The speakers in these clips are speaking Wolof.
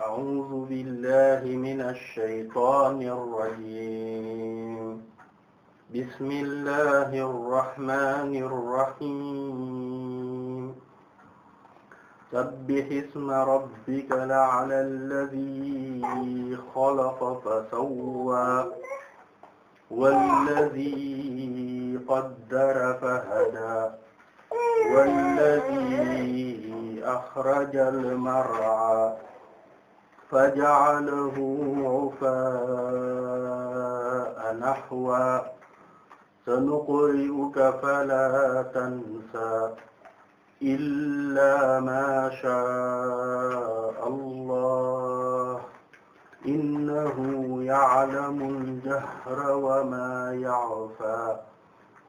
أعوذ بالله من الشيطان الرجيم بسم الله الرحمن الرحيم سبح اسم ربك الأعلى الذي خلق فسوى والذي قدر فهدى والذي أخرج المرعى فجعله عفاء نحوا سنقرئك فلا تنسى إلا ما شاء الله إنه يعلم الجهر وما يعفى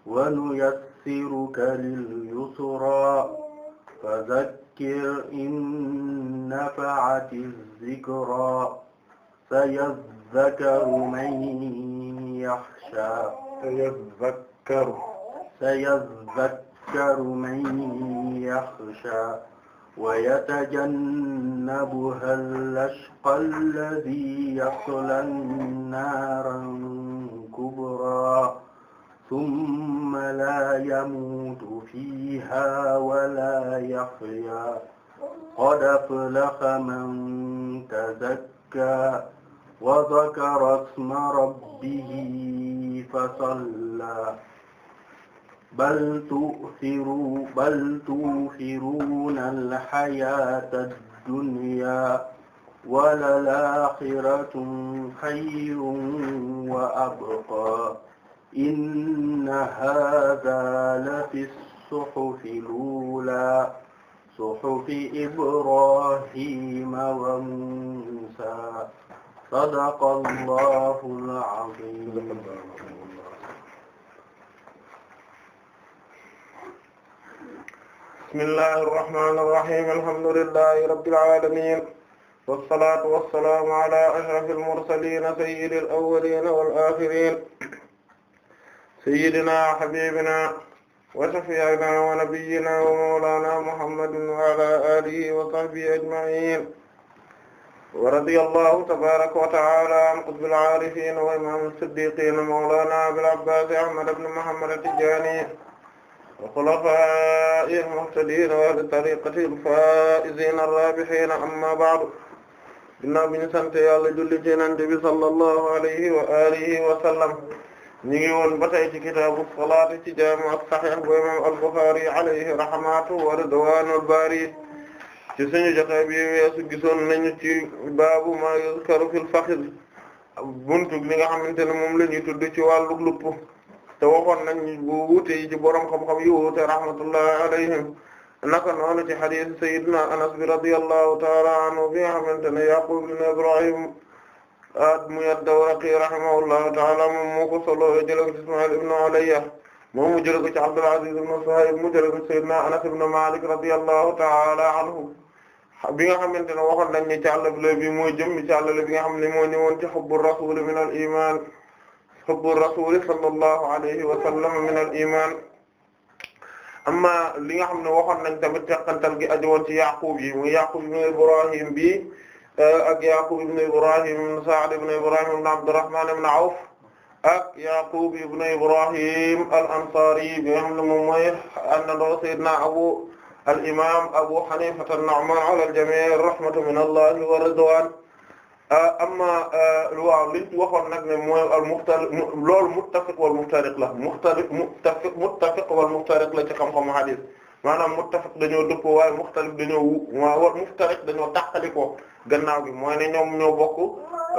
ونيسرك لليسرى فذكر فذكر إن نفعت الذكرى سيذكر من يخشى سيذكر سيذكر من يخشى ويتجنبها الأشقى الذي يصلى النار الكبرى ثم لا يموت فيها ولا يحيا قد أفلح من تزكى وذكر اسم ربه فصلى بل تؤثروا بل تؤثرون الحياة الدنيا وللآخرة خير وأبقى inna haadha lafi suhufi luula suhufi ibraahiima wa muusaa sadaqallaahul aziim bismillaahir rahmaanir rahiim alhamdulillaahi rabbil aalamiin wassalaatu wassalaamu alaa ashrafil mursaliin sayyidil awwaliin wal aaxiriin sayyidina habibina wa shafi'ina wa nabiyyina wa mawlana muhammadin wa ala alihi wa sahbihi ajma'in wa radiyallahu tabaraka wa ta'ala an qutbil 'arifin wa imam as-siddiqin mawlana abil abbas ahmad ibn muhammad at-tijani wa khulafa'ihi al-muhtadin wa ahli tariqatihi al-fa'izin ar-rabihin amma ba'du ginnaaw bi ñu sant Yàlla julli ci Nabi bi sallallahu alayhi wa alihi wa sallam ñu ngi woon ba tey ci kitaabu salaati ci jaami as-sahih bu imaam al-Bukhari alayhi rahmatu wa ridwaanul baari ci suñu jotaay bi weesu gisoon nañu ci baabu maa yuzkaru fil fakhd buntu li nga xamante ne moom la ñuy tudd ci wàllu lupp te waxoon nañ bu wuute yi ci borom xam-xam yi wuute rahmatullahi alayhim naka noonu ci hadiis sayyidina bi radiyallahu ta'ala anhu bi nga xamante ne Yaqub Ibrahim muy ad-Dawraqi rahimahullahu ta'ala moom moo ko solo jëlee ko ci Isma'il ibn Ulayya moom mu jëlee ko ci Abdul Aziz ibn Suhayb mu jëlee ko ci Sayyidina Anas ibn Malik radiyallahu ta'ala anhu bi nga xamante ne waxoon nañ ne càllale bi mooy jëmmi càllale bi nga xam ne moo ñëwoon ci hubbu rasul min al iman hubbu rasul sallallahu alayhi wa sallam min al iman amma li nga xam ne waxoon nañ tamit teqantal gi ajowoon ci Yaqub yi muy Yaqub ibn Ibrahim bi Eh, ak Yaqub ibn Ibrahim ibn Sa'd ibn Ibrahim ibn Abdurrahman ibn Awf ak Yaqub ibn Ibrahim al-Ansari bi nga xam ne moom mooy àndandoo Seydina Abu al-Imam Abu Hanifa an-Nu'man ala al-jami' rahmatun min Allah wa ridwan eh, amma eh, waaw liñ ci waxoon nag ne mooy al-muxtaliq loolu muttafiq wal muftariq la muxtaliq muttafiq muttafiq wal muftariq la ci xam-xamu hadith maanaam muttafiq dañoo dëppoo waaye muxtalif dañoo wu wal muftariq dañoo tàqalikoo gannaaw gi mooy ne ñoom ñoo bokk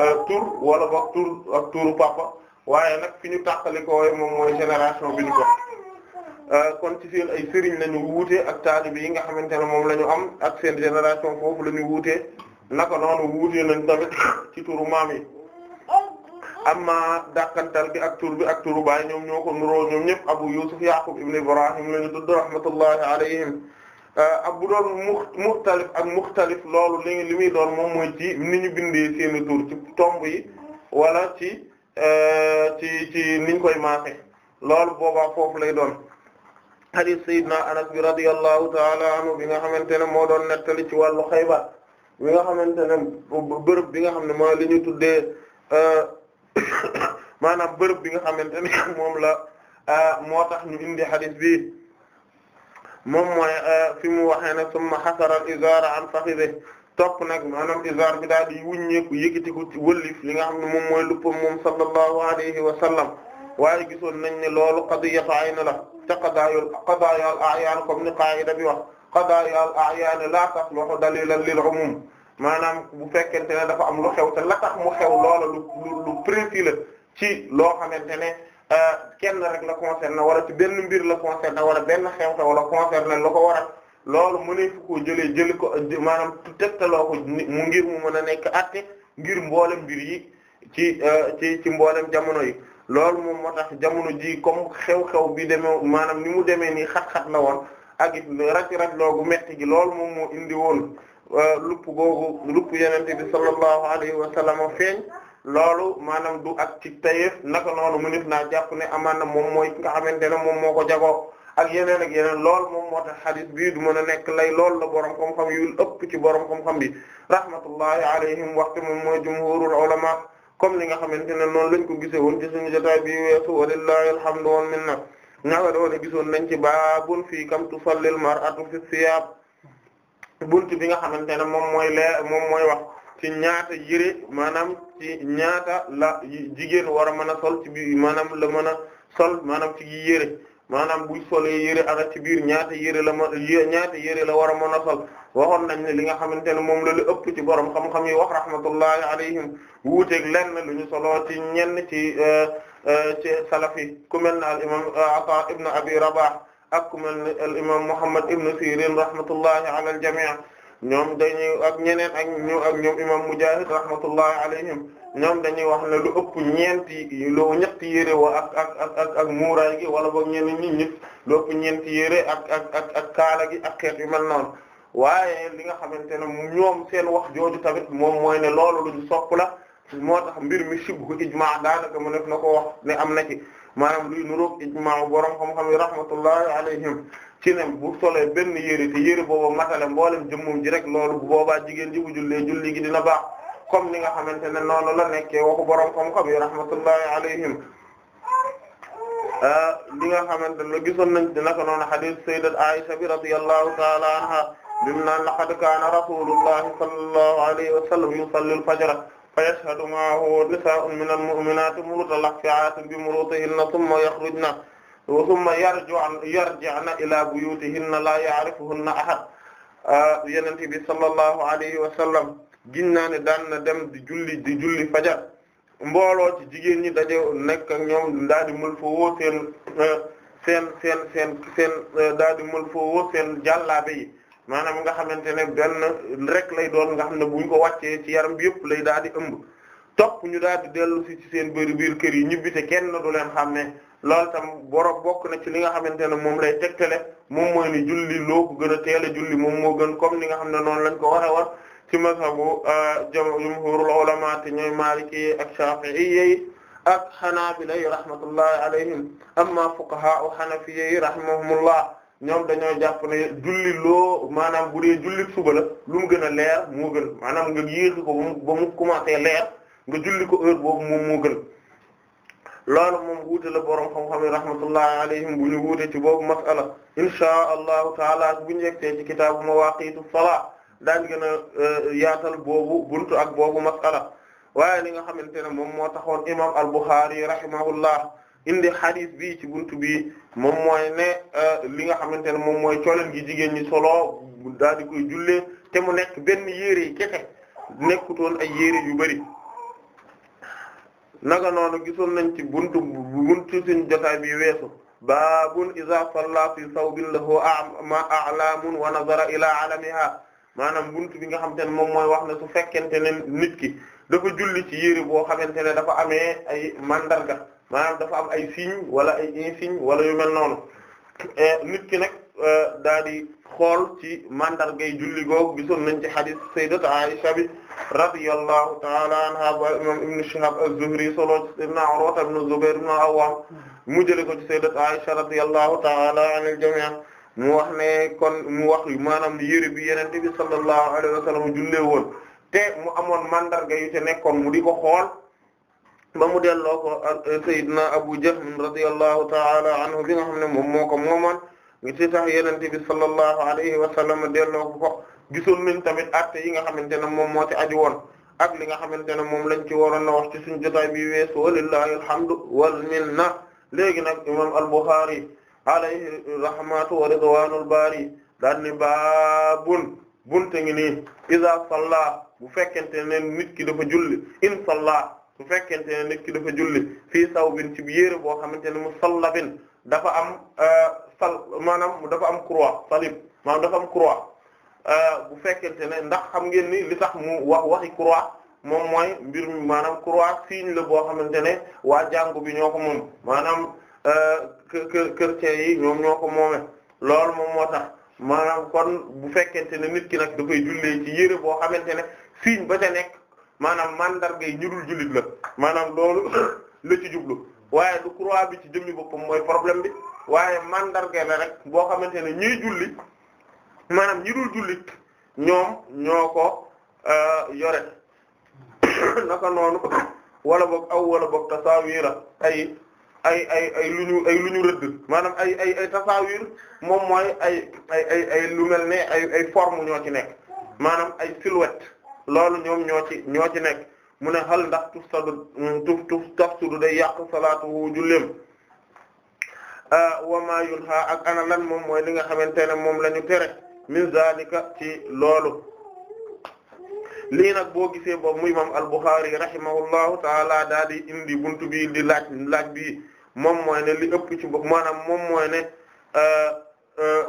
euh, tur wala bokk tur ak turu papa waaye nag fi ñu tàqali ko moom mooy génération bi ñu ko euh, kon ci seen ay sëriñ la ñu wuute ak taalibe yi nga xamante ne moom la ñu am ak seen génération foofu la ñu wuute naka noonu wuute nañ tamit ci turu maam yi amma dàqantal bi ak tur bi ak turu baay ñoom ñoo ko nuroo ñoom ñëpp Abu Yusuf Yaqub ibn Ibrahim la ñu tudd alayhim Euh, ak bu doon mu ak muxtalif loolu li li muy doon moom mooy ci ni ñu bindi seeni tur ci tomb yi wala ci euh, ci ci niñ koy maase loolu boobaa foofu lay doon hadis sayyidina anas bi radiyallahu ta'ala anhu bi nga xamante ne moo doon nettali ci wàllu Xaybar bi nga xamante ne bërëb bi nga xam ne mooy li ñu tudde euh, maanaam bërëb bi nga xamante ne moom la moo tax ñu bindi hadis bi moom mooy euh, fi mu waxee ne summa xasara al-izaara an fakhidhi topp nag maanaam izaar bi daal di wuññeeku yëkkati ko ci wëllif li nga xam ne moom mooy luppam moom sallallahu alayhi wa sallam waaye gisoon nañ ne loolu qadiyatu ayn la ca qadaayul qadaayul a'yaan comme ni qaayida bi wax qadaayul a'yaan la tasluhu dalilan lil umum maanaam bu fekkente ne dafa am lu xew te la tax mu xew loola lu lu précis la ci loo xamante ne. Euh, kenn rek la concerné wala ci benn mbir la concerné wala benn xew-xew wala concerné la ko waral loolu mu ne fu ko jëlee jëli ko maanaam tegtaloo ko mu ngir mu mën a nekk àtte ngir mboolem mbir yi ci euh, ci ci mboolem jamono yi loolu moom moo tax jamono ji comme xew-xew bi deme maanaam ni mu demee nii xat-xat la woon ak it raj-raj loogu metti gi loolu moom moo indi woon euh, lupp googu lupp yenente bi sallallahu alayhi wa sallam feeñ loolu maanaam du ak ci tayef naka noonu mu nit naa jàpp ne amaan na moom mooy nga xamante ne moom moo ko jagoo ak yeneen ak yeneen lool moom moo tax xadis bii du mën a nekk lay loolu la borom xam-xam yu ëpp ci borom xam-xam bi rahmatullahi alayhim waxte moom mooy jumhurul ulama comme li nga xamante ne noonu lañ ko gisee woon ci suñu jotaay bi weesu walillahi alhamdu wal minna ñaaka doone gisoon nañ ci baabun fii kam tusallil mar'atu fi siyaab bunt bi nga xamante ne moom mooy lee moom mooy wax ci ñaata yére maanaam ci ñaata la jigéen war a mën a sol ci biir maanaam la mën a sol maanaam ci yére maanaam bu solee yére ana ci biir ñaata yére la ma ñaata yére la war a a sol waxoon nañ ne li nga xamante ne moom la lu ëpp ci borom xam-xam yi wax rahmatullahi alayhim wuuteeg lenn lu ñu soloo ci ñenn ci euh, euh, ci salafi ku mel ne al imam euh, Ata ibn Abi Rabah ak ku mel ne al imam Muhammad ibn Sirin rahmatullahi ala al jami' ñoom dañuy ak ñeneen ak ñu ak ñoom imam Mujaahid rahmatullahi alayhim ñoom dañuy wax ne lu ëpp ñeenti lu ñetti yére ak ak ak ak ak gi wala boog ñenn ñi ñëpp lu ëpp ñeenti yére ak ak ak ak kaala gi ak xeet yu mel noonu waaye li nga xamante ne ñoom seen wax jooju tamit moom mooy ne loolu lu ñu sopp la moo tax mbir mi shibhu ijmaa daanaka mu nekk na ko wax ne am na ci maanaam luy nuroog ijmaa borom xam-xam yi rahmatullahi alayhim ci ne bu solee benn yére te yére booba matale mboolem jëmmum ji rek loolu bu boobaa jigéen ji bu jullee julli gi dina baax comme ni nga xamante ne noonu la nekkee waxu kom xam-xam yi rahmatullahi alayhim ah, li nga xamante ne gisoon nañ di naka noonu hadith sayyidat Aisha bi radiyallahu ta'ala anha bim al-fajra fa yashhadu ma'ahu nisaa'un min al-mu'minati murtalaqi'atun bi murutihinna thumma yakhrujna wa thumma yarji'na yarji'na ila buyutihinna la ya'rifuhunna ahad ah, yonent bi sallallahu alayhi wa sallam naa ne daan na dem di julli di julli fajar mbooloo ci jigéen ñi daje nekk ñoom daadi di mën foo woo seen eh, seen seen seen seen eh, daal mën foo seen jàllaabe yi maanaam nga xamante ne benn rek lay doon nga xam ne bu ñu ko wàccee ci yaram bi yëpp lay daal di ëmb topp ñu daal di dellu si ci seen bëri biir kër yi ñibbi te kenn du leen xàmmee loolu tam boro bokk na ci li nga xamante ne moom lay tegtale moom mooy ni julli loo ko gën a teel a julli moom moo gën comme ni nga xam ne noonu lañ ko waxe war ci mazhabu euh, jumhurul ulama te ñooy maliki ak shafi'i ak hanabila rahmatullahi alayhim amma fuqaha'u hanafiyyi rahimahumullah ñoom dañoo jàpp ne julli loo maanaam bu dee julli suba la lu mu gën a leer moo gën maanaam nga yéexi ko ba mu commencé leer nga julli ko heure boobu moom moo gën loolu moom wuute la borom xam-xam yi rahmatullahi alayhim bu ñu wuute ci boobu masala inshaa allahu taala bu ñu yeggtee ci kitaabu mawaaqiitu salaa daañ gën a euh, yaatal boobu buntu ak boobu masala waaye li nga xamante ne moom moo taxoon imam al-Bukhari rahimahullah indi xadis bi ci buntu bi moom mooy ne euh, li nga xamante ne moom mooy colin gi jigéen ñi solo daal di koy jullee te mu nekk benn yére yi kese nekkutoon ay yére yu bari naka noonu gisoon nañ ci buntu buntu suñu jotaay bi weesu baabun iza la fi a lahu a'ma a'lamun wa nazara ila alamiha maanaam buntu bi nga xamante ne moom mooy wax ne su fekkente ne nit ki dafa julli ci yére boo xamante ne dafa amee ay mandarga maanaam dafa am ay signe wala ay insigne wala yu mel noonu eh, nit ki nag eh, daa xool ci mandargay julli googu gisoon nañ ci hadith sayyidati Aisha bi radiyallahu ta'ala anha ba imam ibn Shihab az-Zuhri solo ibn Urwa ibn Zubair ibn Awwam mu jële ko ci sayyidati Aisha radiyallahu ta'ala anil jami' mu wax ne kon mu wax maanaam yére bi Yonent bi sallallahu alayhi wa sallam jullee woon te mu amoon mandarga yu te nekkoon mu di ko xool ba mu delloo ko sayyidina Abu Jahm radiyallahu ta'ala anhu bi nga xam ne moom moo ko moomoon mi ci tax yenente bi sallallahu alayhi wa sallam delloo ko ko gisoon nañ tamit acte yi nga xamante ne moom moo ci aju woon ak li nga xamante ne moom lañ ci waroon na wax ci suñu jotaay bi weesu walillahi alhamdu wal minna léegi nag imam al-Bukhari alayhi rahmatu wa ridwanul bari daan ni baabun bunte ngi nii iza salla bu fekkente ne nit ki dafa julli in salla bu fekkente ne nit ki dafa julli fii sawbin ci bi yére boo xamante ne musallabin dafa am euh, sal maanaam dafa am croix salib maanaam dafa am croix euh, bu fekkente ne ndax xam ngeen ni li tax mu wax waxi croix moom mooy mbir mi maanaam croix signe la boo xamante ne waa jàngu bi ñoo ko moom maanaam euh, kë chrétiens yi ko moome loolu moom moo tax maanaam kon bu fekkente ne nit ki nag da koy jullee ci yére boo xamante ne signe ba ca nekk maanaam mandarga yi ñurul jullit la maanaam loolu la ci jublu waaye du croix bi ci jëmmi boppam mooy problème bi waaye mandarga la rek boo xamante ne ñiy julli maanaam ñi dul jullit ñoom ñoo ko euh, yore naka noonu wala boog aw wala boog tasaawiira ay ay ay ay lu ñu ay lu ñu rëdd maanaam ay ay ay tasaawiir moom mooy ay ay ay ay lu mel ne ay ay forme ñoo ci nekk maanaam ay silhouette loolu ñoom ñoo ci ñoo ci nekk mu ne xal ndax tuf sadu tuf tuf taf sudu day yàq salaatu julleem Ah, wa ma yunha ak ana lan moom mooy li nga xamante ne moom lañu ñu tere min zalika ci loolu lii nag boo gisee boobu mu imam al-Bukhari rahimahullahu taala daal di indi buntu bi di laaj laaj bi moom mooy ne li ëpp ci bopp maanaam moom mooy ne ah, ah,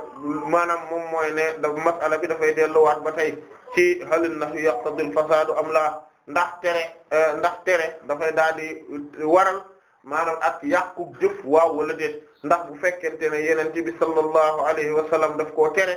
maanaam moom mooy ne dafa masala bi dafay delluwaat ba tey ci halin nahyu yaqtadi al-fasadu am laa ndax tere ndax tere dafay daal di waral maanaam ak yàqu jëf waaw wala déet ndax bu fekkente ne yenente bi sallallahu alayhi wa sallam daf koo tere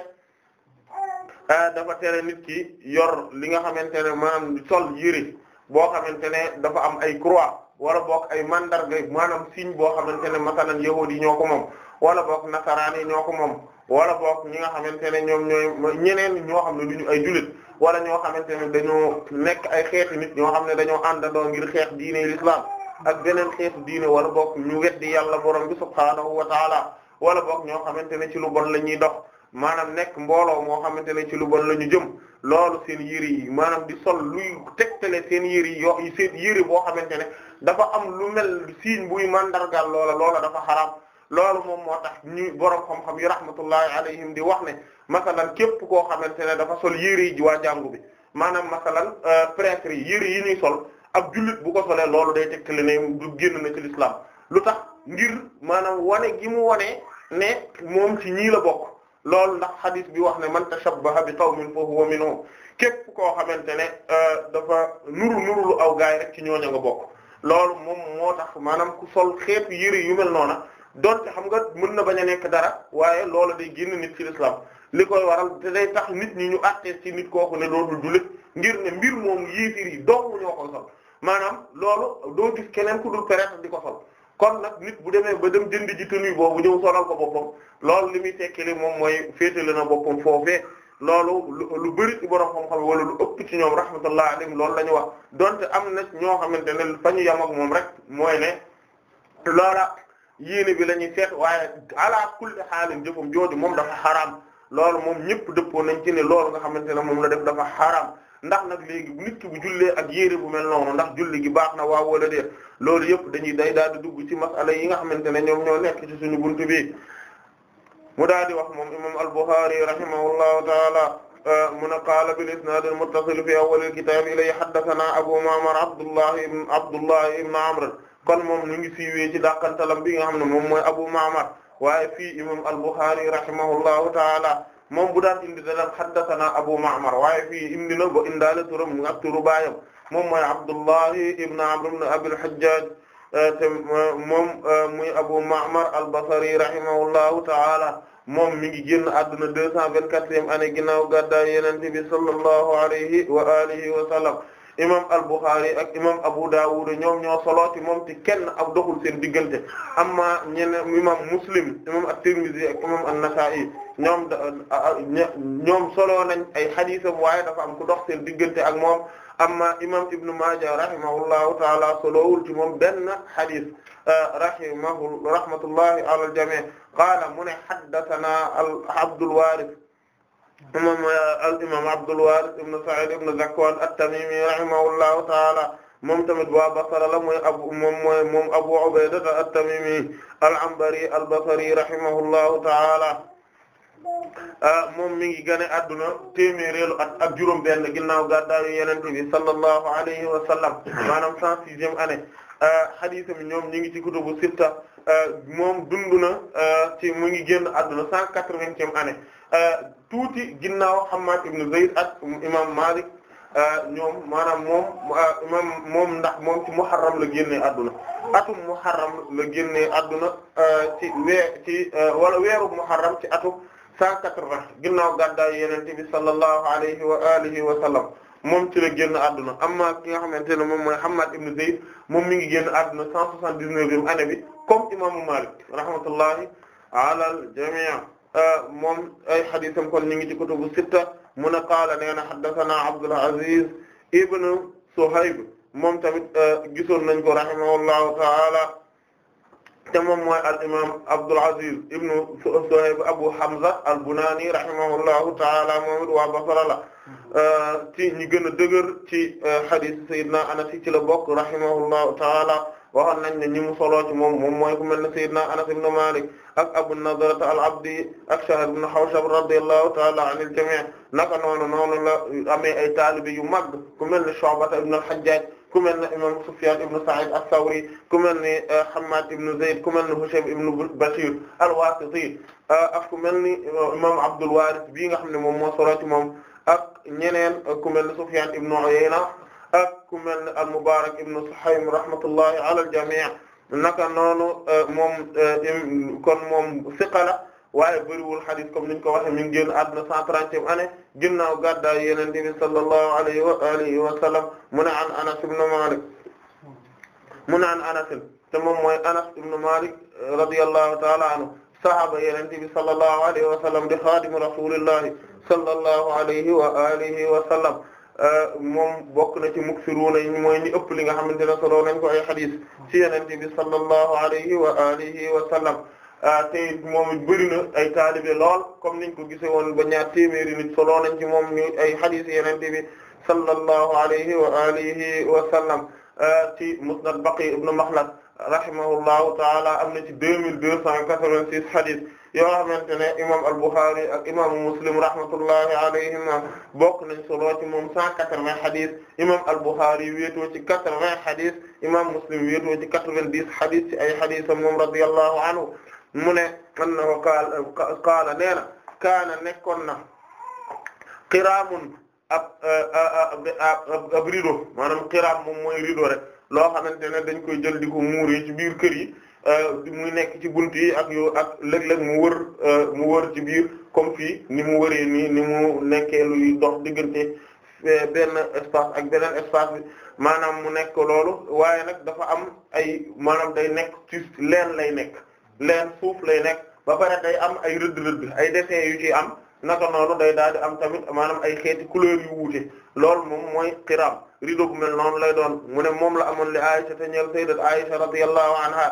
ah, dafa tere nit ki yor li nga xamante ne maanaam sol yëri boo xamante ne dafa am ay croix wala book ay mandarga maanaam signe boo xamante ne masalan yahuud yi ñoo ko moom wala book nasaraan yi ñoo ko moom wala boog ñi nga xamante ne ñoom ñooy ñeneen ñoo xam ne du ñu ay jullit wala ñoo xamante ne dañoo nekk ay xeeti nit ñoo xam ne dañoo àndandoo ngir xeex diine l'islam ak beneen xeetu diine wala boog ñu weddi yàlla borom bi subhaanahu wa taala wala boog ñoo xamante ne ci lu bon la ñuy dox maanaam nekk mbooloo moo xamante ne ci lu bon la ñu jëm loolu seen yëri yi maanaam di sol luy tegtale seen yëri yi yoo seen boo xamante ne dafa am lu mel signe buy mandargal loola loola dafa xaraam loolu moom moo tax ñu borom xam-xam yi rahmatullahi alayhim di wax ne masalan képp koo xamante ne dafa sol yëri yi waa jàngu bi maanaam masalan euh, prêtre yi yi ñuy sol ab jullit bu ko solee loolu day tegtale mu du génn na ci lislaam lu tax ngir maanaam wane gi mu wane ne moom ci ñii la bokk loolu ndax xadis bi wax ne man tashabbaha bi taw qawmin fa huwa minhum képp koo xamante ne euh, dafa nuru nuru lu aw gaay rek ci ñooña nga bokk loolu moom moo tax maanaam ku sol xeetu yëre yu mel noona donte xam nga mën na bañ a nekk dara waaye loolu day génn nit ci lislaam li koy waral te day tax nit ñi ñu àttee ci nit kooku ne dootul jullit ngir ne mbir moom yéefir yi dong ñoo koy sol maanaam loolu doo gis keneen ku dul pérette di ko sol kon nag nit bu demee ba dem jënd ji yi boobu ñëw solal ko boppam loolu li muy tekkili moom mooy féetale na boppam foofee loolu lu bari ci borom xam-xam wala lu ëpp ci ñoom rahmatullah alayhim loolu la ñu wax donte am na ñoo xamante ne fa ñu yam moom rek mooy ne loola yéene bi la ñuy seet waaye ala kulli xaalin jëfam jooju moom dafa loolu moom ñëpp dëppoo nañ ci ne loolu nga xamante ne moom la def dafa xaram ndax nag léegi bu nit ki bu jullee ak yére bu mel noonu ndax julli gi baax na waaw wala déet loolu yëpp dañuy day daal di dugg ci masala yi nga xamante ne ñoom ñoo nekk ci suñu buntu bi mu daal di wax moom imam al-Bukhari rahimahullahu taala mu ne qaala bil isnaad al-muttasil fi awwal al-kitaab ilay haddathanaa Abu Ma'mar Abdullah ibn Abdullah ibn kon moom ñu ngi siiwee ci dàqantalam bi nga xam ne moom mooy Abu Ma'mar waaye fii imam al-Bukhari rahimahullahu taala moom bu daan indi daan haddathana Abu Ma'mar waaye fii indi na ba indaale turam mu ak turu baayam moom mooy Abdullahi ibn Amr ibn Abi al-Hajjaj eh, te moom eh, muy Abu Ma'mar al-Basri rahimahullahu taala moom mi ngi génn àdduna deux cent vingt-quatrième année ginnaaw gàddaay Yonent bi sallallahu alayhi wa alihi wa sallam imam al-Bukhari ak imam Abu Dawud ñoom ñoo solo ti moom ci kenn ab doxul seen diggante amma ñeneen imam Muslim imam at-Tirmidhi ak imam an-Nasa'i ñoom ñoom solo nañ ay xadiisam waaye dafa am ku dox seen diggante ak moom amma imam Ibn Maaja rahimahullahu taala solowul ci moom benn xadiis rahimahu rahmatullahi ala al-jami' qaala mu ne haddathana al Abdul Waaris moom mooy al imam Abdul Waaris ibn Sa'id ibn Zakwan at-Tamimi rahimahullahu taala moom tamit waa Basra la mooy abu moom moom Abu Ubayda at-Tamimi al-Anbari al-Basri rahimahullahu taala ah, moom mi ngi gane adduna téeméeréelu at ak juróom benn ginnaaw gàddaayu Yonent bi sallallahu alayhi wa sallam maanaam 106e année ah, haditham ñoom ñi ngi ci kutubu sitta ah, moom dund na ci mu ngi génn adduna 180e tuuti ginnaaw Hammad ibn Zayd ak imam Malik euh, ñoom maanaam moom euh, imam moom ndax moom ci muharram la génnee adduna atum muharram la génnee adduna euh, ci weer ci wala weeru muharram ci atum cent quatre-vingt ginnaaw gàddaay yenente bi sallallahu alayhi wa alihi wa sallam moom ci la génn adduna amma ki nga xamante ne moom mooy Hammad ibn Zayd moom mi ngi génn adduna cent soixante-dix-neuvième année bi comme imaamu Malik rahmatullahi ala al jami' Euh, moom ay xadisam kon ñu ngi ci kutubu sitta mun a qaala nee na haddathana Abdul Aziz ibn Suhayb moom tamit euh, gisoon nañ ko rahimahullahu ta'ala te moom mooy al imam Abdul Aziz ibn Suhayb Abu Hamza al Bunani rahimahullahu ta'ala moom it waa Basra la euh, ci ñi gën a dëgër ci hadis Sayyidina Anas ci la bokk rahimahullahu ta'ala waxoon nañ ne ñi mu ci moom moom mooy ku mel ne Seydina Anas ibn Malik ak Abu Nadrata al-Abdi ak Shahr ibn Hawshab radiyallahu ta'ala anil jami' naka noonu noonu la amee ay taalibe yu mag ku mel ne Shu'bata ibn al-Hajjaj ku mel ne imam Sufyan ibn Sa'id ath-Thawri ku mel ne eh, Hammad ibn Zayd ku mel ne Hushaym Bashir al-Wasiti eh, ak ku mel ni eh, imam Abdul Warith bii nga xam ne moom moo solo ci moom ak ñeneen ku mel ne Sufyan ibn ak ku mel ne al Mubarak ibn Suhaym rahmatullahi ala al jami' naka noonu euh, moom euh, kon moom siqala waaye bëriwul hadith comme niñ ko waxe mi ngi génn àdduna 130e année ginnaaw gàddaay Yonent bi sallallahu alayhi wa alihi wa sallam mu ne an Anas ibn Malik mu ne an Anas te moom mooy Anas ibn Malik euh, radiyallahu ta'ala anhu sahaaba Yonent bi sallallahu alayhi wa sallam di xaadimu rasulillahi sallallahu alayhi wa alihi wa sallam Euh, moom bokk na ci muksiruuna yi mooy ñi ëpp li nga xamante ne solo nañ ko ay xadis ci yenente bi sallallahu alayhi wa alihi wa sallam euh, te moom bëri na ay taalibe lool comme niñ ko gise woon ba ñaar téeméeri nit solo nañ ci moom ñu ay xadis yenente bi sallallahu alayhi wa alihi wa sallam euh, ci musnad baqi ibn makhlad rahimahullahu taala am na ci deux mille deux cent quatre vingt yoo xamante ne imam al ak imam Muslim rahmatullahi alayhima bokk nañ solo ci moom cent quatre-vingts hadith imam al-Bukhari wéetoo ci quatre-vingts hadith imam Muslim wéetoo ci quatre ci ay haditham moom radiyallahu anhu mu ne annahu qaala qaala nee na kaana nekkoon na qiraamun ab ab rido maanaam qiraam moom mooy rido rek loo xamante ne dañ koy jël di ko ci biir kër yi Euh, mu nekk ci bunt yi ak yo ak léeg-léeg mu wër euh, mu wër ci biir comme fii ni mu wëree nii ni mu nekkee luy dox diggante euh, benn espace ak beneen espace bi maanaam mu nekk loolu waaye nag dafa am ay maanaam day nekk ci leen lay nekk leen suuf lay nekk ba pare day am ay rëdd-rëdd ay dessins yu ci am naka noonu day daal di am tamit maanaam ay xeeti couleurs yu wuute loolu moom mooy xiraam rideau bu mel noonu lay doon mu ne moom la amoon li Aisha te ñeel sayyidat Aisha radiyallahu anha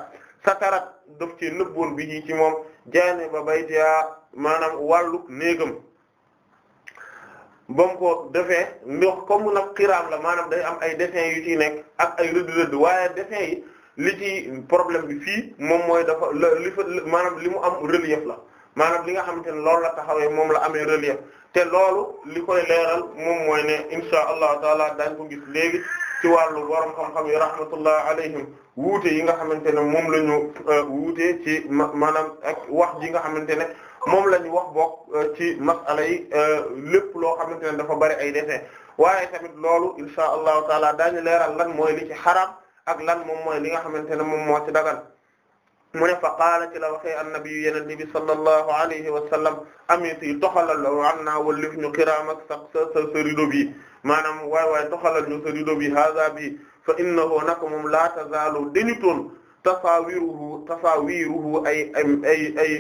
satarat daf ci nëbboon bi ci ci moom jaane ba baytiya maanaam wàllu néegam ba mu ko defee ndox comme nag xiraam la maanaam day am ay dessins yu ciy nekk ak ay rëdd rëdd waaye dessins yi li ci problème bi fii moom mooy dafa li li mu am relief la maanaam li nga xamante ne loolu la taxawee moom la amee relief te loolu li koy leeral moom mooy ne insha allahu taala daañ ko gis léegi ci wàllu borom xam-xam yi rahmatullah alayhim wuute yi nga xamante ne moom lañu ñu euh, wuute ci maanaam ak wax ji nga xamante ne moom la ñu wax bokk euh, ci masala yi euh, lépp loo xam xamante ne dafa bari ay defee waaye tamit loolu insha allahu taala daañu leeral lan mooy li ci xaraam ak lan moom mooy li nga xamante ne moom moo ci dagan mu ne fa qaala ci la waxee annabi yenente bi sallallahu alayhi wa sallam amit yi toxalal an naa wallif ñu xiraam ak sa sa sa rido bi maanaam waay waay doxalal ñu sa rido bi haza bi fa innahu nak moom la tazalu dañu toon tasawiruhu tasawiruhu ay ay ay ay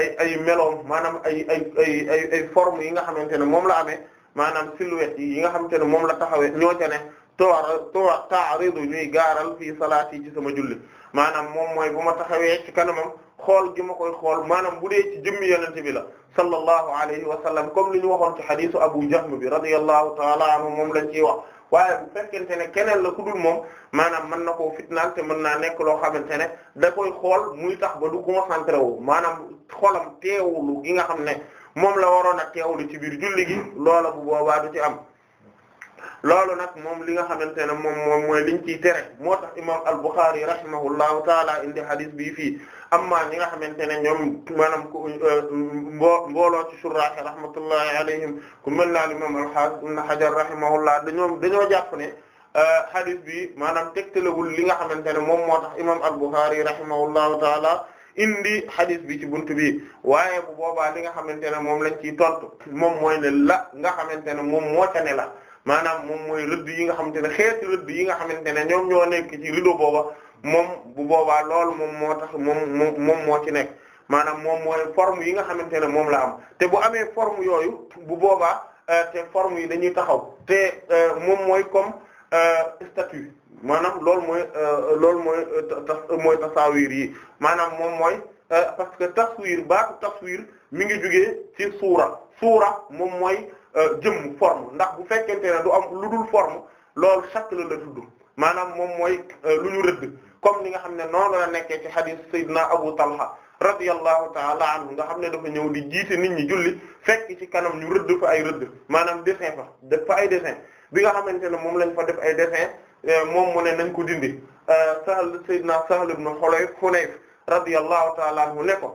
ay ay meloom maanaam ay ay ay ay ay forme yi nga xamante ne moom la amee maanaam silhouette yi yi nga xamante ne moom la taxawee ñoo ca ne toor toor taaridu ñuy gaaral fii salaat yi ci sama julli maanaam moom mooy bu ma taxawee ci kanamam xool gi ma koy xool maanaam bu dee ci jëmmi yonent bi la sallallahu alayhi wa sallam comme li ñu waxoon ci xadiisu Abu Jahm bi radiyallahu ta'ala anhu moom lañ ciy wax waaye bu fekkente ne keneen la ku moom maanaam mën na koo fitnaal te mën naa nekk loo xamante ne da koy xool muy tax ba du concentré wu maanaam xolam teewlu gi nga xam ne moom la waroon a lu ci biir julli gi loola bu boobaa du ci am loolu nag moom li nga xamante ne moom moom mooy liñ ciy tere moo tax imam al-Bukhari rahimahullahu taala indi hadith bii fii amma ñi nga xamante ne ñoom maanaam ku mbo mbooloo ci suraaxe rahmatullahi alayhim ku mel na imam al-Hafiz ibn Hajar rahimahullah dañoo dañoo jàpp ne euh, hadith bi maanaam tegtalewul li nga xamante ne moom moo tax imam al-Bukhari rahimahullahu taala indi hadith bi ci bunt bi waaye bu boobaa li nga xamante ne moom lañ ciy tontu moom mooy ne la nga xamante ne moom moo ca ne la maanaam moom mooy rëdd yi nga xamante ne xeeti rëdd yi nga xamante ne ñoom ñoo nekk ci rido booba moom bu boobaa loolu moom moo tax moom moom moo ci nekk maanaam moom mooy forme yi nga xamante ne moom la am te bu amee forme yooyu bu boobaa euh, te forme yi dañuy taxaw te euh, moom mooy comme euh, statut maanaam loolu mooy loolu mooy tas mooy tasawir yi maanaam moom mooy parce que taswir baatu taswir mi ngi jugee ci suura suura moom mooy jëmm forme ndax bu fekkente ne du am lu dul forme loolu shakl la tudd maanaam moom mooy lu ñu rëdd comme ni nga xam ne noonu la nekkee ci hadith Seydina Abu Talha radiyallahu ta'ala anhu nga xam ne dafa ñëw di jiite nit ñi julli fekk ci kanam ñu rëdd fa ay rëdd maanaam dessin fa def fa ay dessin bi nga xamante ne moom lañ fa def ay dessin eh, moom mu ne nañ ko dindi eh, Sahl Seydina Sahl ibn Hunayf radiyallahu ta'ala anhu ne nekko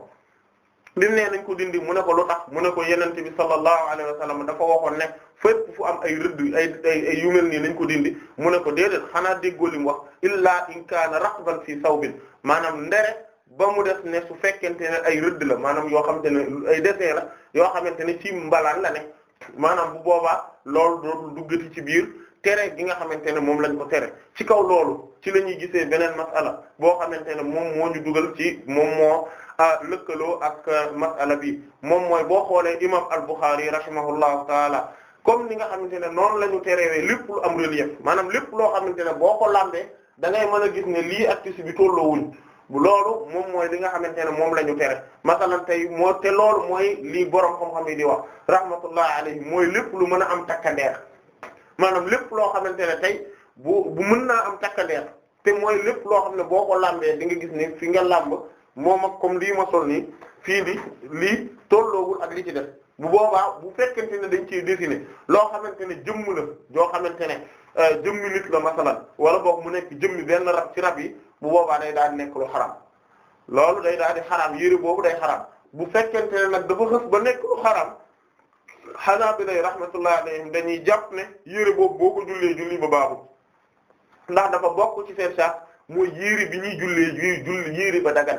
bi lañ nee ko dindi mu ne ko lu tax mu ne ko yonent bi sallallahu alayhi wa sallam dafa waxoon ne fépp fu am ay rëdd ay ay yu mel nii nañ ko dindi mu ne ko déedéet xanaa déggoo li mu wax illaa in kaana raqban fi sawbin maanaam ndere ba mu def ne su fekkente ne ay la maanaam yoo xamante ne ay dessin la yoo xamante ne ci mbalaan la ne maanaam bu boobaa loolu dootul duggati ci biir tere gi nga xamante ne moom lañ ko tere ci kaw loolu ci la ñuy gisee beneen masala boo xamante ne moom moo ñu dugal ci moom moo lëkkaloo ak euh, masala bi moom mooy boo xoolee imam al-Bukhari rahimahullahu taala comme ni nga xamante ne noonu la ñu terewee lépp lu am relief maanaam lépp loo xamante ne boo ko lambee da ngay mën a gis ne lii ak tissu bi tolloowuñ loolu moom mooy li nga xamante ne moom la ñu tere masalan tey moo te loolu mooy lii borom xam-xam yi di wax rahmatullah alayhi mooy lépp lu mën a am takkandeer maanaam lépp loo xamante ne tey bu bu mën naa am takkandeer te mooy lépp loo xam ne boo ko lambee di nga gis ne fi nga lamb moom ak comme lii ma sol nii fii di lii tolloowul ak li ci def bu boobaa bu fekkente ne dañ ci dessiner loo xamante ne jëmm la joo xamante ne euh, jëmmi nit la masalan wala boog mu nekk jëmmi benn rab ci rab yi bu boobaa day daal di nekk lu xaram loolu day daal di xaram yére boobu day xaram bu fekkente ne nag dafa xës ba nekk lu xaram xanaa bi lay rahmatullahi alayhim dañuy jàpp ne yére boobu boo ko jullee julli ba baaxul ndax dafa bokk ci seen sax mooy yére bi ñuy jullee ñuy julli yére ba dagan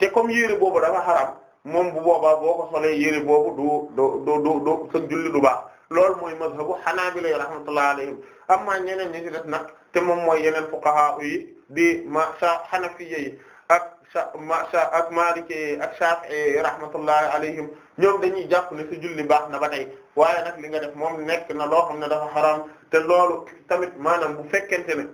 te comme yére boobu dafa xaram moom bu boobaa boo ko solee yére boobu du du du du sa julli du baax loolu mooy mazhabu xanaabila yi rahmatullah alayhim amma ñeneen ñi ci def te moom mooy yeneen fuqaha yi di ma sa xanafiya yi ak sa ma sa ak maliki ak shafi'i rahmatullah alayhim ñoom dañuy jàpp ne sa julli baax na ba tey waaye nag li nga def moom nekk na loo xam ne dafa xaram te loolu tamit maanaam bu fekkente ne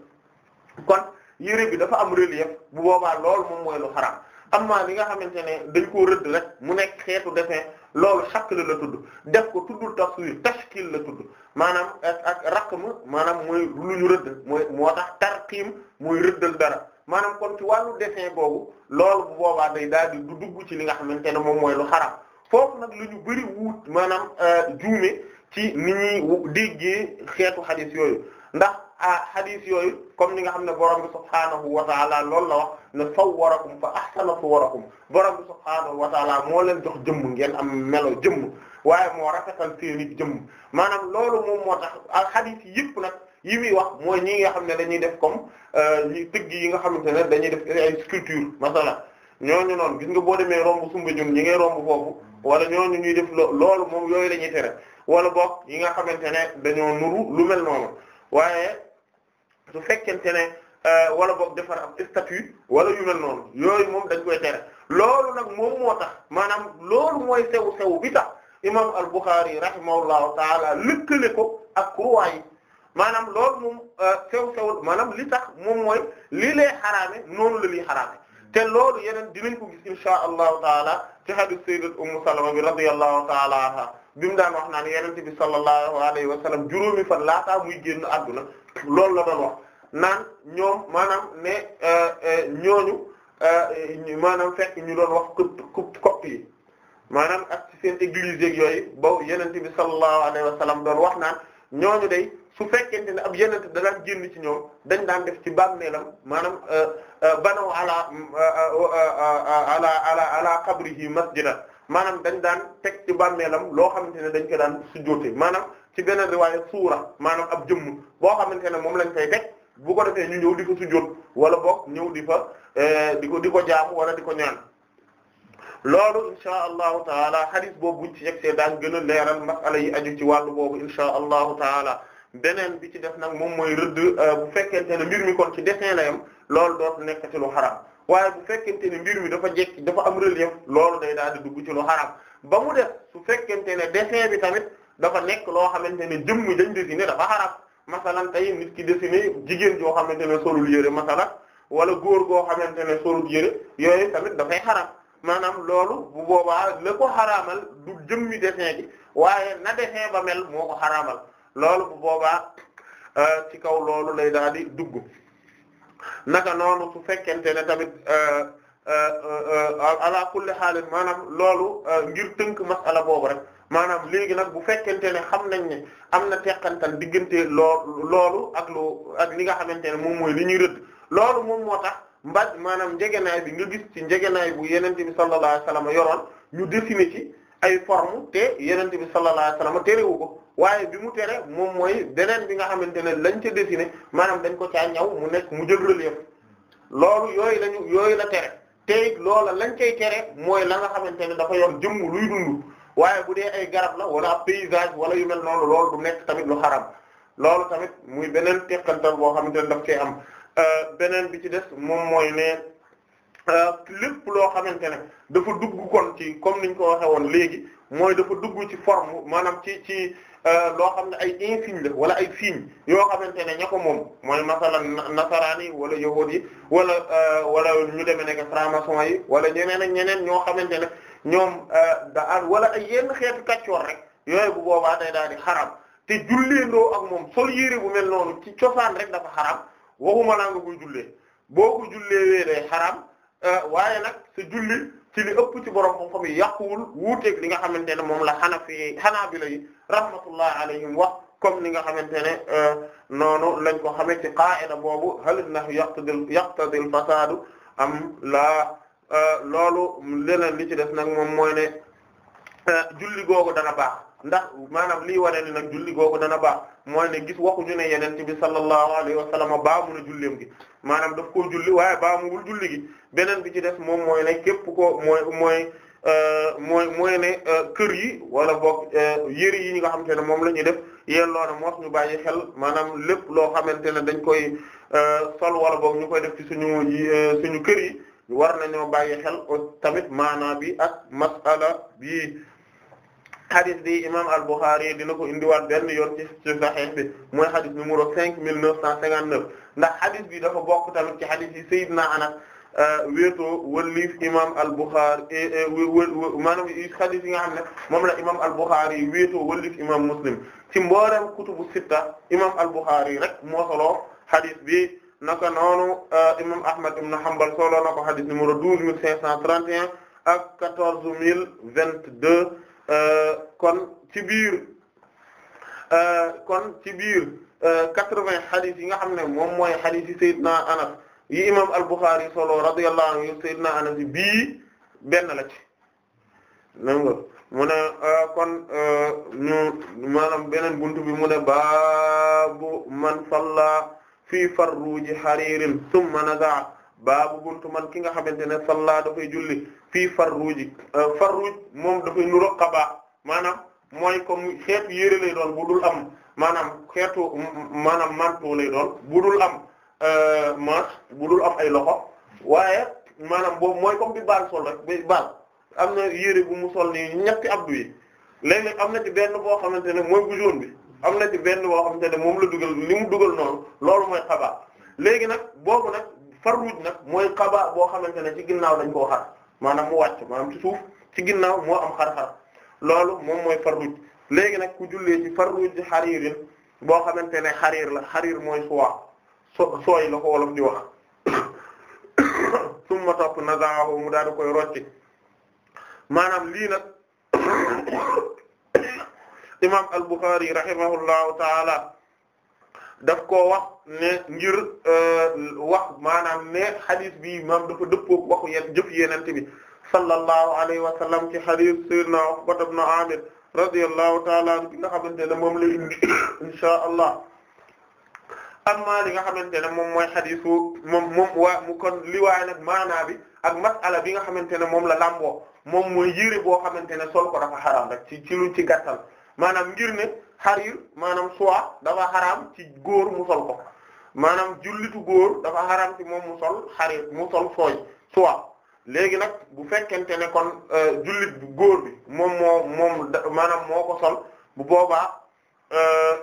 kon yére bi dafa am relief bu boobaa loolu moom mooy lu xaram amma li nga xamante ne dañ koo rëdd rek mu nekk xeetu dessin loolu shakl la tudd def ko tuddul taswir tashkil la tudd maanaam ak ak maanaam mooy lu ñu rëdd mooy moo tax tarqiim mooy rëddal dara maanaam kon ci wàllu dessin boobu loolu bu boobaa day daal di du dugg ci li nga xamante ne moom mooy lu xaram foofu nag lu ñu bëri wuut maanaam euh, juume ci ni ñuy déggee xeetu xadis yooyu ndax Ah, hadith yooyu comme ni nga xam ne borom bi subhaanahu wa taala loolu la wax ne sawwarakum fa ahsana suwarakum borom bi subhaanahu wa taala moo leen jox jëmm ngeen am melo jëmm waaye moo rafetal seeni jëmm maanaam loolu moom moo tax a hadith yëpp nag yi muy wax mooy ñii nga xam ne dañuy def comme ñi euh, tëgg yi nga xamante ne dañuy def ay sculpture masala ñooñu noonu gis nga boo demee romb sumba jun ñi ngay romb foofu wala ñooñu ñuy def loolu moom yooyu la ñuy wala boog yi nga xamante ne dañoo nuru lu mel noonu su fekkente ne euh, wala boog defar ab statut wala yu mel noonu yooyu moom dañ koy loolu nag moom moo tax maanaam loolu mooy sew sew bi tax imam al-Bukhari rahimahullahu taala lëkkale ko ak croix yi maanaam loolu moom euh, sew sewul maanaam li tax moom mooy lii lay xaraame noonu la liy xaraame te loolu yeneen di ko gis insha allahu taala ci hadith sayyidat ummu salama bi radiyallahu taala anha bi mu daan wax naan yenente bi sallallahu alayhi wa sallam juróomi fan laataa muy génn adduna loolu la doon wax naan ñoom maanaam ne euh, euh, ñooñu euh, maanaam fekk ñu doon wax copte copte yi maanaam ak seen église yeeg yooyu ba yonent bi sallallahu alayhi wa doon wax naan ñooñu day su fekkente ne ab yonent da daan génn ci ñoom dañ daan def ci bàmmeelam maanaam banaw ala ala ala ala qabrihi masjidan maanaam dañ daan teg ci bàmmeelam loo xamante ne dañ ko daan sujjóote maanaam. ci beneen riwaaya suura maanaam ab jëmm boo xamante ne moom lañ fay teg bu ko defee ñu ñëw di ko sujjóot wala boog ñëw di fa eh, di ko di ko jaamu wala di ko ñaan loolu insha allahu taala hadis boobu buñ ci yegsee daan gën a leeral masala yi aju ci wàllu boobu insha allahu taala beneen bi ci def nag moom mooy rëdd eh, bu fekkente ne mbir mi kon ci dessin la yam loolu dootu nekk ci lu xaraam waaye bu fekkente ne mbir mi dafa jekki dafa am relief loolu day daal di dugg ci lu ba mu def su fekkente ne dessin bi tamit dafa nekk loo xamante ne jëmm dañ dessiné dafa xarab masalan tey nit ki dessiné jigéen joo xamante ne solul yére masala wala góor goo xamante ne solul yére yooyu tamit dafay xarab maanaam loolu bu boobaa la ko xaraamal du jëmmi dessin bi waaye na dessin ba moo ko xaraamal loolu bu boobaa euh, ci kaw loolu lay daal di duggu naka noonu su fekkente ne tamit euh, euh, ala kulli xaalis maanaam loolu ngir tënk masala boobu rek maanaam léegi nag bu fekkente ne xam nañ ne am na teqantal diggante loo loolu ak loo ak li nga xamante ne moom mooy li ñuy rëdd loolu moom moo tax mbaj maanaam njegenaay bi nga gis ci njegenaay bu yenente bi sallallahu alayhi wasallam yoroon ñu dessiné ci ay forme te yenente bi sallallahu alayhi wasallam terewu ko waaye bi mu tere moom mooy beneen bi nga xamante ne lañ ca dessiné maanaam dañ ko caa ñaw mu nekk mu jël relief loolu yooyu lañu yooyu la tere te loola lañ cay tere mooy la nga xamante ne dafa yor jëmm luy dund waaye bu dee ay garab la wala paysage wala yu mel noonu loolu du nekk tamit lu xaram loolu tamit muy beneen teqantal boo xamante ne daf koy am euh, beneen bi ci des moom mooy ne euh, lépp loo xamante ne dafa dugg kon ci comme niñ ko waxee woon léegi mooy dafa dugg ci forme maanaam ci ci euh, loo xam ne ay insigne la wala ay signe yoo xamante ne ña ko moom mooy masalan nasaraan yi wala yahuud yi wala wala ñu demee nekk franc-maçon yi wala ñeneen ak ñeneen ñoo xamante ne ñoom euh, da wala ay yenn xeetu kàccoor rek yooyu bu boobaa day daal di xaram te julleendoo ak moom sol yére bu mel noonu ci cosaan rek dafa xaram waxuma laa nga koy jullee boo ko julleewee day xaram euh, waaye nag sa julli ci li ëpp ci borom xam-xam yi yàquwul wuuteeg li nga xamante ne moom la Hanafi Hanabila yi rahmatullah alayhim wax comme li nga xamante ne euh, noonu lañ ko xamee ci qaa'ida boobu hal nahyu yaqtadi fasaadu am laa Euh, loolu leneen bi ci des nag moom mooy ne euh, julli googu dana baax ndax maanaam lii wane ni nag julli googu dana baax mooy ne gis waxuñu ne yeneen bi sallallahu alayhi wa sallam baamu na julleem gi maanaam daf koo julli waaye baamuwul julli gi beneen bi ci des moom mooy ne képp ko mooy mooy euh, mooy mooy ne yi wala boog yëri yi nga xamante ne moom lañuy def yéen loona moos ñu bàyyi xel maanaam lépp loo xamante ne dañ koy sol wala boog ñu koy def ci suñu suñu kër yi war nañoo bàyyi xel tamit maanaa bi ak masala bi hadith bi imam al-Bukhari dina ko indiwaat benn yoon ci ci Sahih bi mooy hadith numéro cinq mille neuf cent cinquante ndax hadith bi dafa bokk tamit ci hadith yi Sayyidina Anas euh, wéetoo wëlliif imam al-Bukhari eh, eh, maanaam hadith yi nga xam ne moom la imam al-Bukhari yi wéetoo imam Muslim ci mboolem kutubu sitta imam al-Bukhari rek moo soloo bi naka noonu euh, imam Ahmad ibn Hanbal solo na ko xadis numéro douze mille cinq cent trente et un ak quatorze mille vingt-deux euh, kon ci biir euh, kon ci biir quatre-vingts xadis yi nga xam ne moom mooy xadis yi Seydina Anas yi imam al-Bukhari solo radiyallahu anhu Seydina Anas bii benn la ci nangu mu ne kon ñu maanaam buntu bi mu baabu man salla fii farruuji hariirin thumma naza'a baabu buntu man ki nga xamante ne salla dafay julli fii farruuji euh, farruuj moom dafay nuro qaba maanaam mooy comme xeetu yére lay doon bu am maanaam xeetu maanaam manteau lay doon bu am euh, manche bu am ay loxo waaye maanaam boobu mooy comme bi baal sol rek bi baal am na yére bu mu sol ni ñetti abdu yi léeg am na ci benn boo xamante ne mooy bu jaune bi am na ci benn boo xamante ne moom la dugal li mu dugal noonu loolu mooy xabaar léegi nag boobu nag farruj nag mooy xabaar boo xamante ne ci ginnaaw dañ ko xar maanaam mu wàcc maanaam ci suuf ci ginnaaw moo am xar-xar loolu moom mooy farruj léegi nag ku jullee ci farruj xariirin boo xamante ne xariir la xariir mooy soie so sooy la ko wolof di wax summa topp nazaahu mu daal di koy rocci maanaam lii nag imam al-Bukhari rahimahullahu taala daf koo wax ne ngir euh, wax maanaam ne xadis bi maam dafa dëppook waxu yen jëf yenente bi sallallahu alayhi wa sallam ci xadis sayyidina Uqbata ibn taala an bi nga xamante ne moom la indi inshaa allah amma li nga xamante ne moom mooy xadisu moom moom mu kon li waay nag bi ak masala bi nga xamante ne moom la làmboo moom mooy yére boo xamante ne sol ko dafa xaram rek ci ci luñ ci gàttal maanaam ngir ne xariir maanaam soie dafa xaraam ci góor mu sol ko maanaam jullitu góor dafa xaraam ci moom mu sol xariir mu sol sooy soie léegi nag bu fekkente ne kon euh, jullit bu góor bi moom moo moom maanaam moo ko sol bu boobaa euh,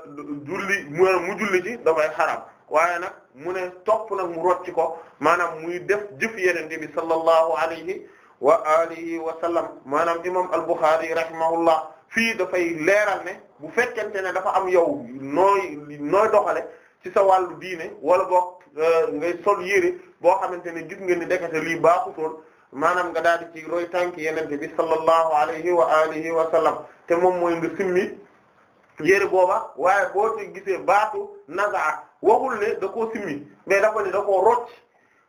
julli mu julli ci dafay xaraam waaye nag mu ne topp nag mu rocci ko maanaam muy def jëf yenente bi sallallahu alayhi wa alihi wa sallam maanaam imam al-Bukhari rahimahullah fii dafay leeral ne bu fekkente ne dafa am yow nooy nooy doxale ci sa wàllu diine wala boog euh, ngay sol yére boo xamante ne gis nga ni dekate lii baaxutoon maanaam nga daal di ci roy tànk yenente bi sallallahu alayhi wa alihi wa sallam te moom mooy nga simmi yére booba waaye boo ci gisee baatu nazaa waxul ne da ko simmi mais dafa ne da koo rocc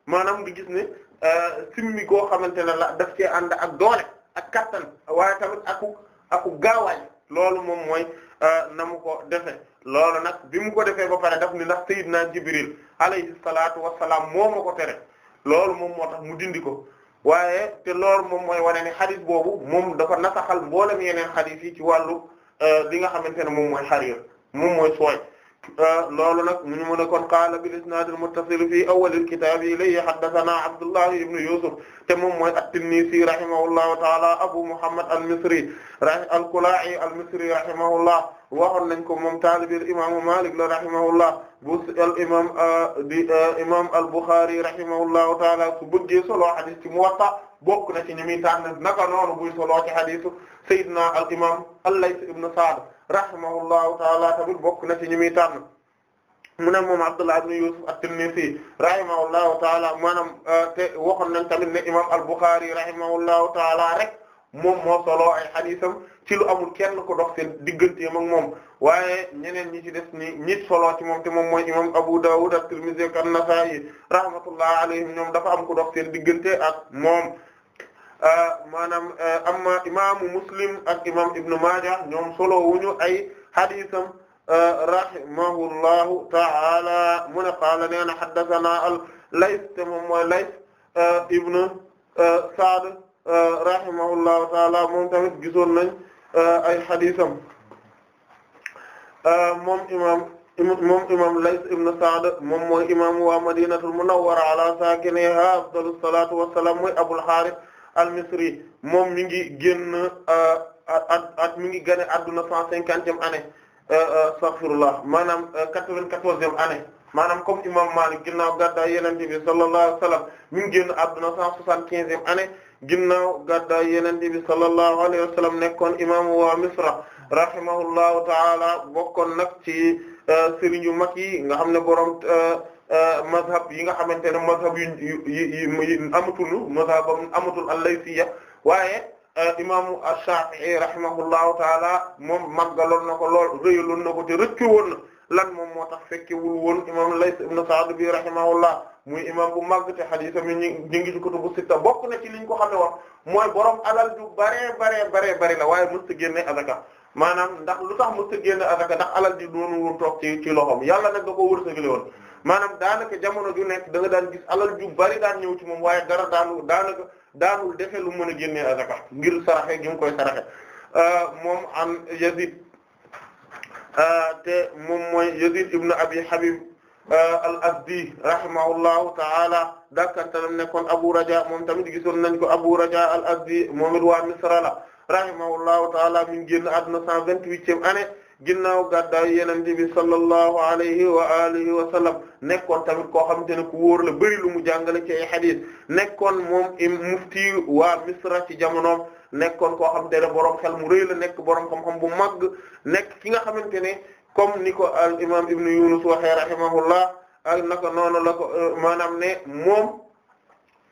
maanaam nga gis ne euh, simmi koo xamante ne la daf cee ànd ak doole ak kattan waaye tamit ak aku aku gaawaay loolu moom mooy euh, na mu ko defee loolu nag bi mu ko defee ba pare daf ni ndax sayyidna Jibril alayhi salaatu wassalaam moo ma ko tere loolu moom moo tax mu dindi ko waaye te loolu moom mooy wane ne xadis boobu moom dafa nasaxal mi yeneen xadis yi ci wàllu euh, li nga xamante ne moom mooy xariir moom mooy sooy Ah, loolu nag mu ñu mën a kon qaala bil isnaad al muttasil fii awwalil kitaab ilayhi haddathanaa Abdullahi ibn Yusuf te moom mooy at-Tinnisi rahimahullahu ta'ala Abu Muhammad al-Misri al-Kalaa'i al-Misri rahimahullah waxoon nañ ko moom taalibil imaamu Maalik la rahimahullah bu al imaam ah, di ah, imaam al-Bukhari rahimahullahu ta'ala su bëggee solo hadith ci Muwatta bokk na ci ñi muy tànn naka noonu buy solo ci hadith Seydina al imaam al-Layth ibn Sa'd rahimahullahu taala tamit bokk na ci ñi muy tànn mu ne moom Abdullah ibn Yusuf at-Tinnisi rahimahullahu taala maanaam euh, te waxoon nañ tamit ne imam al-Bukhari rahimahullahu taala rek moom moo solo ay xadiisam ci lu amul kenn ku dox seen digganteem ak moom waaye ñeneen ñi ci des ni ñit solo ci moom te moom mooy imam Abu Dawud at-Tirmidhi ak an-Nasa'i rahmatullahi alayhim ñoom dafa am ko dox seen diggante ak moom Euh, maanaam euh, amma imaamu muslim ak imaam ibnu maaja ñoom solo wuñu ay hadisam euh, rahimahullahu ta'ala mu ne qaala nee na haddathana al-Layth te moom mooy Layth ibnu Sa'd rahimahullahu ta'ala moom tamit gisoon nañ ay hadisam moom imaam moom imaam Layth ibnu Sa'd moom mooy imaam waa Madinatul Munawwara ala saakinihaa afdalu salaatu wa salaam mooy Abul Haarith al-Misri moom mi ngi génn euh, at mi ngi gane adduna cent cinquantième année euh, euh, astaghfirullah maanaam quatre-vingt-quatorzième année maanaam comme imam Malik ginnaaw gàddaay Yonent bi sallallahu alayhi wa sallam génn adduna cent soixante-quinzième année ginnaaw gàddaay Yonent bi sallallahu alayhi wa sallam nekkoon imam waa Misra rahimahullahu taala bokkoon nag ci sëriñ yu mag yi nga xam ne borom Euh, mazhab yi nga xamante ne mazhab yu yu amatul mazhabam amatul al-laythiyya waaye euh, imaamu ash-Shafi'i rahimahullahu taala moom màggaloon na ko lool rëyaloon na ko te rëccu na lan moom moo tax fekkewul woon imaam Layth ibn Sa'd bi rahimahullah muy imaam bu màgg te hadith mi ñu ngi ci kutubu sitta bokk na ci liñ ko xamee wax mooy borom alal ju baree baree bare bari la waaye mësta génne azaka maanaam ndax lu tax mësta génne azaka ndax alal ji doonu woon toog ci ci loxoom yàlla nag da ko wërsëgale woon. maanaam daanaka jamono ju nekk da nga daan gis alal ju bari daan ñëw ci moom waaye dara daanu daanaka daanul defe lu mën a génnee azaka ngir saraxe gi mu koy saraxe euh, moom an Yazid euh, te moom mooy Yazid ibn Abi Habib euh, al-Azdi rahimahullahu ta'ala dakkantalam nekkoon Abu Raja moom tamit gisoon nañ ko Abu Raja al-Azdi moom it waa Misra la rahimahullahu ta'ala mi ngi génn àdduna 128e année ginnaaw gàddaay yenente bi sallallahu alayhi wa alihi wa sallam nekkoon tamit koo xamante ne ku wóor la bëri lu mu jàngale ci ay xadis nekkoon moom im mufti wa misra ci jamonoom nekkoon ko xam ne boroom xel mu rëy la nekk borom xam-xam bu màgg nekk ki nga xamante ne comme ni ko al imam ibnu yunus waxee rahimahullah ak naka noonu la ko euh, maanaam ne moom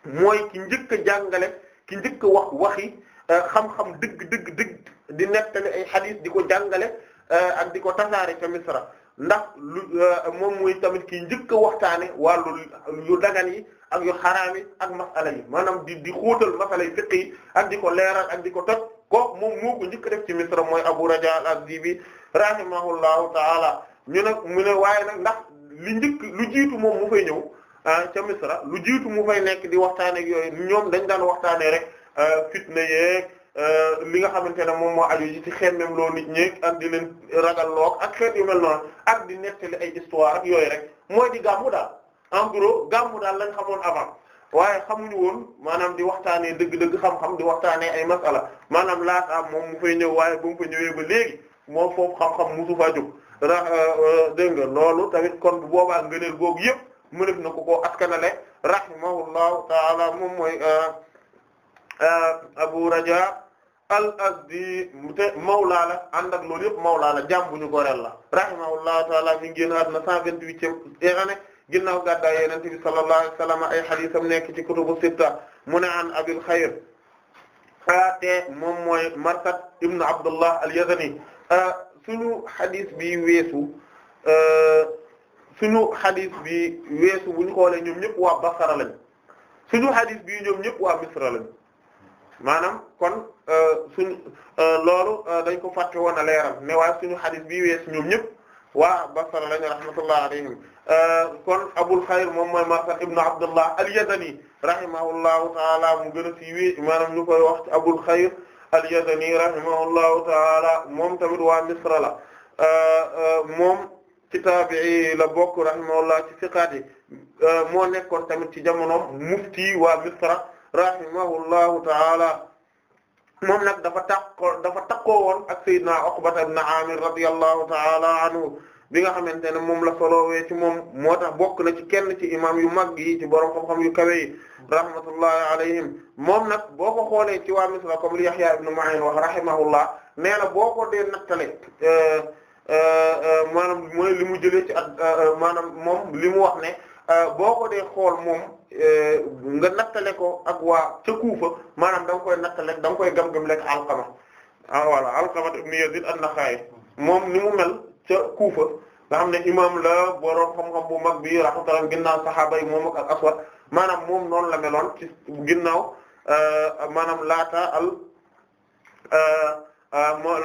mooy ki njëkk a jàngale ki njëkk a wax waxi euh, xam-xam dëgg dëgg dëgg di nettali ay xadis di ko jàngale Euh, ak di ko tasaare ca Misra ndax lu euh, moom muy tamit ki njëkk waxtaane wàllu yu dagan yi ak yu xaraam yi ak masala yi maanaam di di xóotal masala yi fiqh yi di ko leeral ak di ko toj ko moom moo ko njëkk def ci Misra mooy Abu Raja al-Azdibi rahimahullahu taala ñu nag mu ne waaye nag ndax lu njëkk lu jiitu moom mu fay ñëw ah, ca Misra lu jiitu mu fay nekk di waxtaane ak yooyu ñoom dañ daan waxtaane rek euh, fitna yeeg Euh, li nga xamante ne moom moo aju ci xemmem loo nit ñi ak di leen ragal look ak xeet yu mel noonu ak di nettali ay histoire yooyu rek mooy di gàmmu daal en gros gàmmu daal lañ xamoon avant waaye xamuñu woon maanaam di waxtaanee dëgg-dëgg xam-xam di waxtaanee ay masala maanaam laata moom mu fay ñëw waaye ba mu fa ñëwee ba léegi moom foofu xam-xam musu faa jóg ra euh, euh, nga loolu tamit kon bu boobaa ngëneel googu yëpp mënef na ko koo askanale rahimahullahu taala moom mooy Abu Raja al asdi te mawlaa la ànd ak loolu yëpp mawlaa la jaam bu ñu goreel la rahimahullahu taala mi ngi génn àdduna cent vingt-huitième année ginnaaw gàddaay Yonent bi sallallahu alayhi wa sallam ay hadiisam nekk ci kutubu sitta mu ne an abil xayr te moom mooy Marsad ibn Abdullah al-Yazani suñu hadis bi weesu suñu hadis bi weesu bu ñu xoolee ñoom ñëpp wa Basra lañ sunu hadis bi ñoom ñëpp waa Misra lañ maanaam kon euh, suñu euh, loolu euh, dañ ko fàtte woon a leeral ne waaye suñu xadis bii wees ñoom ñëpp waa Basra lañu rahmatullah alayhim kon Abul Xayr moom mooy Marsan ibnu Abdullah al-Yadani rahimahullahu taala mu gën a siiwee maanaam ñu koy wax ci Abul Xayr al-Yadani rahimahullahu taala moom tamit waa Misra la moom ci taabi'i la bokk rahimahullah ci siqaat yi moo nekkoon tamit ci jamonoom mufti waa Misra rahimahullahu taala moom nag dafa takko dafa takkoo woon ak sayyidina Uqbata ibn Amir radiyallahu taala anhu bi nga xamante ne moom la solowee ci moom moo tax bokk na ci kenn ci imam yu mag yi ci borom xam-xam yu kawe yi rahmatullahi alayhim moom nag boo ko xoolee ci waa Misra comme li Yahya ibn Ma'in wax rahimahullah nee na boo ko dee nattale euh, euh, euh, maanaam mooy li mu jëlee ci at maanaam moom li mu wax ne Euh, boo ko dee xool moom euh, nga nattale ko ak waa ca Kuufa maanaam da nga koy nattale da nga koy gam-gam lekk Alqama ah voilà Alqama ibn Yazid an-Nakha'i moom ni mu mel ca Kuufa nga xam ne imam la borom xam-xam bu mag bi rahmatullah ginnaaw saxaaba yi moom ak aswad maanaam moom noonu la meloon ci ginnaaw euh, maanaam laata al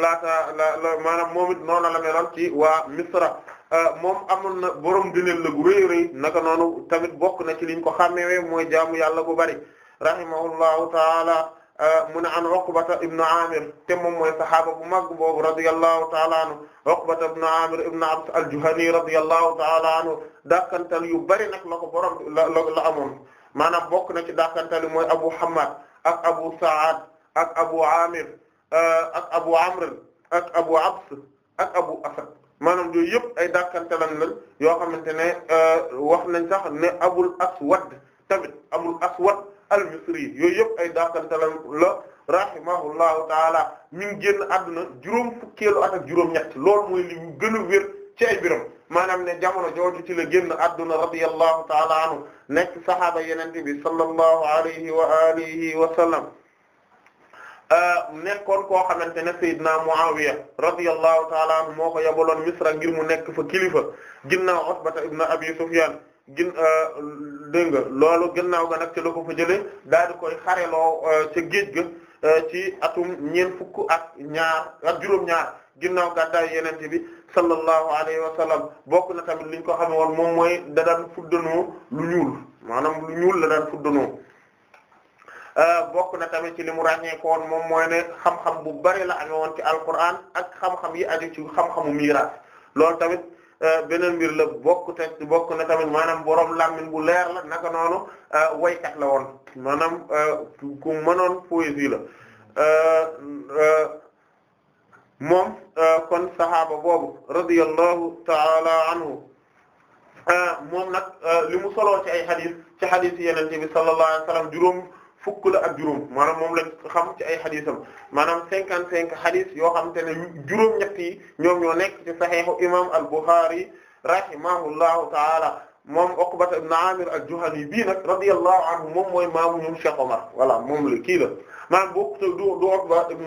laata maanaam moom it noonu la meloon ci waa Misra. Euh, moom amoon na borom gëneel la gu naka noonu tamit bokk na ci liñ ko xàmmewee mooy jaamu yàlla bu bari rahimahullahu taala euh, mu ne an Uqbata ibnu Amir te moom mooy saxaaba bu mag boobu radiyallahu taala anhu Uqbata ibnu Amir ibnu Abs al yu bari nag la ko maanaam bokk na ci dàkkantal mooy Abu Hamad ak Abu Saad ak Abu Amir euh, ak Abu Amr ak Abu Abs ak Abu Asad maanaam yooyu yëpp ay dàkkantalam lañ yoo xamante ne euh, wax nañ sax ne abul aswad tamit abul aswad al-misri yooyu yëpp ay dàkkantalam la rahimahullahu taala mi ngi génn àdduna juróom fukkeelu at ak juróom ñett loolu mooy li gën a wér ci ay biram maanaam ne jamono jooju ci la génn àdduna radiyallahu taala anhu nekk sahaaba yenente bi sallallahu alayhi wa alihi wa sallam Euh, nekkoon ko xamante ne Seydina Muawiya radiyallahu ta'ala anhu moo ko yabaloon Misra ngir mu nekk fa kilifa ginnaaw Utbata ibn Abi Sufyan gin euh, dégg nga loolu ginnaaw ga nag ci la fa jëlee daal di koy xareloo euh, ci géej ga ci atum ñeent fukk ak ñaar ak juróom-ñaar ginnaaw gàddaay yenente bi sallallahu alayhi wa sallam bokk na tamit li ko xame woon moom mooy da daan lu ñuul maanaam lu ñuul la daan Euh, bokk na tamit ci li mu ràññee moom mooy ne xam-xam bu bari la amee woon ci alquran ak xam-xam yi aju ci xam-xamu miraas loolu tamit euh, beneen mbir la bokk te bokk na tamit maanaam borom làmmiñ bu leer la naka noonu euh, waykat la woon maanaam ku mënoon poésie la moom kon saxaaba boobu radiyallahu ta'ala anhu moom nag li mu soloo ci ay xadis ci xadis yenente bi sallallahu alayhi wasallam juróom fukk la ak juróom maanaam moom lañ xam ci ay xadisam maanaam cinquante cinq xadis yoo xamante ne juróom ñett yi ñoom ñoo nekk ci saxiixu imam al-Bukhari rahimahullahu taala moom Uqbata ibn Amir al-Juhani bii nag radiyallahu anhu moom mooy maamu ñoom Cheikh Omar voilà moom la kii la maanaam bokk du du Uqba ibn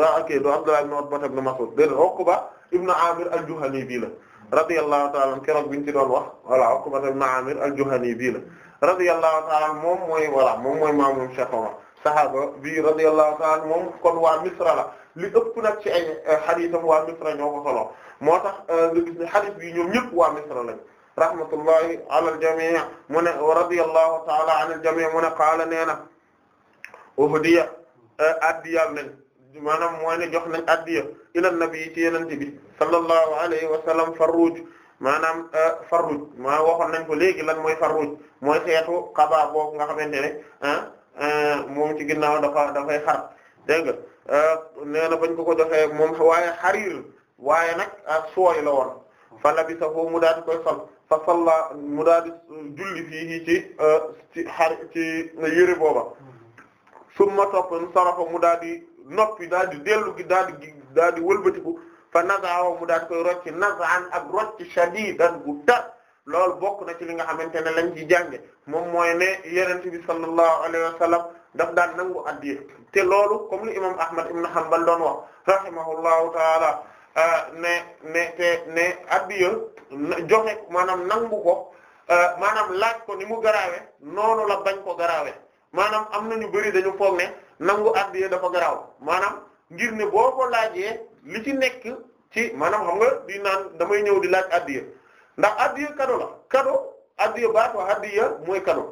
Raake euh, ah, du Abdullah ibn Uqba ibn Mas'ud de Uqba ibn Amir al-Juhani bii la radiyallahu taala keroog biñ ci doon wax voilà Uqba ibn Amir al-Juhani bii la radiyallahu ta'ala moom mooy voilà moom mooy maamum Cheikh Omar sahaaba bi radiyallahu ta'ala moom kon waa Misra la li ëpp nag ci ay euh, xadiisam waa Misra ñoo ko solo moo tax euh, nga gis ne xadiis bi ñoom ñëpp waa Misra lañ rahmatullahi ala al-jamii mu ne radiyallahu ta'ala an al-jamii mu ne qaala nee na uhdiya euh, addiyal nañ maanaam mooy ne jox nañ addiya ila nabi ci yenente bi sallallahu alayhi wa sallam farruuj maanaam euh, farruj maa waxoon nañ ko léegi lan mooy farruj mooy xeetu xabaar boobu nga xamante ne ah, euh, moom ci ginnaaw dafa dafay xar dégg nga euh, nee na bañ ko ko joxee moom waaye xariir waaye nag ak sooy la woon fa labisa foofu mu daal di koy sol fa salla mu daal di julli fii ci ci xar ci yére booba summa topp sarafa mu daal di noppi daal di dellu gi daal di daal di wëlbatiku fa nazaaw mu daal koy rocci nazaan ak rocci shadidan gu tar lool bokk na ci li nga xamante ne lañ ci jànge moom mooy ne yonent bi sallallahu alayhi wa sallam daf daan nangu addiya te loolu comme li imam Ahmad ibn Hanbal doon wax rahimahullahu taala euh, ne ne te ne addiya joxe maanaam nangu ko euh, maanaam laaj ko ni mu garaawe noonu la bañ ko garaawe maanaam am na ñu bari dañu foog ne nangu addiya dafa garaaw maanaam ngir ne boo ko laajee. li ci nekk ci maanaam xam nga di naan damay ñëw di laaj addiya ndax addiya kado la kado addiya baatu addiya mooy kado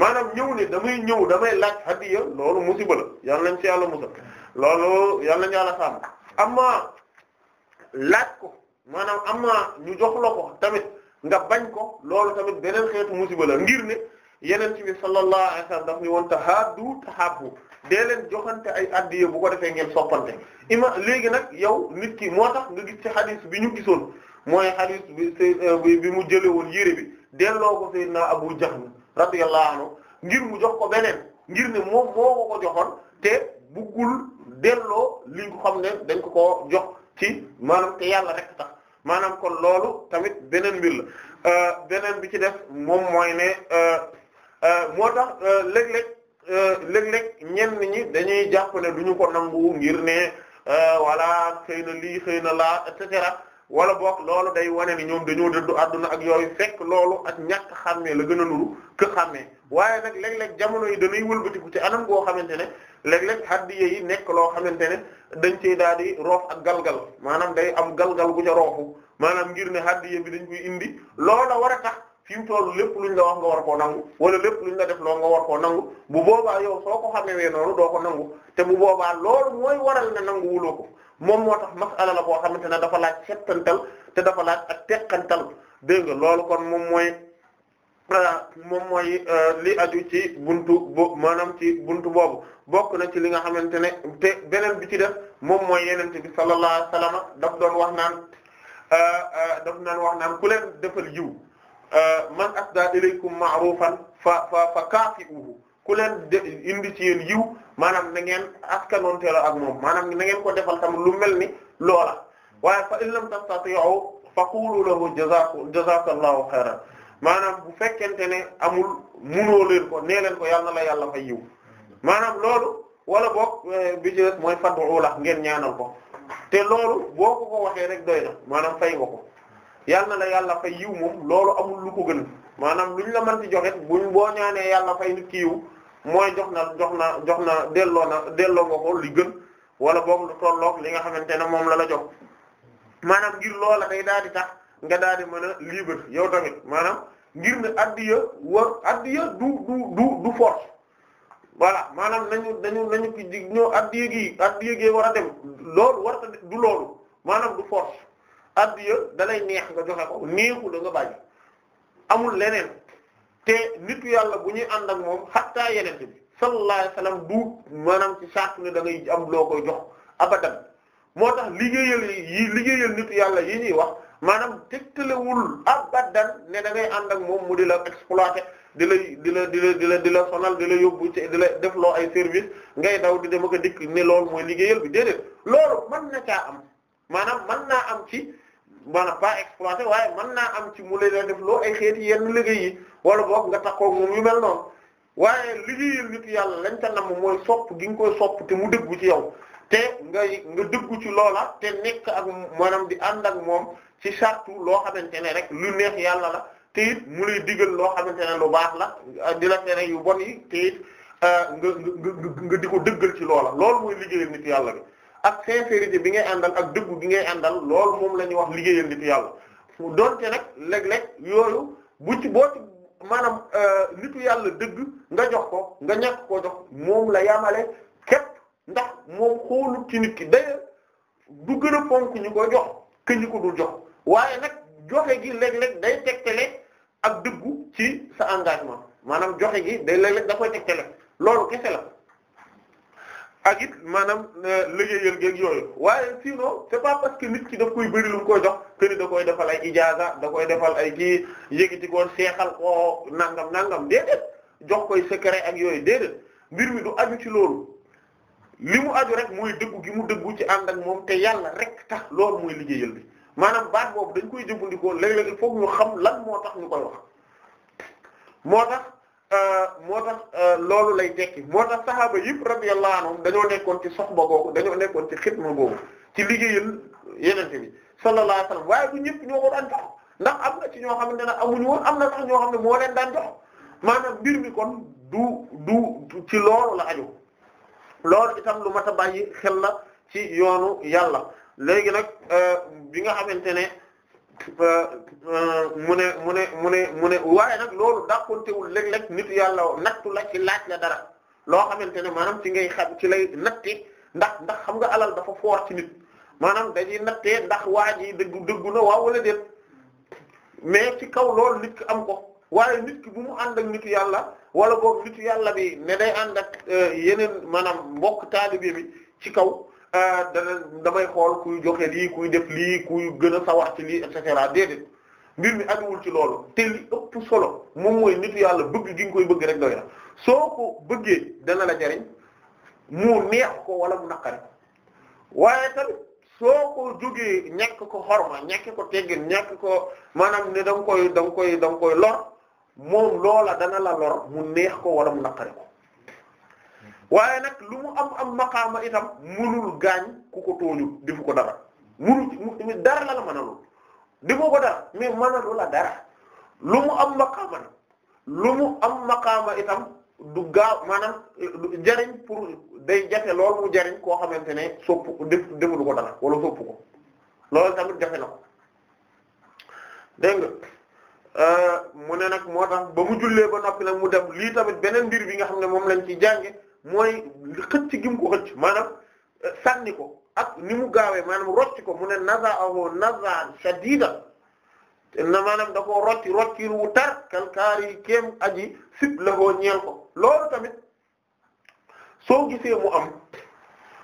maanaam ñëw ne damay ñëw damay laaj addiya loolu musiba la yàlla nañ ci yàlla musa loolu yàlla nañ yàlla sàmm amma laaj ko maanaam amma ñu jox la ko tamit nga bañ ko loolu tamit beneen xeetu musiba la ngir ne yeneen ci bi sallallahu alayhi wasallam daf ni woon tahaadu tahabbu dee leen joxante ay addiya bu ko defee ngeen soppante ima léegi nag yow nit ki moo tax nga gis ci xadis bi ñu gisoon mooy xadis bi euh, bi mu jëlee woon yére bi delloo ko Seydina Abu Jahl radiyallahu anhu ngir mu jox ko beneen ngir ne moom moo ko ko joxoon te buggul delloo li ko xam ne dañ ko ko jox ci maanaam te yàlla rek tax maanaam kon loolu tamit beneen mbir la euh, beneen bi ci def moom mooy ne euh, moo tax léeg-léeg Euh, léeg-léeg ñenn ñi dañuy jàpp ne du ñu ko nangu ngir ne wala euh, xëy na lii xëy na laa et cetera wala boog loolu day wane ni ñoom dañoo dëddu àdduna ak yooyu fekk loolu ak ñàkk xàmmee la gën a nuru ke xàmmee waaye nag léeg-léeg jamono yi dañuy ku ci anam goo xamante ne léeg-léeg hadiya yi nekk loo xamante ne dañ cey daal di roof ak galgal maanaam day am galgal gu ca roofu maanaam ngir ne hadiya bi dañ koy indi loola war a tax fi toolu toll lépp luñ la wax nga war koo nangu wala lépp luñ la def loo nga war koo nangu bu booba yow soo ko xamewee noonu doo ko nangu te bu boobaa loolu mooy waral na nangu wuloo ko moom moo tax masala la boo xamante ne dafa laaj settantal te dafa laaj ak teqantal dégg nga loolu kon moom mooy euh, moom mooy euh, li aju ci buntu bo maanaam ci buntu boobu bokk na ci li nga xamante ne beneen bi ci def moom mooy yenente bi sallallahu alayhi wasallam daf doon wax naan euh, daf doon wax naan ku leen defal yiw Euh, man asda ilaykum ma'rufan fa fa fa kaafi'uhu ku leen indi ci yéen yiw maanaam na ngeen askanonteel ak moom maanaam na ngeen ko defal tam lu mel ni loola waaye fa in lam tastati'u faqulu lahu jazakallahu khairan maanaam bu fekkente ne amul munoo leen ko nee leen ko yàlla na la yàlla fay yiw maanaam loolu wala boog eh, bi ci des mooy fad'u la ngeen ñaanal ko te loolu boo ko ko waxee rek doy na maanaam fay nga ko yàlla na la yàlla fay yiw moom loolu amul lu ko gën maanaam luñ la mën ci bu ñu boo ñaanee yàlla fay nit kiiw mooy jox na jox na jox na delloo na delloo nga ko li gën wala boog lu tollook li nga xamante ne moom la la jox maanaam ngir loola day daal di tax nga daal di mën a libre yow tamit maanaam ngir ne addiya war addiya du du du du force voilà maanaam nañu nañu nañu ki ñoo addiya gi addiya gi war a dem loolu war du loolu maanaam du force addiya dalay neex nga joxe ko neexu da nga leneen te nitu yàlla bu ñuy ànd ak moom xattaa bi sallallahu alayhi wasallam duut maanaam ci saako ne da ngay am loo koy jox moo tax liggéeyal yi liggéeyal nitu yàlla yi wax maanaam tegtalewul abadan ne da ànd ak moom mu di la exploiter di la di la di la di la di la sonal di la yóbbu ci di la def loo ay service ngay daw di de ak a dikk ni loolu mooy liggéeyal bi déedéet loolu man na caa am maanaam man naa am ci. maanaam pas exploité waaye mën naa am ci mu lay def loo ay xeeti yenn liggéey yi wala boog nga taxaw moom yu mel noonu waaye liggéeyal nit yàlla lañ ca nam mooy sopp gi nga koy sopp te mu dëggu ci yow te nga nga dëggu ci loola te nekk ak maanaam di ànd ak moom ci sartu loo xamante ne rek lu neex yàlla la te it mu lay digal loo xamante ne lu baax la di la tere yu bon yi te it euh, nga nga nga di ko dëggal ci loola loolu mooy liggéeyal nit yàlla ak sincérité bi ngay àndal ak dëggu bi ngay àndal loolu moom la ñuy wax liggéeyal nitu yàlla donte nag léeg-léeg yooyu bu ci boo ci maanaam litu euh, yàlla dëgg nga jox ko nga ñàkk koo jox moom la yamale képp ndax moom xoolu ci nit ki d'ailleurs du gën a fonk ñu ko jox que ñu ko dul jox waaye nag joxe gi léeg-léeg day tegtale ak dëggu ci sa engagement maanaam joxe gi day léeg-léeg da koy loolu kese la. ak it maanaam euh, liggéeyal géeg yooyu waaye sinon c'est pas parce que nit ki daf koy bëri lu mu jox que da koy defal ay ijaaza da koy defal ay kii yëkkati ko seexal ko nangam nangam déedéet jox koy secret ak yooyu déedéet mbir mi du aju ci loolu li mu aju rek mooy dëggu gi mu dëggu ci ànd ak moom te yàlla rek tax loolu muy liggéeyal bi maanaam baat boobu dañ koy jëfandikoo léeg-léeg foog ñu xam lan moo tax ñu koy wax moo tax. Euh, moo tax euh, loolu lay tekki moo tax saxaaba yëpp radiyallahu anhum dañoo nekkoon ci soxba googu dañoo nekkoon ci xidma boobu ci liggéeyal yenente bi sallallahu alayhi wasallam waaye bu ñëpp ñoo ko daan jox ndax am na ci ñoo xam ne amuñu woon am na sax ñoo xam ne moo leen daan jox maanaam mbir mi kon du du ci loolu la aju loolu itam lu mat a bàyyi xel la ci yoonu yàlla léegi nag euh, bi nga xamante ne mu ne mu ne mu ne mu ne waaye nag loolu dàqantewul léeg-léeg nit yàlla nattu la ci laaj la dara loo xamante ne maanaam ci ngay xam ci lay natti ndax ndax xam nga alal dafa foor ci nit maanaam dañuy nattee ndax waa yi dëggu dëggu na waaw wala déet mais ci kaw lool nit ki am ko waaye nit ki bu mu ànd ak nitu yàlla wala boog nitu yàlla bi ne day ànd ak euh, yeneen maanaam mbokk taalibe bi ci kaw. Euh, dana damay xool kuy joxe lii kuy def lii kuy gën a sawar ci lii et cetera déedéet mbir mi ajuwul ci loolu te li ëpp solo moom mooy nitu yàlla bëgg gi nga koy bëgg rek doy soo ko bëggee dana la jariñ mu neex ko wala mu naqari waaye tamit soo ko jógee ñàkk ko xorma ñàkk ko teggin ñàkk ko maanaam ne da koy da koy da nga koy lor moom loola dana la lor mu neex ko wala mu naqari ko waaye nag lu mu am am maqaama itam munul gaañ ku ko tooñu defu ko dara munul dara la la mënalul defoo ko dara mais mënalu la dara lu mu am maqaama lu mu am maqaama itam du gaa maanaam jariñ pour day jafe lool mu jariñ koo xamante ne soppu def deful ko dara wala soppu ko loolu tamit jafe na ko dégg nga euh, mu ne nag moo tax ba mu jullee ba noppi nag mu dem lii tamit beneen mbir bi nga xam ne moom lañ ci jànge mooy xëcc gi mu ko xëcc maanaam euh, sànni ko ak ni gaawee maanaam rocci ko mu ne nazaahu nazaan shadiida na maanaam da koo rocci rocci wu tar kalkaari kéem aji sib la koo ñeel ko loolu tamit soo gisee mu am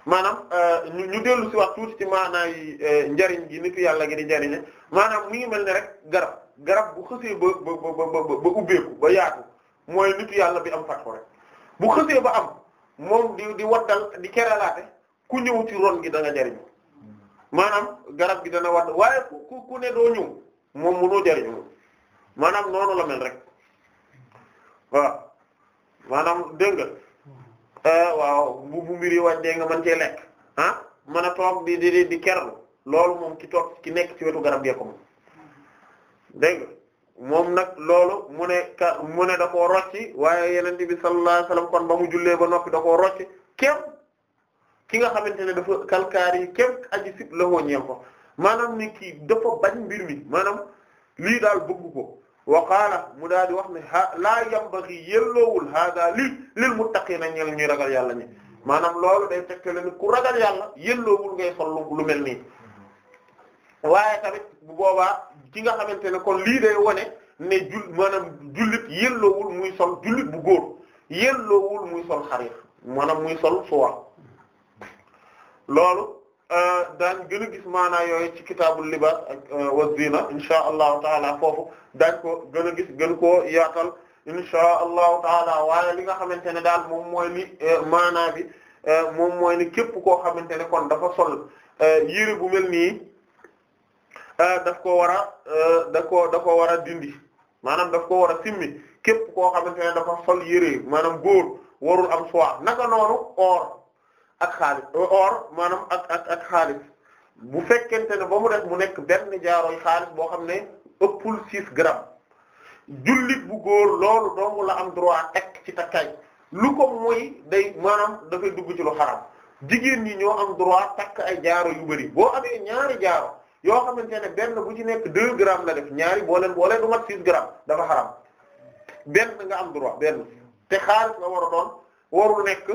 maanaam euh, ñu ñu dellu si wax tuuti ci maanaam euh, njariñ gi nitu yàlla gi di njariñe maanaam mi ngi mel ne rek garab garab bu xësee ba ba ba ubbeeku ba yaatu mooy nitu yàlla bi am fat ko rek bu xësee ba am moom di di waddal di keralaate ku ñëw ci ron gi da nga jariñu garab gi dala wadd waaye ku ku ne doo ñëw moom mënoo jariñu maanaam noonu la mel rek waaw maanaam dégg nga eh, waaw bu bu mbiri waddee nga mën cee lekk ah mën a toog di di di loolu moom ki toog ki nekk ci wetu garab geeko moom dégg nga moom nag loolu mu ne ka mu ne da koo rocci waaye yeneen bi sallallahu alayhi wasallam kon ba mu jullee ba noppi da koo rocci kem ki nga xamante ne dafa kalkaar yi kem aji sib la woo ñeel ko maanaam ni kii dafa bañ mbir mi maanaam lii daal bëgg ko wa qaala mu daal di wax ne ha laa yambaghi yelloowul hada lii lil muttaqiina ñeel ñuy ragal yàlla ñi maanaam loolu day tegtale ni ku ragal yàlla yelloowul ngay sol lu mel nii mm-hmm. waaye tamit bu ki nga xamante ne kon lii day wane ne jul maanaam jullit yelloowul muy sol jullit bu góor yelloowul muy sol xarir maanaam muy sol suwa loolu euh, daañ gën a gis maanaa yooyu ci kitaabul libaas ak euh, wa zina insha ko gën a gis waaye li nga xamante ne daal moom mooy li euh, maanaa bi moom mooy ni képp koo xamante ne kon dafa sol yére bu mel nii Euh, daf koo war a euh, daf koo daf koo war a dindi maanaam daf ko war a simmi képp koo xamante ne dafa sol yére maanaam góor warul am soie naka noonu or ak xaalis euh, or maanaam ak ak xaalis bu fekkente ne ba mu def mu nekk benn jaarooy xaalis boo xam ne ëppul 6 grammes jullit bu góor loolu doomul la am droit tekk ci takkaay lu ko mooy day maanaam dafay dugg ci lu xaram jigéen ñi ñoo am droit takk ay jaaro yu bari boo amee ñaari jaaro. yoo xamante ne benn bu ci nekk 2 grammes la def ñaari boo leen boo leen du mat 6 grammes dafa xaram benn nga am droit benn te xaalis la war doon warul nekk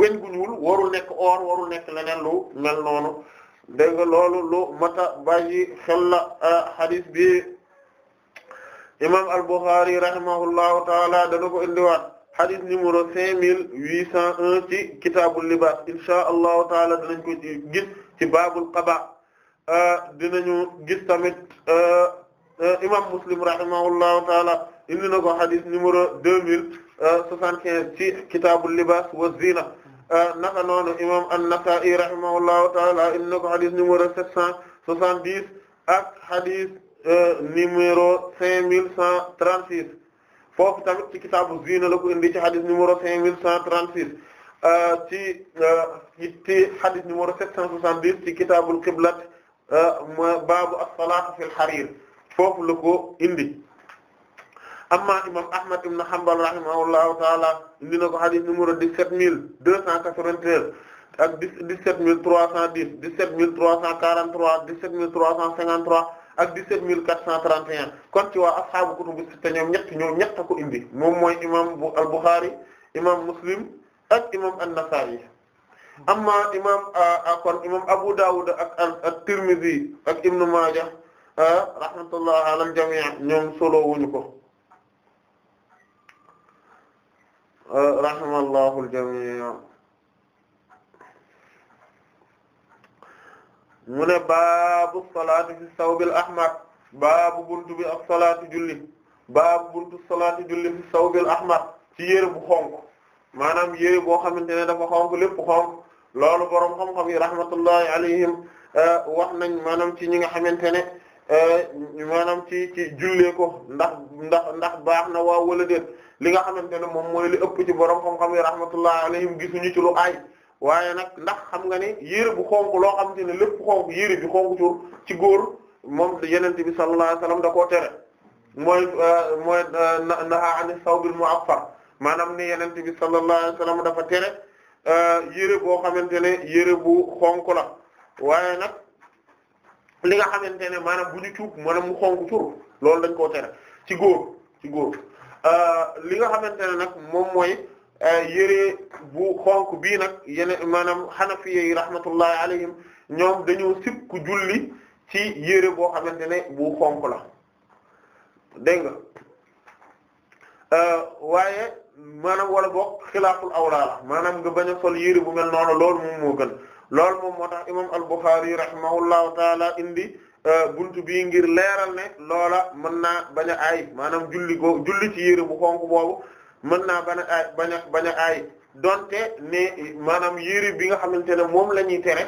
weñ gu ñuul waru nekk or warul nekk leneen lu mel noonu dégg nga loolu lu mata bàyyi xel la ah, bi imam al-Bukhari rahimahullahu taala dana ko indiwaat hadith numéro 5801 ci kitaabul libaas insha allahu taala danañ ko gis. ci baabul qada euh, dinañu gis tamit euh, euh, imam muslim rahimahullahu taala indi ko hadith numéro deux mille soixante quinze ci kitaabul libaas wa zina naka noonu imam an-Nasa'i rahimahullahu taala indi na ko hadith numéro sept cent soixante dix ak hadith numéro cinq mille cent trente six foofu tamit ci kitaabu zina la indi ci hadith numéro cinq mille cent trente six ci euh, ci hadith numéro 770 ci kitaabul qiblat euh, baabu as-salaatu fil hariir foofu la ko indi amma imam Ahmad ibn Hanbal rahimahullahu taala indi na ko hadith numéro 17293 ak 17310 17343 17353 ak 17431 kon ci waa ashaabu kutubu sitta ñoom ñett ñoom ñett ko indi moom mooy imam Al-Bukhârî imam Muslim ak imam an-Nasa'i amma imam kon imam Abu Dawud ak at-Tirmidhi ak Ibn Majah rahmatullah ala al-jami' ñoom solo wuñu ko rahimallahu al-jami' mu ne baabu salaati fi sawbil ahmar baabu buntu bi ak salaatu julli baabu buntu salaatu julli fi sawbil ahmar ci yére bu xonq maanaam yére boo xamante ne dafa xonq lépp xonk loolu borom xam-xam yi rahmatullahi alayhim euh, wax nañ maanaam ci ñi nga xamante ne euh, maanaam ci ci jullee ko ndax ndax ndax baax na waaw wala déet li nga xam xamante ne moom mooy li ëpp ci borom xam-xam yi rahmatullahi alayhim gisuñu ci lu aay waaye nag ndax xam nga ni yére bu xonk loo xamante ne lépp xonk yére bi xonk ci góor moom yenente bi sallallahu alayhi wasallam da koo tere mooy euh, mooy naha an sawbil mu'affar maanaam ne yeneen bi sallallahu alayhi wasallam dafa tere euh, yére boo xamante ne yére bu xonk la waaye nag li nga xamante ne maanaam bu ñu cuub maanaam mu xonk tur loolu dañ koo tere ci góor ci góor euh, li nga xamante ne nag moom mooy euh, yére bu xonk bii nag yeneen maanaam xanafiye yi rahmatullahi alayhim ñoom dañoo sib ku julli ci yére boo xamante ne bu xonk la dégg nga waaye maanaam wala boog xilaaful awlaa la maanaam nga bañ a sol yére bu mel noonu loolu moom moo gën lool moom moo tax imam al-Bukhari rahimahullahu taala indi euh, buntu bi ngir leeral ne loola mën naa bañ a aay maanaam julli ko julli ci yére bu xonk boobu mën naa bañ a aay bañ a bañ a donte ne maanaam yére bi nga xamante ne moom la ñuy tere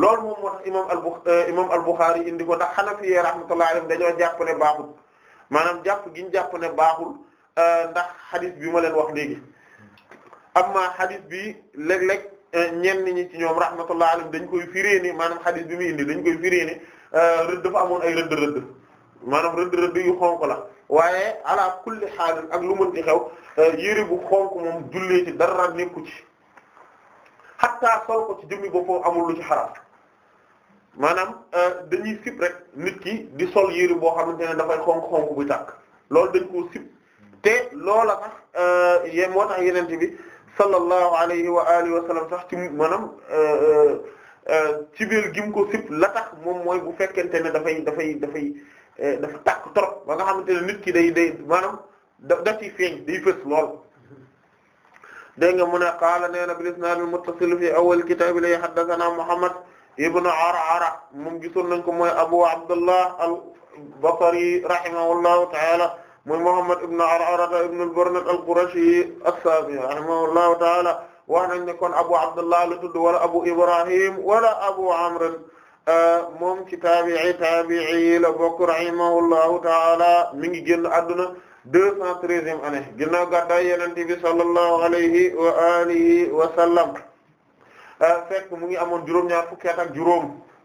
lool moom moo tax imam al euh, imam al-Bukhari indi ko ndax Hanafi rahmatullahi alayhi dañoo jàpp ne baaxul maanaam jàpp gi jàpp ne baaxul Euh, ndax xadis bi ma leen wax léegi amma xadis bi léeg-léeg euh, ñenn ñi ci ñoom rahmatullah alayhim dañ koy firée ni maanaam xadis bi muy indi dañ koy firée ni euh, rëdd dafa amoon ay rëdd rëdd maanaam rëdd rëdd yu xonk la waaye ala kulli xaal ak lu mën di xew yére bu xonk moom jullee ci dara nekku ci xattaa sol ko ci jëmmi boppam amul lu ci xaraam maanaam dañuy sib rek nit ki di sol yére boo xamante ne dafay xonk xonk bu tàkk loolu dañ koo sib te loola sax euh, yéen moo tax yenente bi sallallahu alayhi wa alihi wa sallam sax ci maanaam euh, euh, ci biir gim ko sib la tax moom mooy bu fekkente ne dafay dafay dafay dafa tàkk trop ba nga xamante ne nit ki day day maanaam da da ciy feeñ day fës lool dégg nga mu ne qaala nee na bil isnaad al muttasil fi awwal kitaab li haddathana Muhammad ibn Ar'ara moom gisoon nañ ko mooy Abu Abdullah al Basri rahimahullahu ta'ala mooy Muhammad ibn Ar'ara ibn al-Barnat al-Qurashi as-Sami rahimahullahu ta'ala nañ ne kon Abu Abdullah la tudd wala Abu Ibrahim wala Abu Amr euh, moom ci taabi'i taabi'i la bokk rahimahullahu ta'ala mi ngi génn àdduna deux cent treizième année ginnaaw gàddaay Yonent bi sallallahu alayhi wa alihi euh, fekk mu ngi amoon juróom-ñaar fukki at ak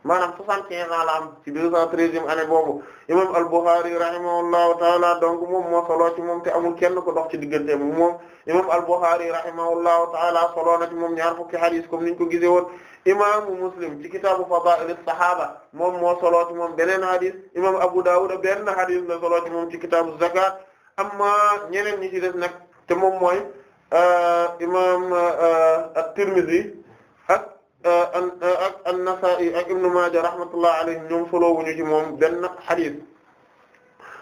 maanaam 75 ans la am ci 213e année boobu imam al-Bukhari rahimahullahu taala donc moom moo solo ci moom te amul kenn ko dox ci diggante moom imam al-Bukhari rahimahullahu taala solo na ci moom ñaar fukki hadith comme niñ ko gisee woon imaamu Muslim ci kitaabu fadaa'il as-sahaaba moom moo solo ci moom beneen hadith imam Abu Dawud benn hadith la solo ci moom ci kitaabu zakat amma ñeneen ñi ci des na te moom mooy euh, imam euh, at-Tirmidhi Euh, euh, ak an-Nasaa'i ak Ibn Maaja rahmatullah alayhim ñoom solowuñu ci moom benn xadis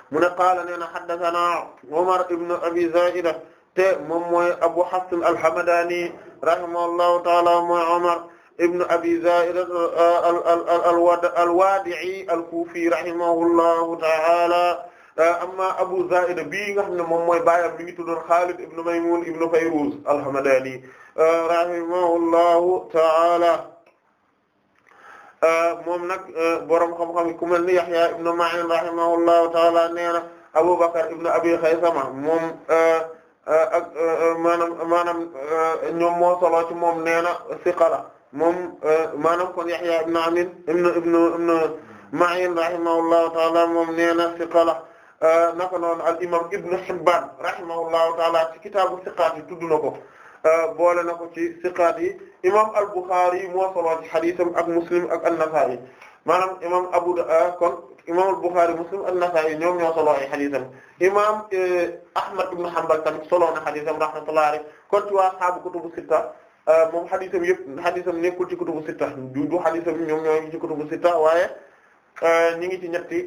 mu ne qaala nee na haddathana Umar ibn Abi Zaa'ida te moom mooy Abu Hafs al-Hamdaani rahimahullahu ta'ala mooy Umar ibn Abi Zaa'ida al-Waadi'i al-Kuufi rahimahullahu ta'ala euh, amma Abu Zaa'ida bii nga xam ne moom mooy baayam mi ngi tuddoon Xaalid ibn Maymuun ibn Fayruz al-Hamdaani Euh, rahimahullahu ta'ala euh, moom nag euh, borom xam-xam ku mel ni Yahya ibn Ma'in rahimahullahu ta'ala nee na Abubakar ibn Abi Khaysama moom ak maanaam maanaam ñoom moo solo ci moom nee na siqala moom maanaam kon Yahya ibn Amin ibn ibn ibn Ma'in rahimahullahu ta'ala moom nee na siqala naka noonu al imam Ibn Hibban rahimahullahu ta'ala ci kitaabu siqaat yi tudd na ko. Euh, boole na ko ci siqaat yi imam al-Bukhari moo solo ci xadiisam ak Muslim ak an-Nasa'i maanaam imam Abu Dawud euh, kon imam al-Bukhari Muslim an-Nasa'i ñoom ñoo solo ay xadiisam imam euh, Ahmad ibn Hanbal tamit solo na xadiisam rahmatullahi alayhi kon ci waa ashaabu kutubu sitta moom xadiisam yëpp xadiisam nekkul ci kutubu sitta du du xadiisam ñoom ñoo ngi ci kutubu sitta waaye ñu ngi ci ñetti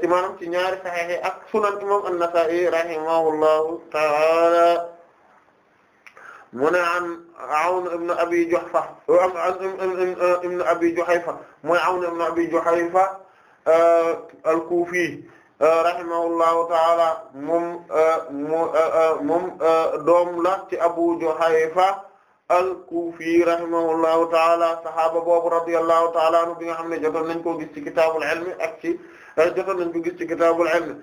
ci maanaam ci ñaari saxiix ak sunan imam an-Nasa'i rahimahullahu ta'ala mu ne an Awn ibn Abi Juhayfa ibn Abi Juhayfa mooy Awn ibn Abi Juhayfa euh, al-Kufi euh, rahimahullahu ta'ala moom euh, moom doom la ci Abu Juhayfa al-Kufi rahimahullahu ta'ala sahaaba boobu radiyallahu ta'ala anhu bi nga xam ne jotoon nañ koo gis ci kitaabul ilm ak ci jotoon nañ ko gis ci kitaabul ilm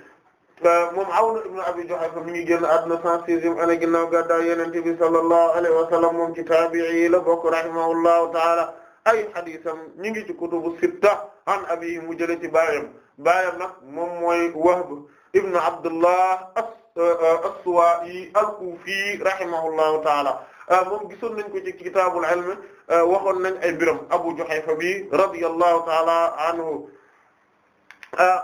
Euh, moom Awn ibn Abi Juhayfa mi ngi génn àdduna 106e année ginnaaw gàddaay Yonent bi sallallahu alayhi wa sallam moom ci taabi'i la bokk rahimahullahu ta'ala ay hadiisam ñu ngi ci kutubu sitta an abiy mu jëlee ci baayam baayam nag moom mooy Wahb ibn Abdullah euh, as-Suwa'i al-Kufi rahimahullahu ta'ala euh, moom gisoon nañ ko ci kitaabul ilm waxoon nañ ay biram Abu Juhayfa bi radiyallahu ta'ala anhu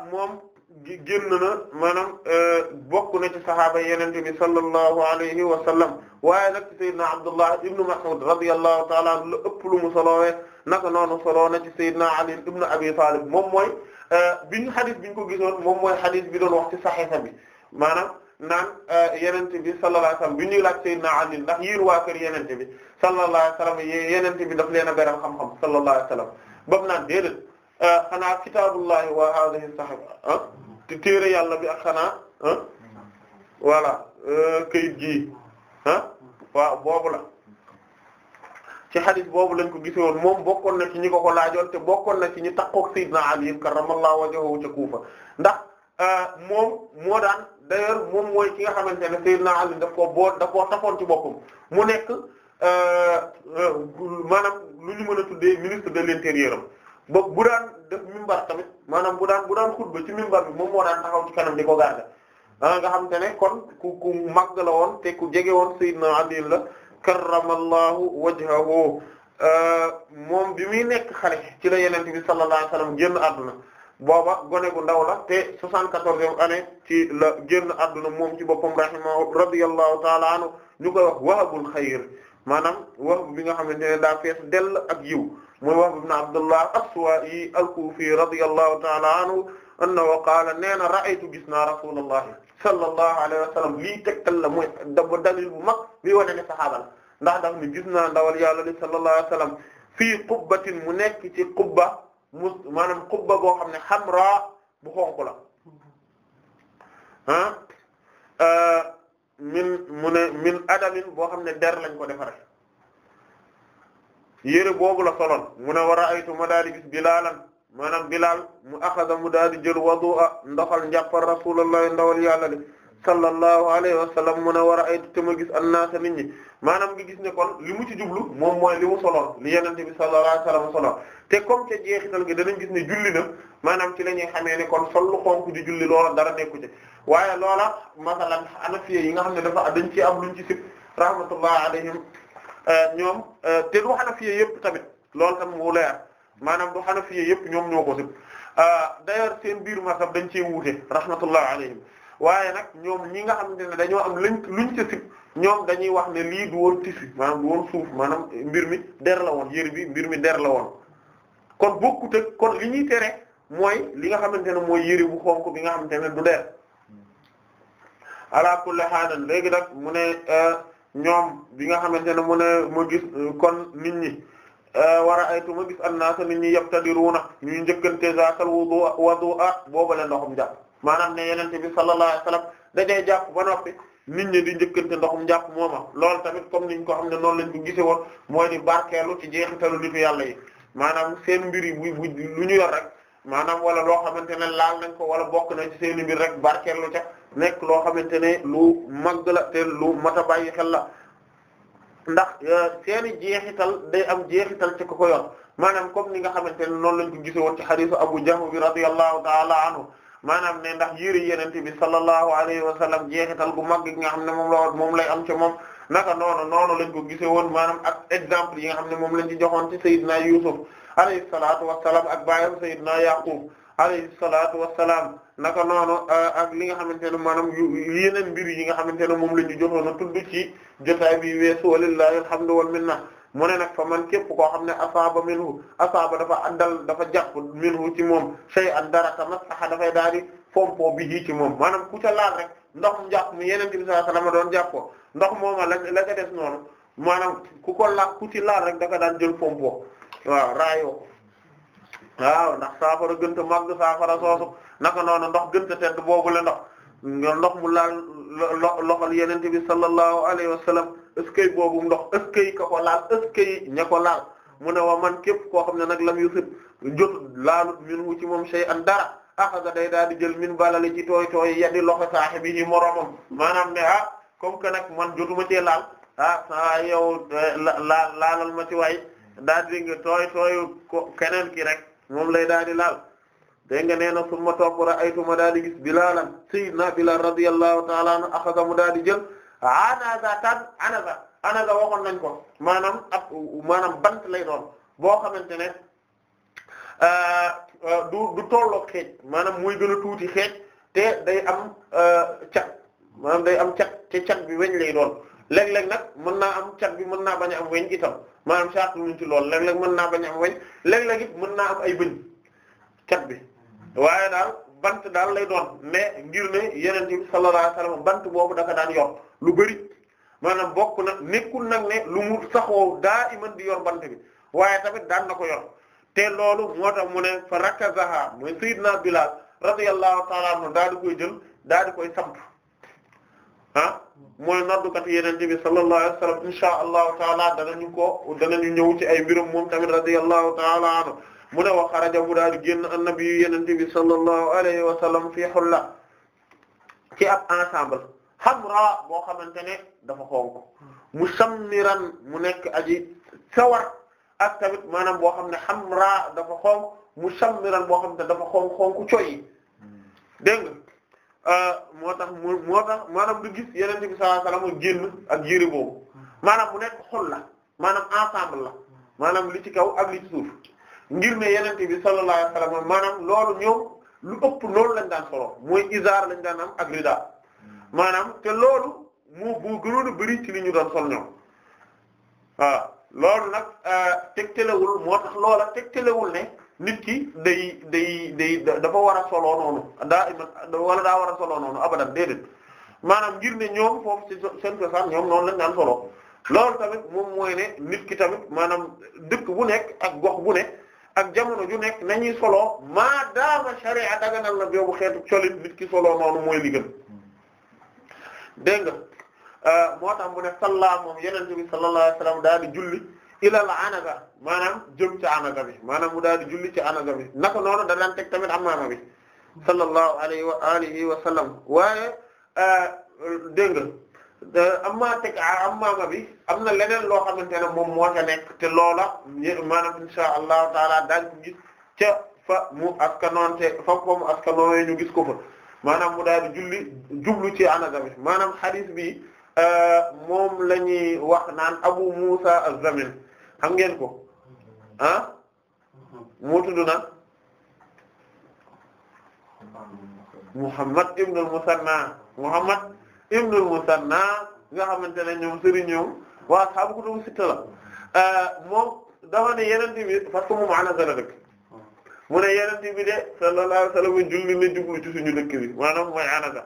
moom. génn na maanaam euh, bokk na ci sahaaba yenente bi sallallahu alayhi wa sallam waaye nag sayyidina Abdullah ibnu Mas'ud radiyallahu ta'ala anhu la ëpp lu mu solowee naka noonu soloo na ci sayyidina Ali ibnu Abi Talib moom mooy euh, biñu xadis biñ ko gisoon moom mooy xadis bi doon wax ci saxiixa bi maanaam naan euh, yenente bi sallallahu alayhi wa sallam bi ñuy laaj sayyidina Ali ndax yéen waa kër yenente bi sallallahu alayhi wa sallam y yenente bi daf leen a beral xam-xam sallallahu alayhi wa sallam bam naan déedéet xanaa kitaabullahi wa téere yàlla bi ak xanaa ah voilà euh, kayit gi ah waaw boobu la ci xadis boobu lañ ko gise woon moom bokkoon na ci ñi ko ko laajoon te bokkoon na ci ñu takkook Seydina Ali karramallahu wajhahu ca Kufa ndax euh, moom moo daan d'ailleurs moom mooy ki nga xamante ne Seydina Ali daf koo boo daf koo tafoon ci boppam mu nekk euh, maanaam lu ñu mën a tuddee ministre de l'intérieur boog bu daan def mimbar tamit maanaam bu daan bu daan xutba ci mimbar bi moom moo daan taxaw ci kanam di ko garder ah, nga xam te ne kon ku ku màgg la woon te ku jege woon Seydina Ali la karramallahu wajhahu ah, moom bi muy nekk xale ci la yenente bi sallallahu alayhi wasallam génn àdduna booba gone gu ndaw la te soixante-quatorzième année ci la génn àdduna moom ci boppam rahimahu radiyallahu ta'ala anhu ñu koy wax wahabul xayr maanaam wax bi nga xamante ne daa fees dell ak yiw muy Wahb ibn Abdullah as-Suwa'i al-Kufi radiyallahu ta'ala anhu annahu qaala nee na ra'aytu gis naa rasulullahi sallallahu alayhi wa sallam lii tegtal la mooy daba dalil bu mag bi wane ne saxaaba la ndax daf ni gis naa ndawal yàlla li sallallahu alayhi wa sallam fii qubbatin mu nekk ci qubba mus maanaam qubba boo xam ne xamra bu xonq la ah, ah min mu ne min adamin boo xam ne der lañ ko defaree yére boobu la solon mu ne war a aytu ma daal di gis bilaalan maanaam bilaal mu axada mu daal di jël wadu a ndoxal njàppal rasulullahi ndawal yàlla li sallallahu alayhi wa sallam mu ne war a aytu te ma gis annaasa nit ñi maanaam nga gis ne kon li mu ci jublu moom mooy li mu soloon li yenente bi sallallahu alayhi wa sallam soloon te comme ca jeexital gi danañ gis ne julli na maanaam ci la ñuy xamee ne kon sol lu xonk di julli loola dara nekku ci waaye loola yi nga xam ne dafa dañ ci am luñ ci sib rahmatullah alayhim Euh, ñoom euh, te du Hanafiya yëpp tamit loolu tam mu leer maanaam du Hanafiya yëpp ñoom ñoo ko sib euh, d'ailleurs seen biir masab dañ cee wuute rahmatullah alayhim waaye nag ñoom ñi nga xamante ne dañoo am luñ luñ ca sib ñoom dañuy wax ne lii du woon tissu maanaam du woon suuf mbir mi der la woon yëri bi mbir mi der la woon kon bokkut ak kon li ñuy tere mooy li nga xamante ne mooy yëri bu xonk bi nga xam ne du der ala kulli haalan léegi nag mu ne ñoom bi nga xamante ne mu ne ma gis euh, kon nit ñi e war a aytu ma gis annaasa nit ñi yabtadiruuna ñuy njëkkante zaakal wudu wudu'a boobale ndoxum jàpp maanaam ne yenente bi sallallahu alayhi wasallam dajee jàpp ba noppi nit ñi di njëkkante ndoxum jàpp mooma loolu tamit comme niñ ko xam ne noonu lañ ko gise woon mooy di barkeelu ci jeexitalu nitu yàlla yi maanaam seen mbir yi bu bu lu ñu yor rek maanaam wala loo xamante ne laal nañ ko wala bokk nañ ci seen mbir rek barkeelu ca nekk loo xamante ne lu màgg la lu mat a bàyyi la ndax euh, seeni jeexital day am jeexital ci ko ko yor maanaam comme ni nga xamante ne noonu lañ ko gise ci xadiisu Abu Jahm bi radiyallahu ta'ala anhu maanaam ne ndax yére yeneen bi sallallahu alayhi wa sallam jeexital gu mag gi nga xam ne moom la moom lay am ci moom naka noonu noonu lañ ko gisee woon maanaam ak exemple yi nga xam ne moom lañ ci joxoon ci Seydina Yusuf alayhi salaatu wa salaam ak baayam Seydina Yaqub alayhi salaatu wassalaam naka noonu euh, ak li nga xamante ne maanaam yeneen mbir yi nga xamante ne moom la ñu jotoon a tudd ci jotaay bi weesu walillahi alhamdu wal minna mu ne nag fa man képp koo xam ne asaaba minhu asaaba dafa addal dafa jàpp minhu ci moom sey an dara tamas saxa dafay daal di fompo bi ji ci moom maanaam ku ca laal rek ndox mu jàpp mi yeneen bi sallallahu alayhi wasallam doon jàppoo ndox mooma la la ca des noonu maanam ku ko la ku ci laal rek da ka daan jël fompo waaw raayoo waaw ndax saafara gënta màgg saafara soosu naka noonu ndox gënta tedd boobu la ndox nga ndox mu laal loxol yeneen bi sallallahu alayhi wa sallam ëskay boobu ndox ëskay ka ko laal ëskay ña laal mu ne wa man képp koo xam ne nag lam yusib jot laalut min wu ci moom shay'an dara axasa day daal di jël min balale ci tooy tooy yaddi loxo saahibi yi moroomam maanaam ne ah comme que man jotuma cee laal ah saa yow eh, laa laalal ma ci waay daal di nga tooy tooy ko keneen ki rek moom lay daal di laal dégg nga nee na su ma topp ra'aytu ma daal di gis Bilaal sayyidina Bilaal radiyallahu ta'ala anhu axada mu daal di jël anaza tan anaza anaza waxoon nañ ko maanaam ak maanaam bant lay doon boo xamante ne euh, euh, du du tolloo xeej maanaam muy gën a tuuti xeej te day am euh, cat maanaam day am cat te cat bi weñ lay doon léeg-léeg nag mën naa am cat bi mën naa bañ am weñ itam maanaam saatu luñ ci lool léeg mën naa bañ a am weñ léeg-léeg mën naa am ay bëñ cat bi waaye daal bant daal lay doon mais ngir ne yeneen bi sallallahu alayhi bant boobu dafa daan yor lu bëri maanaam bokk na nekkul nag ne lu mu saxoo daa iman di yor bant bi waaye tamit daan na ko yor te loolu moo tax mu ne fa rakazaha mooy sayyidna Bilal radiyallahu ta'ala anhu daal di koy jël daal di koy samp ah mooy noddukat yenente bi sallallahu alayhi wa sallam inshaa allahu taala danañu ko danañu ñëw ci ay mbirum moom tamit radiyallahu taala anhu mu ne wa xaraja mu daal génn annabi yu yenente bi sallallahu alayhi wa sallam fii xulla ci ab ensemble xamra boo xamante ne dafa xonk musammiran mu nekk aji sawar ak tamit maanaam boo xam ne xamra dafa xonk musammiran boo xam ne dafa xonk xonk coy dégg nga Euh, moo tax mu moo tax maanaam du gis yeneen bi sallallahu alayhi wasallam génn ak yére boobu maanaam mu nekk xol la maanaam ensemble la maanaam li ci kaw ak li suuf ngir ne yeneen bi sallallahu alayhi wasallam maanaam loolu ñoom lu ëpp loolu lañ daan solo mooy izar lañ daan am ak rida maanaam te loolu mu bu gënoon a bëri ci li ñu doon sol ñoom waaw loolu nag euh, tegtalewul moo tax loola telewul ne. nit ki day day day dafa war a solo noonu daa wala daa war a soloo noonu abadan déedéet maanaam ngir ne ñoom foofu seen cosaan ñoom noonu lañ daan solo loolu tamit moom mooy ne nit ki tamit maanaam dëkk bu nekk ak gox bu ne ak jamono ju nekk nañuy soloo maa daama sharia daganal na boobu xeetu colit nit ki soloo noonu mooy li gën dégg nga euh, moo tax mu ne salla moom yenente bi sallallahu alayhi wasallam daal di julli ilal anaga maanaam jëm ci anaga bi maanaam mu daal di julli ci anaga bi naka noonu da daan teg tamit amaama bi sallallahu alayhi wa alihi waaye euh, dégg nga amma teg amaama bi am na leneen loo xamante ne moom moo ca nekk te loola maanaam insha allahu taala daañ ko gis ca fa mu askanoonte fa mu askanoowe ñu gis ko maanaam mu daal di julli jublu ci anaga bi maanaam hadith bi euh, moom la wax naan Abu Musa az-Zamin xam ngeen ko ah moo tudd na Muhammad ibn al-Musanna Muhammad ibn al-Musanna nga xamante ne ñoom sëriñ ñoom waa xam ku tubu sitta la ah, moom dafa ne yeneen bi parce que moom ana sala mu ne yeneen bi de sallallahu alayhi wasallam julli ne jublu ci suñu dëkk bi maanaam mooy anasa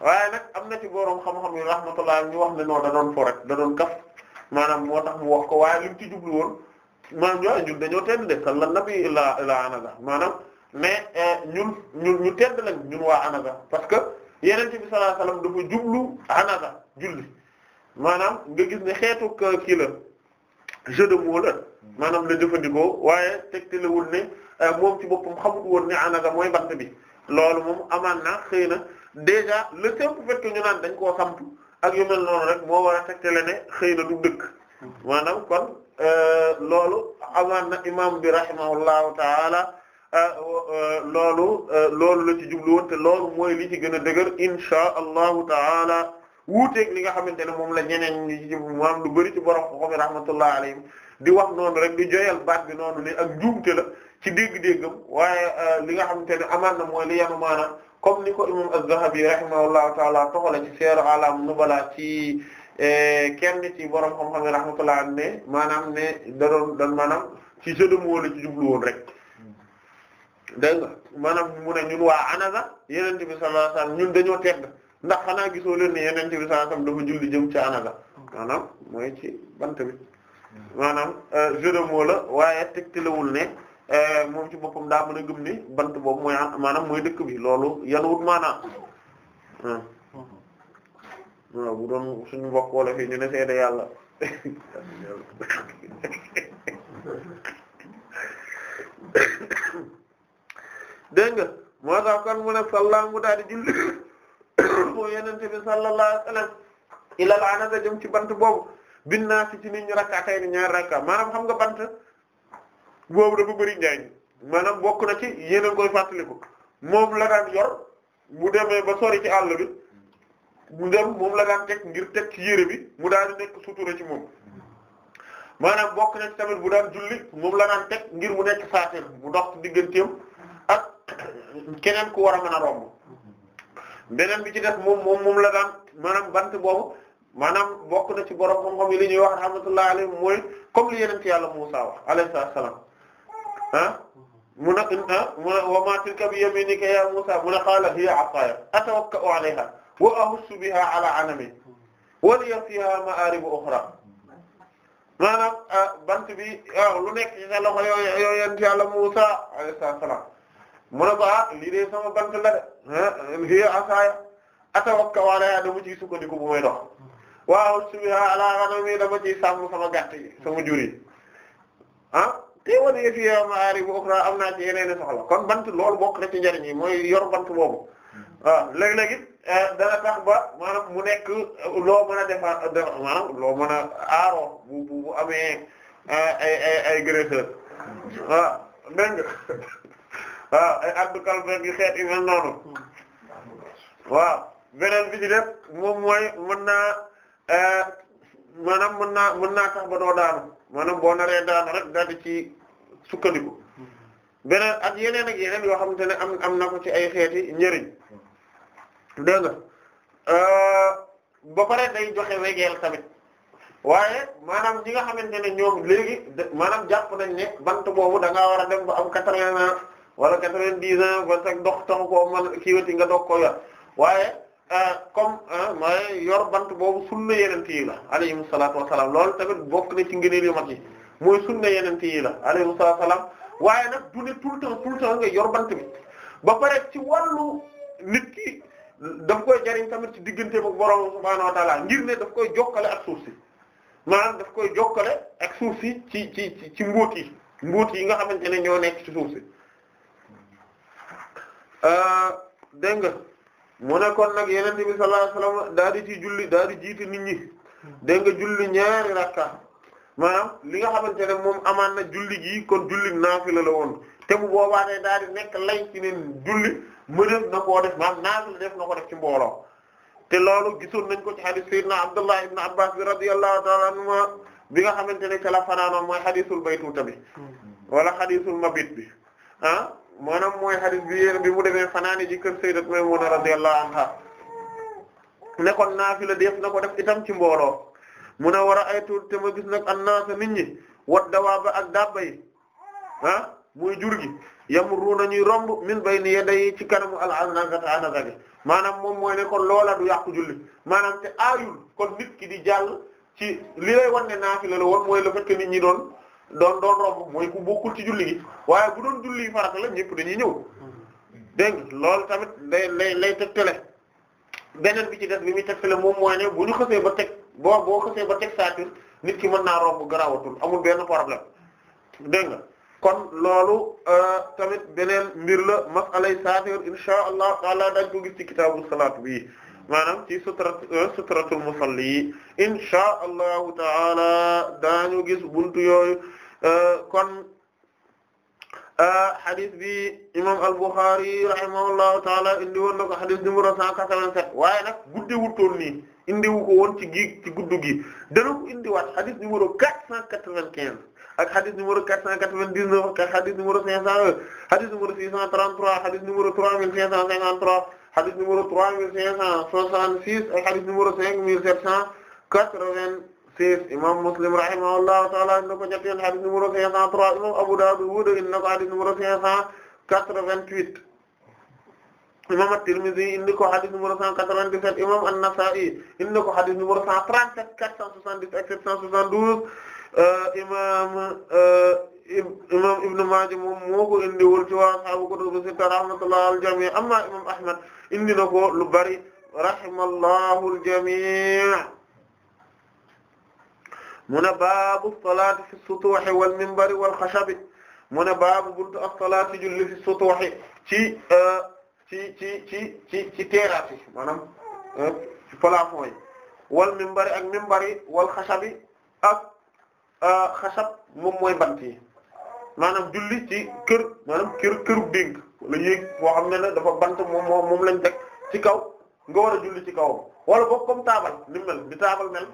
waaye nag am na ci boroom xam-xam yi rahmatullah ñu wax ne non da doon fo rek da kaf maanaam moo tax mu wax ko waaye li mu ci jublu woon maanaam ñoo ñun dañoo tedd de lan bi ila ila anaga maanaam mais eh, ñun ñun ñu tedd lañ ñun waa anaga parce que yeneen bi sallallahu alayhi wasallam dafa jublu anaga julli maanaam nga gis ne xeetu kii la jeu de mots la maanaam la jëfandikoo waaye tegtalewul ne eh, moom ci boppam xamut woon ne anaga mooy bant bi loolu moom amaan na xëy na déjà le simple fait que ñu naan dañ koo xamtu ak yu mel noonu rek moo war a tegtale ne xëy na du dëkk maanaam kon euh, loolu amaan na imam bi rahimahullahu taala euh, loolu euh, loolu la ci jublu te loolu mooy li ci gën a dëgër inshaa allahu taala wuuteeg li nga xamante ne moom la ñeneen ñi ci jublu maanaam lu bari ci borom ko mi rahmatullah di wax noonu rek di joyal baat bi noonu ne ak njuumte la ci dégg-déggam waaye li nga xamante ne amaan na mooy li yanu maanaam comme ni ko imam az-Zahabi rahimahullahu taala toxala ci seeru alam nubala ci e, kenn ci borom xam-xam ne rahmatullah am ne maanaam ne da ci jeu mu wala rek dégg nga maanaam mu ne waa anaga yenente bi sallallahu alayhi ñun dañoo tedd ndax xanaa gisoo leen ne yenente bi sallallahu alayhi wasallam dafa julli jëm ci anaga maanaam mooy ci bant bi maanaam e, jeu de mots la waaye tegtalewul ne Eh, moom ci boppam daa mën a gëm ni bant boobu mooy maanaam mooy dëkk bi loolu yanuwut maanaam hmm. hmm. waaw bu doon suñu mbokk wala fii ñu ne seede yàlla dégg nga moo tax kon mu ne mu daal di julli moo yenente bi sallallahu i wasallam ilal anasa jëm ci bant boobu binnaasi ci nit ñu rakkaa tey ni ñaari rakka maanaam xam nga bant boobu dafa bëri njariñ maanaam bokk na ci yéen a koy fàttaliku moom la daan yor mu demee ba sori ci àll bi mu dem moom la daan teg ngir teg ci yére bi mu daal di nekk sutura ci moom maanaam bokk na tamit bu daan julli moom la daan ngir mu nekk saatir mu dox ci digganteem ak keneen ku war a mën a romb beneen bi ci def moom moom moom la daan maanaam bant boobu maanaam bokk na ci borom xam-xam yi li ñuy wax rahmatullahi alayhi mooy comme li yeneen ci yàlla Muusaa wax alayhi salaam ah mu ne ah mu ne wa ma tilka bi yaminika ya Musa mu ne qaala hiya asaaya atawakka'u alayha wa ahussu biha ala anami wa liya fiha ma'aribu ukhra maanaam bant bi lu nekk ci sa loxo yoo yoo yent yàlla Musa alayhi salaam mu ne ko ah lii de sama bant la de hiya asaaya atawakka'u alayha dama ciy sukkandiku bu may dox wa ahussu biha ala anami dama ciy sàmm sama gàtt yi sama jur yi ah. tey wane nga fi yow maari bu ukra am naa ci yeneen i soxla kon bant lool bokk na ci njariñ yi mooy yor bant boobu waaw léeg-léeg it eh, dana ba maanaam mu nekk eh, loo mën a defar eh, maanaam loo mën a aaroo bu amee ay ay ay waaw dégg waaw ay abdukal beeg xeet yu mel waaw beneen bi ci def moom mooy mën naa maanaam mën naa mën naa tax ba doo daanu. maanaam boo naree daanu rek daal di ci sukkandiku beneen at yeneen ak yeneen yoo xamante ne am am na ci ay xeeti njëriñ dégg nga euh, ba pare day joxe wegeel tamit waaye maanaam ñi nga xamante ne ñoom léegi maanaam jàpp nañ ne bant boobu da ngaa war a dem ba am quatre-vingts ans wala quatre-vingt-dix ans ba sax dox taxu koo mën kiiwati nga doog ko yor waaye Euh, comme euh, mooy yor bant boobu sunna yenente yi la alayhimu salaatu wa salaam loolu tamit bokk na ci ngëneel yu mag yi mooy sunna yenente yi la alayhimu salaatu wa salaam waaye nag du ne tout le temps tout le yor bant bi ba pare ci wàllu nit ki daf koy jariñ tamit ci diggante ak borom subhaanahu wa taala ngir ne daf koy jokkale ak suuf si maanaam daf koy jokkale ak suuf si ci ci ci mbóot yi mbóot yi nga xamante ne ñoo nekk ci suuf si euh, nga mu ne kon nag yenente bi sallallahu alayhi wasallam daal di ci julli daal di jiite nit ñi dégg nga julli ñaari rakka maanaam li nga xamante ne moom amaan na julli gi kon julli naafila la woon te bu boobaa day daal di nekk lay ci ne julli mënef na koo def maanaam naafila def na ko def ci mbooloo te loolu gisoon nañ ko ci hadith na Abdullah ibn Abbas bi radiyallahu ta'ala anhuma bi nga xamante ne te la fanaanoon mooy bay baytuta bi hmm. wala hadithul mabit bi ah? maanaam mooy hadith bi yéen bi mu demee fanaani ji kër sayyidat Maymuna radiyallahu anha ne kon naafila def na ko def itam ci mbooloo mu a war a ay tuut te ma gis nag annaasa nit ñi wat dawaaba ak dabba yi ah muy jur gi yamruuna ñuy romb min bayni yaday ci kanamu al-anazata anaza gi maanaam moom mooy ne kon loola du yàqu julli maanaam te aayul kon nit ki di jàll ci li lay wan ne naafila la woon mooy le fait que ñi doon doon doon romb mooy ku bokkul ci julli gi waaye bu doon julli farata la ñëpp dañuy ñëw dégg loolu tamit day lay lay tegtale beneen bi ci des bi muy tegtale moom mooy ne bu ñu xasee ba teg boo boo xasee ba teg saatur nit ki mën naa romb garaawatul amul benn problème dégg nga kon loolu euh, tamit beneen mbir la masalay saatur inshaa allah taala dañ ko gis ci kitaabu salaat bi maanaam ci sutrat euh, sutratul musalli yi inshaa allahu taala buntu yooyu Euh, kon hadith euh, bi imam al-Bukhari rahimahullahu taala indi woon na ko hadith numéro 187 waaye nag guddewul toon nii indiwu ko woon ci gi ci guddu gi dana ko indiwaat hadith numéro 495 ak hadith numéro 499 ak hadith numéro 501 hadith numéro 633 hadith numéro 3553 hadith numéro 3566 ak hadith numéro 5780 six imam Muslim rahimahullahu ta'ala inna ko ñetti yoon hadith numéro cinq cent trois imam Abu Dawud inna ko hadith numéro cinq cent quatre-vingt-huit imam At-Tirmidhi indi ko hadith numéro cent quatre-vingt-dix-sept imam An-Nasa'i indi ko hadith numéro cent trente-sept quatre cent soixante-dix ak sept cent soixante-douze euh, imam euh, imam Ibn Maaja moom moo ko indi wul ci waa ashaabu kutubu sitta rahmatullahi al jami' amma imam Ahmad indi na ko lu bari rahimallahu al jami' mu ne baabu salaati fi sutuhi wal minbari wal xashabi mu ne baabu buntu as-salaati julli fi sutuhi ci euh, ci ci ci ci ci terrasse yi maanaam euh, ci plafond yi wal minbari ak minbari wal xashabi ak euh, xashab moom mooy bant yi maanaam julli ci kër maanaam kër këru dénk la yéeg boo xam ne ne dafa bant moom moom lañ teg ci kaw nga war a julli ci kawam wala boog comme taabal ni mel di taabal mel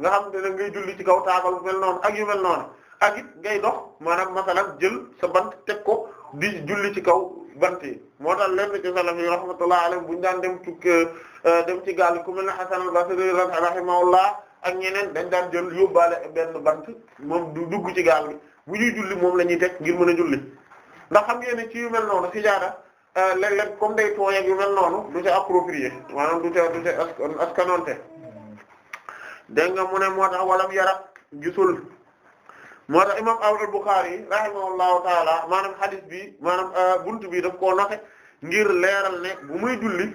nga xam te ne ngay julli ci kaw taabal bu mel noonu ak yu mel noonu ak it ngay dox maanaam masalan jël sa bant teg ko di julli ci kaw bant yi moo tax lenn ci salaf yi rahmatullah alayhi buñu daan dem tukki euh, dem ci gaal ku mel ne Hasan al-Basri rahimahullah ak ñeneen dañ daan jël yóbbaale benn bant moom du dugg ci gaal bi bu ñuy julli moom la ñuy teg ngir mën a julli ndax xam ngeen ne ci yu mel noonu si jaada euh, léeg-léeg comme day tooy ak yu mel noonu du ci approprié maanaam du ca du ca askanonte dégg nga mu ne moo tax walam yara gisul moo tax imam al-Bukhari rahimahullahu taala maanaam hadis bi maanaam euh, bunt bi daf ko noxe ngir leeral ne bu muy julli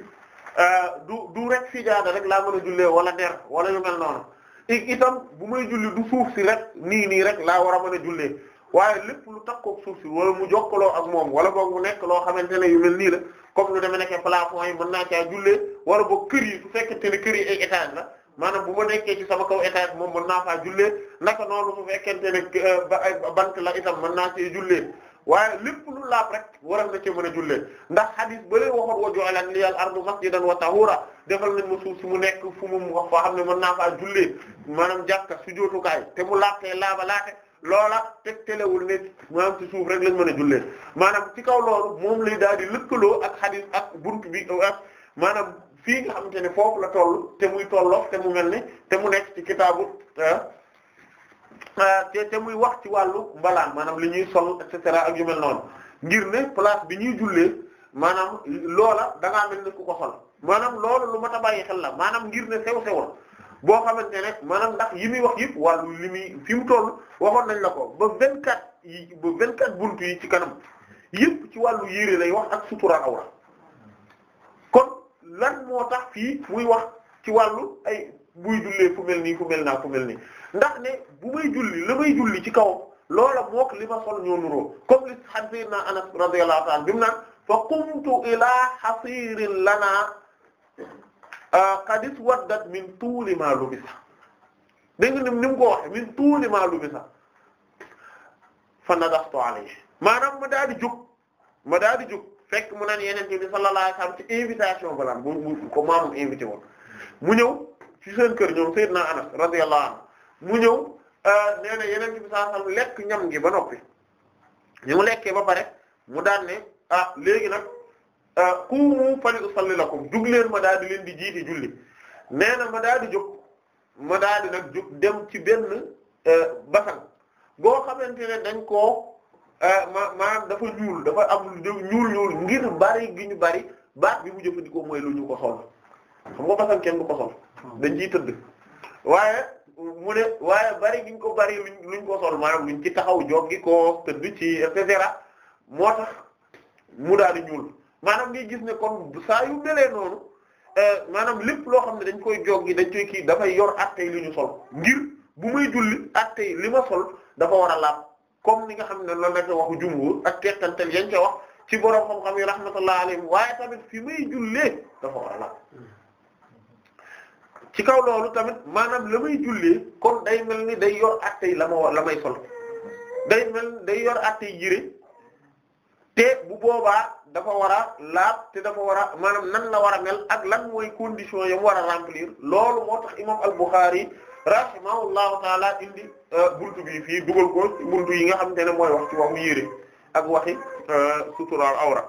euh, du du rek sijaada rek laa mën a julle wala der wala yu mel noonu itam bu muy julli du suuf si rek nii nii rek laa war a mën a jullee waaye lépp lu takkoog suuf si wala mu jokkaloo ak moom wala boog mu nekk loo xamante ne yu mel nii la comme lu demee nekkee plafond yi mën naa caa jullee wala boog kër yi su fekkente ne kër yi ay la maanaam bu ma nekkee ci sama kaw étage moom mën naa faa jullee naka noonu su fekkente ne euh, bant la itam mën naa ci jullee waaye lépp lu laab rek waral na ci mën a jullee ndax hadis ba lay waxoon wa ju'alat liyal ardu masjidan wa tahura defal nañ ma suuf si mu nekk fu mu wax foo xam ne mën naa faa jullee maanaam jàkka sujootukaay te mu laabtee laaba laate loola tegtalewul ne maanaam ci suuf rek lañ mën a jullee maanaam ci kaw loolu moom daal di lëkkaloo ak ak buntu bi ak maanaam fii nga xamante ne foofu la toll te muy tollof te mu mel ni te mu nekk ci kitaabu ah, ah, te te muy wax ci wàllu mbalaan maanaam li ñuy sol et cetera ak yu mel noonu ngir ne place bi ñuy jullee maanaam loola da ngaa mel ku ko xol maanaam loolu lu mat a bàyyi xel la maanaam ngir ne sew sewal boo xamante ne maanaam ndax yi muy wax yëpp wàllu li muy fi mu toll waxoon nañ la ko ba vingt yi ba vingt quatre yi ci kanam yëpp ci wàllu yére lay wax ak sutura lan moo tax fii muy wax ci wàllu ay buy jullee fu mel ni fu mel naa fu mel nii ndax ne bu may julli la may julli ci kaw loola mook li ma sol ñoo nuroo comme li hadith na Anas radiyallahu ta'ala bi mu naan fa qumtu ilaa hasirin lanaa qad iswaddat min tuuli ma lubisa dégg nga ni mu ko waxe min tuuli ma lubisa fa nadaxtu alayhi maanaam ma daal di ma daal di jóg fekk mu naan yeneen bi sallallahu alayhi ci invitation ba laan mu ko maamam invité woon mu ñëw ci seen kër ñoom na Anas radiyallahu anhu mu ñëw euh, nee na yeneen bi sallallahu lekk ñam gi ba noppi ñu mu lekkee ba pare mu daan ne ah léegi nag euh, qumu fali la lakum jug leen ma daal di leen di jiite julli nee na ma daal di jóg ma daal di nag jóg dem ci benn euh, basan boo xamante ne dañ koo Ah, ma maanaam dafa ñuul dafa am ñuul ñuul ngir bari gi ñu bari baax bi mu jëfandikoo mooy lu ñu ko sol xam nga kenn du ko sol dañ ciy tëdd waaye waaye bari gi ñu bari luñ luñ ko sol maanaam luñ ci taxaw joggi ko tëdd ci et moo tax mu daal di ñuul maanaam ngi gis ne kon saa yu melee noonu eh, maanaam lépp loo xam ne dañ koy joggi dañ koy kii dafay yor attey li ñu sol ngir bu may julli attey li ma sol dafa war a laab comme ni nga xam ne loolu la ko waxu jumhur ak tekkantal yañ ca wax ci boroom xam-xam yi rahmatullah alayhi waaye tamit fi may jullee dafa walla ci kaw loolu tamit maanaam la may jullee kon day mel ni day yor attey la ma la may sol day mel ni day yor attey jire te bu boobaa dafa war a laab te dafa war a maanaam nan la war a mel ak lan mooy condition yam war a remplir loolu moo tax imam al-Bukhari rahimahullahu taala indi euh, buntu bi fii dugal ko buntu yi nga xamante ne mooy wax ci waxu yére ak waxi euh, sutural awra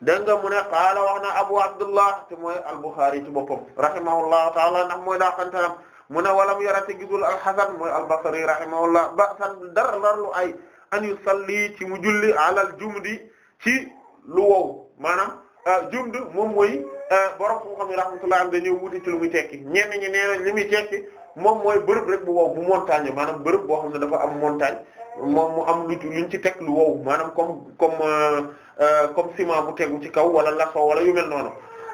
dégg nga mu ne qaala wax na Abu Abdullah te mooy al-Bukhari ci boppam rahimahullahu taala ndax mooy daa xantaram mu ne walam yarate gisul al-Hasan mooy al-Basri rahimahullah ba san dara larlu ay an yusalli ci mu julli alal jumdi ci lu wow maanaam euh, jumd moom mooy Euh, borom xam-xam yi rahmatullah am dañuy wuti ci lu muy tekki ñenn ñi nee nañ li muy tekki moom mooy bërëb rek bu wow bu montagne maanaam bërëb boo xam ne dafa am montagne moom mu am lu luñ ci teg lu wow maanaam comme comme euh, euh, comme ciment bu tegu ci kaw wala laxaw wala yu mel noonu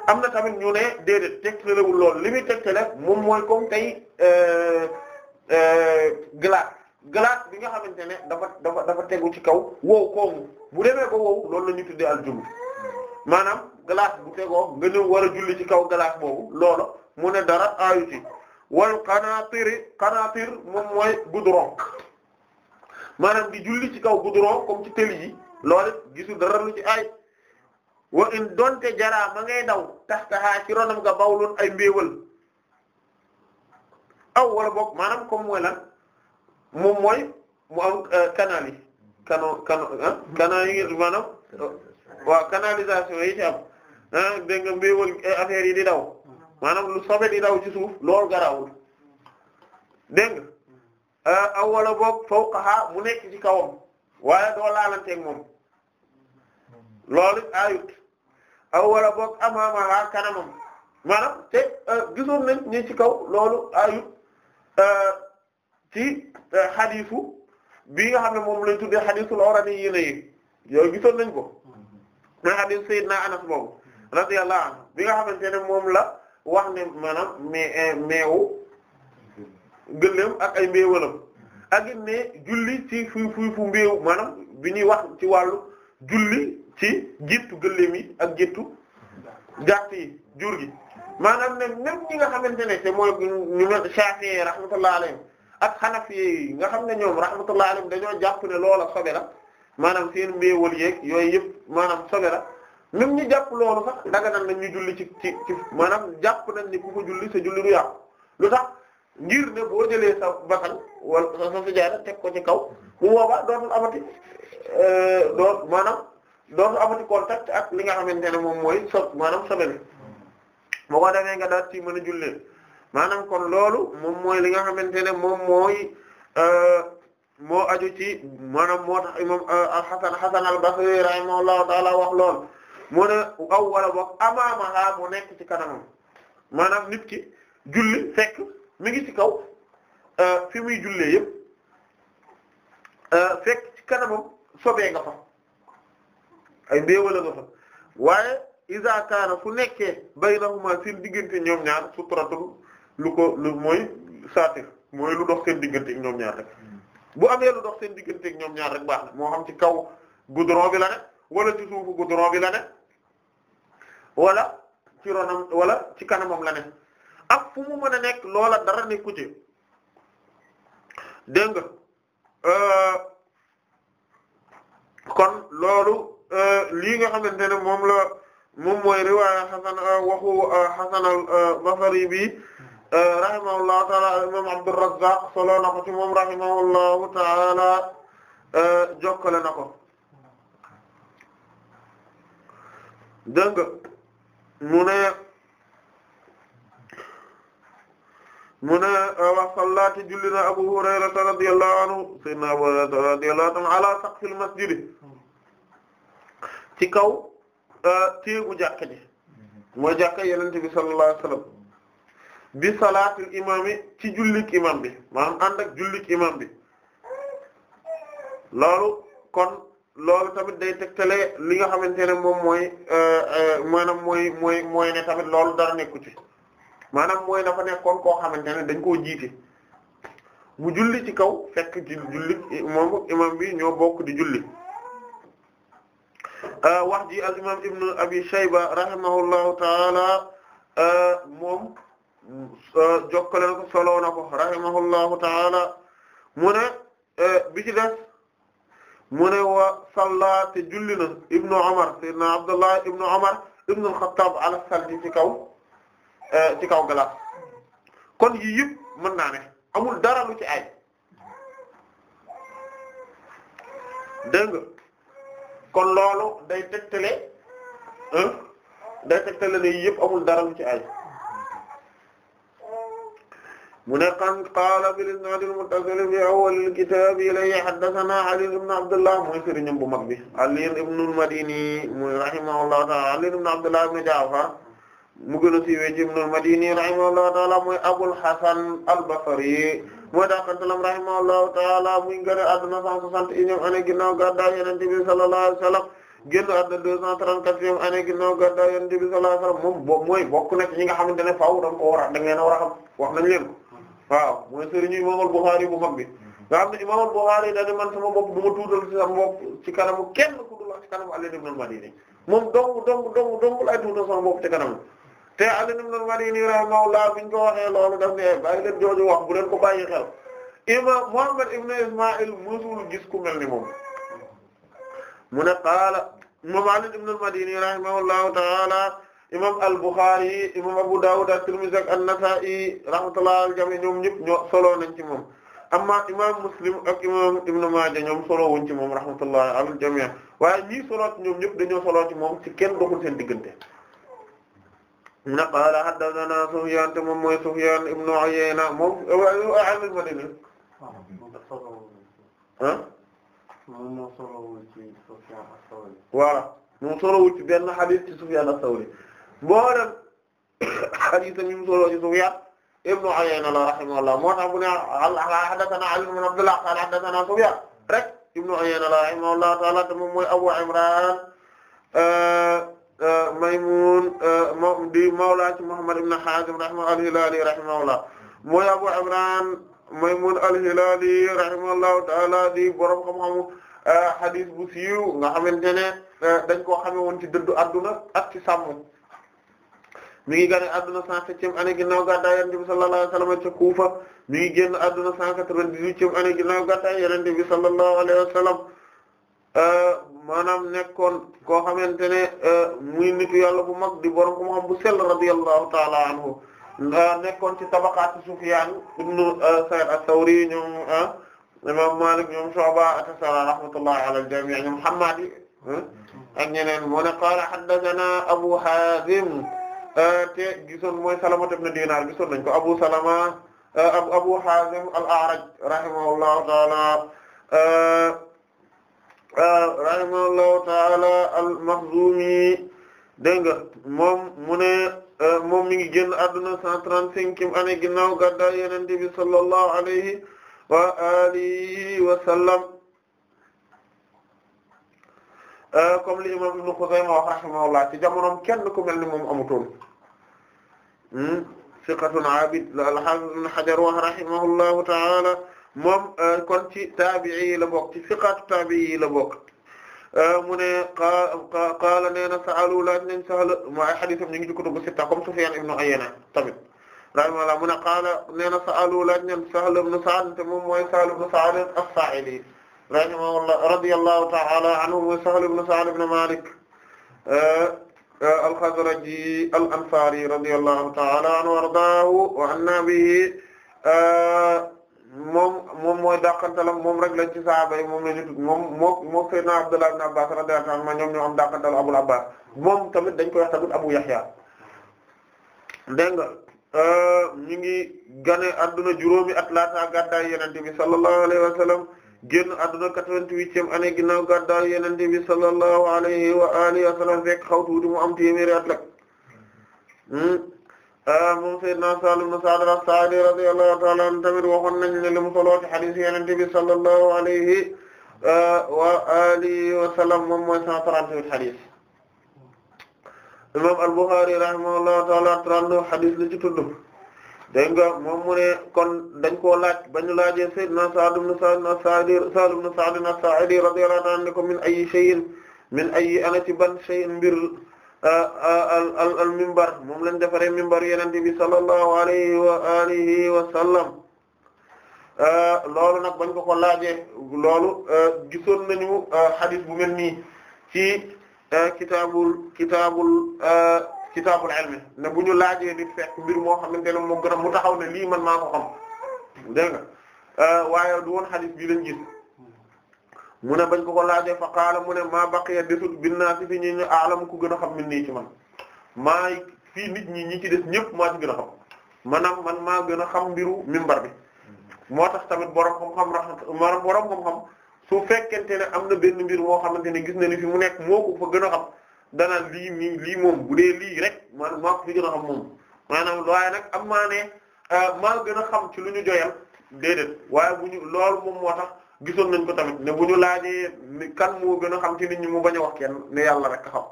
am na tamit ñu ne déedéet tegtalewul lool li muy tegtale moom mooy comme tey glace glace bi nga xamante ne dafa dafa dafa tegu ci kaw wow koomu bu demee ba wow loolu la ñu tuddee aljumb maanaam glace bu tegoo nga wara war julli ci kaw glace boobu loolu mu ne dara aayu ci wal qanaatiri qanaatir moom mooy goudron maanaam di julli ci kaw goudron kom ci tëli yi loolu gisu dara lu ci ay wa in donte jaraa ma ngay daw taxtaxaa ci ronam nga bawloon ay mbéewal aw wala boog maanaam comme mooy lan moom mooy mu am euh, canal yi cano cano ah yi maanaam waaw canalisation yi ci am ah dégg nga mbéywal eh, yi di daw maanaam lu sobe di daw ci suuf loolu garawul dégg nga ah, aw wala boog fawqaha mu nekk ci kawam waaye doo laalanteeg moom loolu ayut aw wala boog amaamaha kanamam maanaam te ah, gisoon nañ ñi ci kaw loolu ayut ah, ci xadiisu bi nga xam ne moom lañ tuddee xadiisul urani yi na yi yooyu gisoon nañ ko mooy hadith na Anas boobu radiyallahu am bi nga xamante ne moom la wax ne maanaam mais eh, meewu gëléem ak ay mbéewalam ak julli ci fu fu fu mbéew maanaam bi ñuy wax ci wàllu julli ci géttu gëléem yi ak jitu gàtt jur gi maanaam ne même ñi nga xamante ne te mooy ñu ne Shafi'i rahmatullahi alayhim ak Hanafi yi nga xam ne ñoom rahmatullahi alayhim dañoo jàpp ne loola sobe la maanaam seen mbéewal yeeg yooyu yëpp maanaam sobe la même jàpp loolu sax daga nan nañ ñu julli ci ci ci maanaam jàpp nañ ni ku ko julli sa julli du yàqu lu tax ngir ne boo jëlee sa bakkan wala sa sujaada teg ko ci kaw bu boobaa dootul amati euh, doo maanaam dootul amati contact at li nga xamante ne moom mooy sob maanaam sobe bi boo ko nga daal ci mën a jullee maanaam kon loolu moom mooy li nga xamante ne moom mooy euh, moo aju ci maanaam moo tax imam euh, al-Hasan Hasan al-Basri wax lool moo ne aw wala boog amaamaha mu nekk ci kanamam maanaam nit ci julli fekk mi ngi ci kaw euh, fi muy jullee yëpp euh, fekk ci kanamam sobee nga fa ay mbéewala nga fa waaye iza kaana fu nekkee baynahuma seen diggante ñoom ñaar sutratum lu ko lu mooy saatir mooy lu dox seen diggante ñoom ñaar rek bu amee lu dox seen digganteeg ñoom ñaar rek baax na moo xam ci kaw goudron bi la ne walla ci suufu goudron bi la ne wala ci ronam wala ci kanamam la ne ak fu mu mën a nekk loola dara nekku ci dégg nga euh, kon loolu euh, lii nga xamante ne moom la moom mooy riwaaya xasan euh, waxu xasanal basari rahimahullahu taala imam Abdurrazzaq solo na ko ci moom rahimahullahu taala jokkale na ko dégg nga mu ne mu ne wa sallaati julli na Abu Hurayrata radiyallahu anhu sayyidina Abu Hurayrata radiyallahu anhu ala saqfil masjid ci kaw téegu jàkka ji mooy jàkka Yonent bi sallallahu alayhi wasallam bi salaatul imaami ci jullik imam bi maanaam ànd ak jullik imam bi loolu kon loolu tamit day tegtale li nga xamante ne moom mooy euh, euh, maanaam mooy mooy mooy ne tamit loolu dara nekku ci maanaam mooy dafa nekkoon koo xamante ne dañ koo jiite mu julli ci kaw fekk ci jullik moom bi ñoo bokk di julli euh, wax ji al imam ibnu abi shayba rahimahullahu taala moom jokkale na ko solo na ko rahimahullahu taala mu ne e, bi ci des mu ne wa salla te julli na ibnu Umar sayyidina Abdullah ibnu Umar ibnu al ala salji ci kaw e, ci kaw galas kon yii yëpp mën naa ne amul dara lu ci ay dégg nga kon loolu day tegtale day tegtale ne yii yëpp amul dara lu ci ay mu ne qan qaala bil isnaad al muttasil fi awwal al kitaab ilayhi haddathanaa Ali ibn Abdullah mooy sëriñam bu mag bi Ali ibn al-Madini muy rahimahullahu ta'ala Ali ibn Abdullah ibn Ja'far mu gën a siiwee ci ibn al-Madini rahimahullahu ta'ala mooy Abul Hasan al-Basri mooy daakantalam rahimahullahu ta'ala muy gën a adduna 161 année ginnaaw gàddaay Yonent bi sallallahu alayhi wasallam génn àdduna 234e année ginnaaw gàddaay Yonent bi sallallahu alayhi wasallam moom mooy bokk na ci ñi nga xamante ne faaw da nga ko war a da ngeen a war a xam wax nañ leen ko waaw mooy sëriñu imaamul Buxaari bu mag bi mm-hmm. nga xam ne imaamul Buxaari da ne man sama bopp du ma tuutal ci sama bopp ci kanamu kenn ku dul ci kanamu Ali ibn al-Madini moom dong dong dong dong laay tuutal sama bopp ci kanamu te Ali ibn al-Madini rahimahullah biñ ko waxee loolu daf ne bàyyi leen jooju wax bu leen ko bàyyi xel imam Muhammad ibn Ismaïl musul gis ku mel ni moom mu ne qaala moom Ali ibn al-Madini rahimahullahu ta'ala imam al-Bukhari imam Abu Dawud at-Tirmidhi ak an-Nasa'i rahmatullah al-jami' ñoom ñëpp ñoo solo nañ ci moom amma imam Muslim ak imam Ibn Maaja ñoom solo wuñ ci moom rahmatullah al-jami' waaye ñii solo ñoom ñëpp dañoo solo ci moom ci kenn doxul seen diggante na qaala haddathana Sufyan te moom mooy Sufyan ibn Uyayna moom al Madani ah moom moo solowul ci Sufyan as-Sawri voilà moom solowul ci benn hadith ci moo dem hadith mi mu solo ci Sufyaan ibnu Uyayna la moo tax bu Abu Imraan euh, euh, Maymun euh, di mawla ci Muhammad ibn Hazim rahimahullah hilali rahimahullah mooy Abu Imran Maymun al-Hilali rahimahullahu ta'ala di borom xam-xamu hadith bu siiw nga xamante ne dañ koo xame woon ci dëddu adduna ak ci sàmm mi ngi génn adduna cent septième année ginnaaw gàddaay yonent bi sallallahu alayhi wa sallam euh, maanaam nekkoon koo xamante ne euh, muy nitu yàlla bu mag di borom xam-xam bu sell radiyallahu ta'ala anhu euh, nekkoon ci tabaqaatu Sufyaan ibnu Sa'id as-Sawri ñoom imam Malik ñoom Shu'ba atasala rahmatullahi ala al-jami' mu ne qaala haddathana Euh, te gisoon mooy Salamata ibn Dinar gisoon nañ ko Abu Salama euh, Abu Hazim al-A'raj rahimahullahu ta'ala euh, rahimahullahu taala al-Makhzumi dégg moom mu ne moom mi ngi génn àdduna 135e année ginnaaw gàddaay Yonent bi sallallahu alayhi wa alihi wa sallam Euh, comme li imam Ibn Khuzaymah wax rahimahullah ci jamonoom kenn ku mel ni moom amutoon siqatun hmm? abid la al-Hafiz Ibn Hajar wax rahimahullahu ta'ala moom euh, kon ci taabi'i yi la bokk ci siqatu taabi'i yi la bokk euh, mu ne qaala qaala nee na sa'alu laaj nañ Sahl ma ay hadiisam ñu ngi ci kutubu sitta comme Sufyaan ibn Uyayna tamit rahimahullah mu ne qaala nee na sa'alu laaj nañ Sahl ibn Sa'd te moom mooy Sahl ibn Sa'd as-Saa'idi rahimahullah radiyallahu ta'ala anhu mooy Sahl ibn Sa'd ibn Malik al-Khazraji al-Ansari radiyallahu ta'ala anhu wa ardaahu wa anna bihi moom moom mooy dàqantalam moom rek lañ ci sahaaba yi moom lañu moom moo moo Seydina Abdullah ibn Abbas radiyallahu anhu ñoom ñoo am dàqantal Abul Abbas moom tamit dañ koy wax tamit Abu Yahya dégg nga ñu ngi gane adduna juróomi at laata gàddaay Yonent bi sallallahu alayhi wa sallam génn àdduna quatre-vingt-huitième année ginnaaw gàddaay Yonent bi sallallahu alayhi wa alihi wa sallam fekk xaw tuuti mu am téeméeri at la hmm? ah, moom Seydina Sahl ibn Sa'd as-Sa'idi radiyallahu ta'ala anhu tamit waxoon nañ ne li mu soloo ci hadith Yonent bi sallallahu alayhi ah, wa alihi wa sallam moom mooy cent trente-huit hadith imam al-Bukhari rahimahullahu ta'ala trente-neuf hadith la ci tudd dégg nga moom mu ne kon dañ koo laaj bañu laaj sayyidina Sa'd ibn Sa'd Sa'd ibn Sa'd as-Sa'idi radiyallahu anhu ne ko min ayi shay'in min ayi ana ci ban mbir al al al minbar moom lañ defaree minbar Yonent bi sallallahu alayhi wa alihi wa sallam loolu nag bañ ko ko laajee loolu gisoon nañu hadith bu mel nii ci kitaabul kitaabul. ci kitaabul ilmi ne bu ñu laajee di fekk mbir moo xamante ne moo gën a mu taxaw ne lii man maa ko xam dégg nga euh, waaye du woon xadis bi lañ gis mu ne bañ ko ko laajee fa qaala mu ne maa baqiya desul binnaasi fi ñu ñu ku gën a xam min nii ci man maa fii nit ñi ñi ci des ñëpp maa ci gën a xam maanaam man maa gën a xam mbiru mimbar bi moo tax tamit borom xam-xam raxat borom xam-xam su fekkente ne am na benn mbir moo xamante ne gis na ni fi mu nekk moo ko fa gën a xam danaan lii mi lii moom bu dee lii rek maanaam maa ko fi gën a xam moom maanaam laay nag am maa ne euh, maa gën a xam ci lu ñu joyal déedéet waaye bu ñu loolu moom moo tax gisoon nañ ko tamit ne bu ñu laajee kan moo gën a xam ci nit ñi mu bañ a wax kenn ne yàlla rek a xam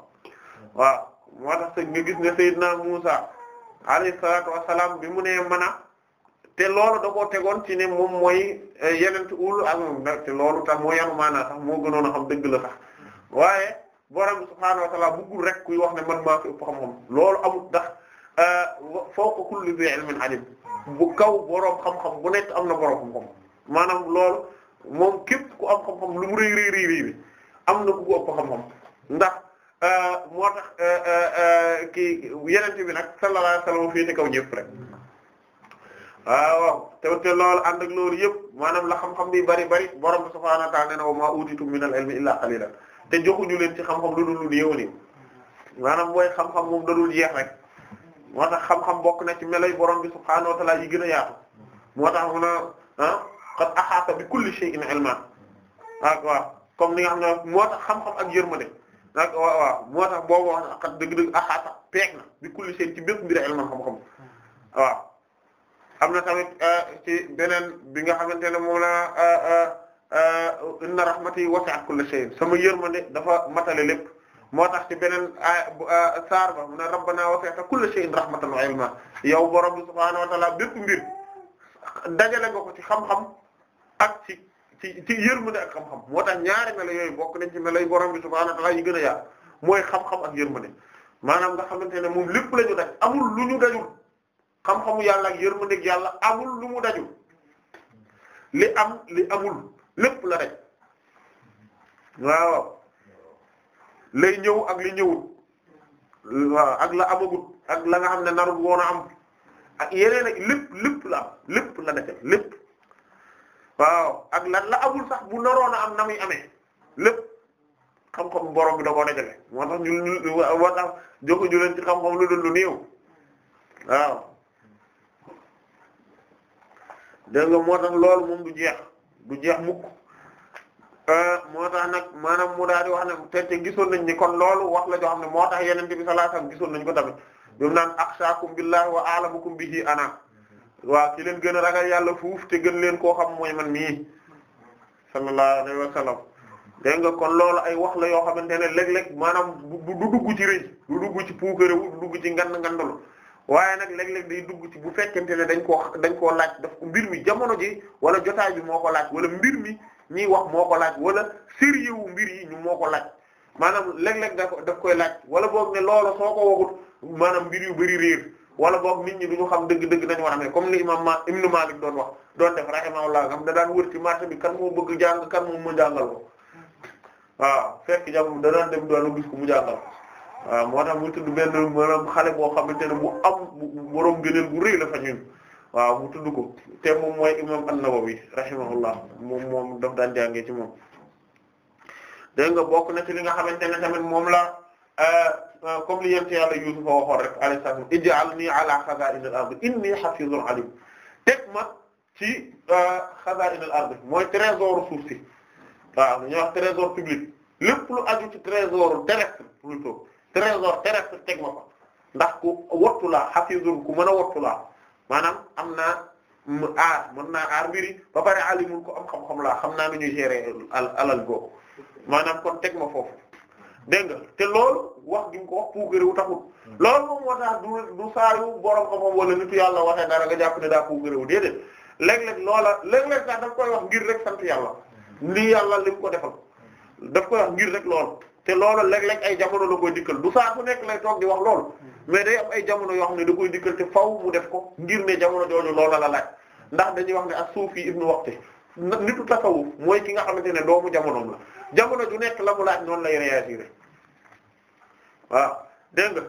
waaw moo tax sax nga gis ne Seydina Muusa alayhi salaatu wassalaam bi mu nee mën a te loolu da koo tegoon ci ne moom mooy euh, yenent ul ak te loolu tax moo yanu maanaa sax moo gënoon a xam dëgg borom subhaanahu wa ta'aala bëggul rek kuy wax ne man maa fi ëpp xam-xam loolu amul ndax euh, fawqa kulli dhi 'ilmin 'aliim kaw borom xam-xam bu nekk am na borom xam-xam maanaam lool moom képp ku am xam-xam lu mu rëy rëy rëy bi am na ku ko ëpp xam-xam ndax euh, moo tax euh, kii yenente bi nag sallallahu alayhi wasallam fii te kaw ñëpp rek ah, waaw te te lool ànd ak loolu yëpp maanaam la xam-xam bi bari bari borom subhaanahu wa ta'aala nee na wa maa uutiitum minal ilmi illaa qaliilan te joxuñu leen ci xam-xam lu dul lu yéwén maanaam mooy xam-xam moom dadul jeex rek moo tax xam-xam bokk na ci meloy borom bi subhaanahu wa ta'ala yi gën a yaatu moo tax ah, bi kulli comme ni nga xam ne moo tax xam-xam ak yërmande de waaw waaw moo tax boobu wax na qad dëgg-dëgg ahaata peeg na bi kulli shay'in ci bépp mbir ilman xam-xam waaw am na tamit ah, ci beneen bi nga xamante ne moom la ah, Euh, inna rahmati wasi'at kulla shay'in sama yërmande dafa matale lépp moo tax ci beneen euh, saar ba mu ne rabbana wasi'ta kulla shay'in rahmatan wa ilma yow borom subhaanahu wa ta'aala bépp mbir dajale nga ko ci xam-xam ak ci ci ci yërmande ak xam-xam moo tax ñaari melo yooyu bokk nañ ci melo yi borom bi subhaanahu wa ta'aala yi gën a yaatu mooy xam-xam ak yërmande maanaam nga xamante ne moom lépp la ñu daj amul lu ñu dajul xam-xamu yàlla ak yërmandeeg yàlla amul lu mu dajul li am li amul. lépp la rek waaw lay ñëw ak li ñëwut waaw ak la amagut ak la nga xam ne narut woon a am ak yeneen ak lépp la am lépp la defee lépp waaw ak la la amul sax bu naroon a am na muy amee lépp xam-xam borom bi da koo dajale moo tax ñu ñu moo tax ci xam-xam lu dul lu néew waaw dégg nga moo tax loolu moom du jeex du jeex mukk euh, moo tax nag maanaam mu daal di wax na te te gisoon nañ ni kon loolu wax la joo am ne moo tax yeneen bi sallallahu alayhi wasallam gisoon nañ ko tamit ñoom naan akhshaakum billahi wa bi bihi ana waaw ki leen gën a ragal yàlla fuuf te gën leen koo xam mooy man mii sallallahu alayhi wasallam dégg nga kon loolu ay wax la yoo xamante ne léeg-léeg maanaam du dugg ci rëy du dugg ci puukare du dugg ci ngand waaye nag léeg-léeg day dugg ci bu fekkente ne dañ koo dañ koo laaj daf mbir mi jamono ji wala jotaay bi moo ko laaj wala mbir mi ñiy wax moo ko laaj wala sérieux wu mbir yi ñu moo ko laaj maanaam léeg-léeg da daf koy laaj wala boog ne loolu soo ko waxul maanaam mbir yu bari réer wala boog nit ñi du ñu xam dëgg-dëgg nañu wax a comme li imam ma Ibn Malik doon wax doon def rahimahullah nga xam da daan wër ci mi bi kan moo bëgg jàng kan moo ma jàngal ko hmm. waaw fekk jamono da daan dem doon gis ko mu jàngal waaw moo tax mu tudd benn xale boo xamante ne bu am borom gëneel bu rëy la fa ñun waaw mu tudd ko te moom mooy imam an-Nawawi rahimahullah moom daf daan jàngee ci moom dégg nga bokk na ci li nga xamante ne tamit moom la euh, comme li yent yàlla Yuusufa waxoon rek alayhi salaam ij'alnii ala xazaa'in al-ard inni xafizun alim teg ma ci euh, xazaa'in al-ard mooy trésor suuf si waaw ñuy wax trésor public lu aju ci trésor terrestre plutôt trésor terrestre teg ma ko ndax ku wattu laa xafizun ku mën a laa maanaam am na mu aar mën naa aar mbiri ba pare alimun ko am xam-xam laa xam naa nu ñuy gérer alal googu maanaam kon teg ma foofu dégg nga te loolu wax gi ko wax puugare wu lool loolu moom moo tax du du saa yu borom xam-xam wala nitu yàlla waxee dara nga jàpp ne daa puugare wu déedéet léeg-léeg loola léeg-léeg sax daf koy wax ngir rek sant yàlla lii yàlla li ko defal daf koy wax ngir rek lool te loolu léeg-léeg ay jamono la koy dikkal du saaku nekk lay toog di wax loolu hmm. mais day ay jamono yoo xam ne da koy dikkal te faaw mu def ko ngir ne jamono jooju loolu la laaj ndax dañuy wax ne as-suufi ibnu waqti nitu tasawuf mooy ki nga xamante ne doomu jamonoom la jamono ju nekk la mu laaj noonu lay réagir waaw dégg nga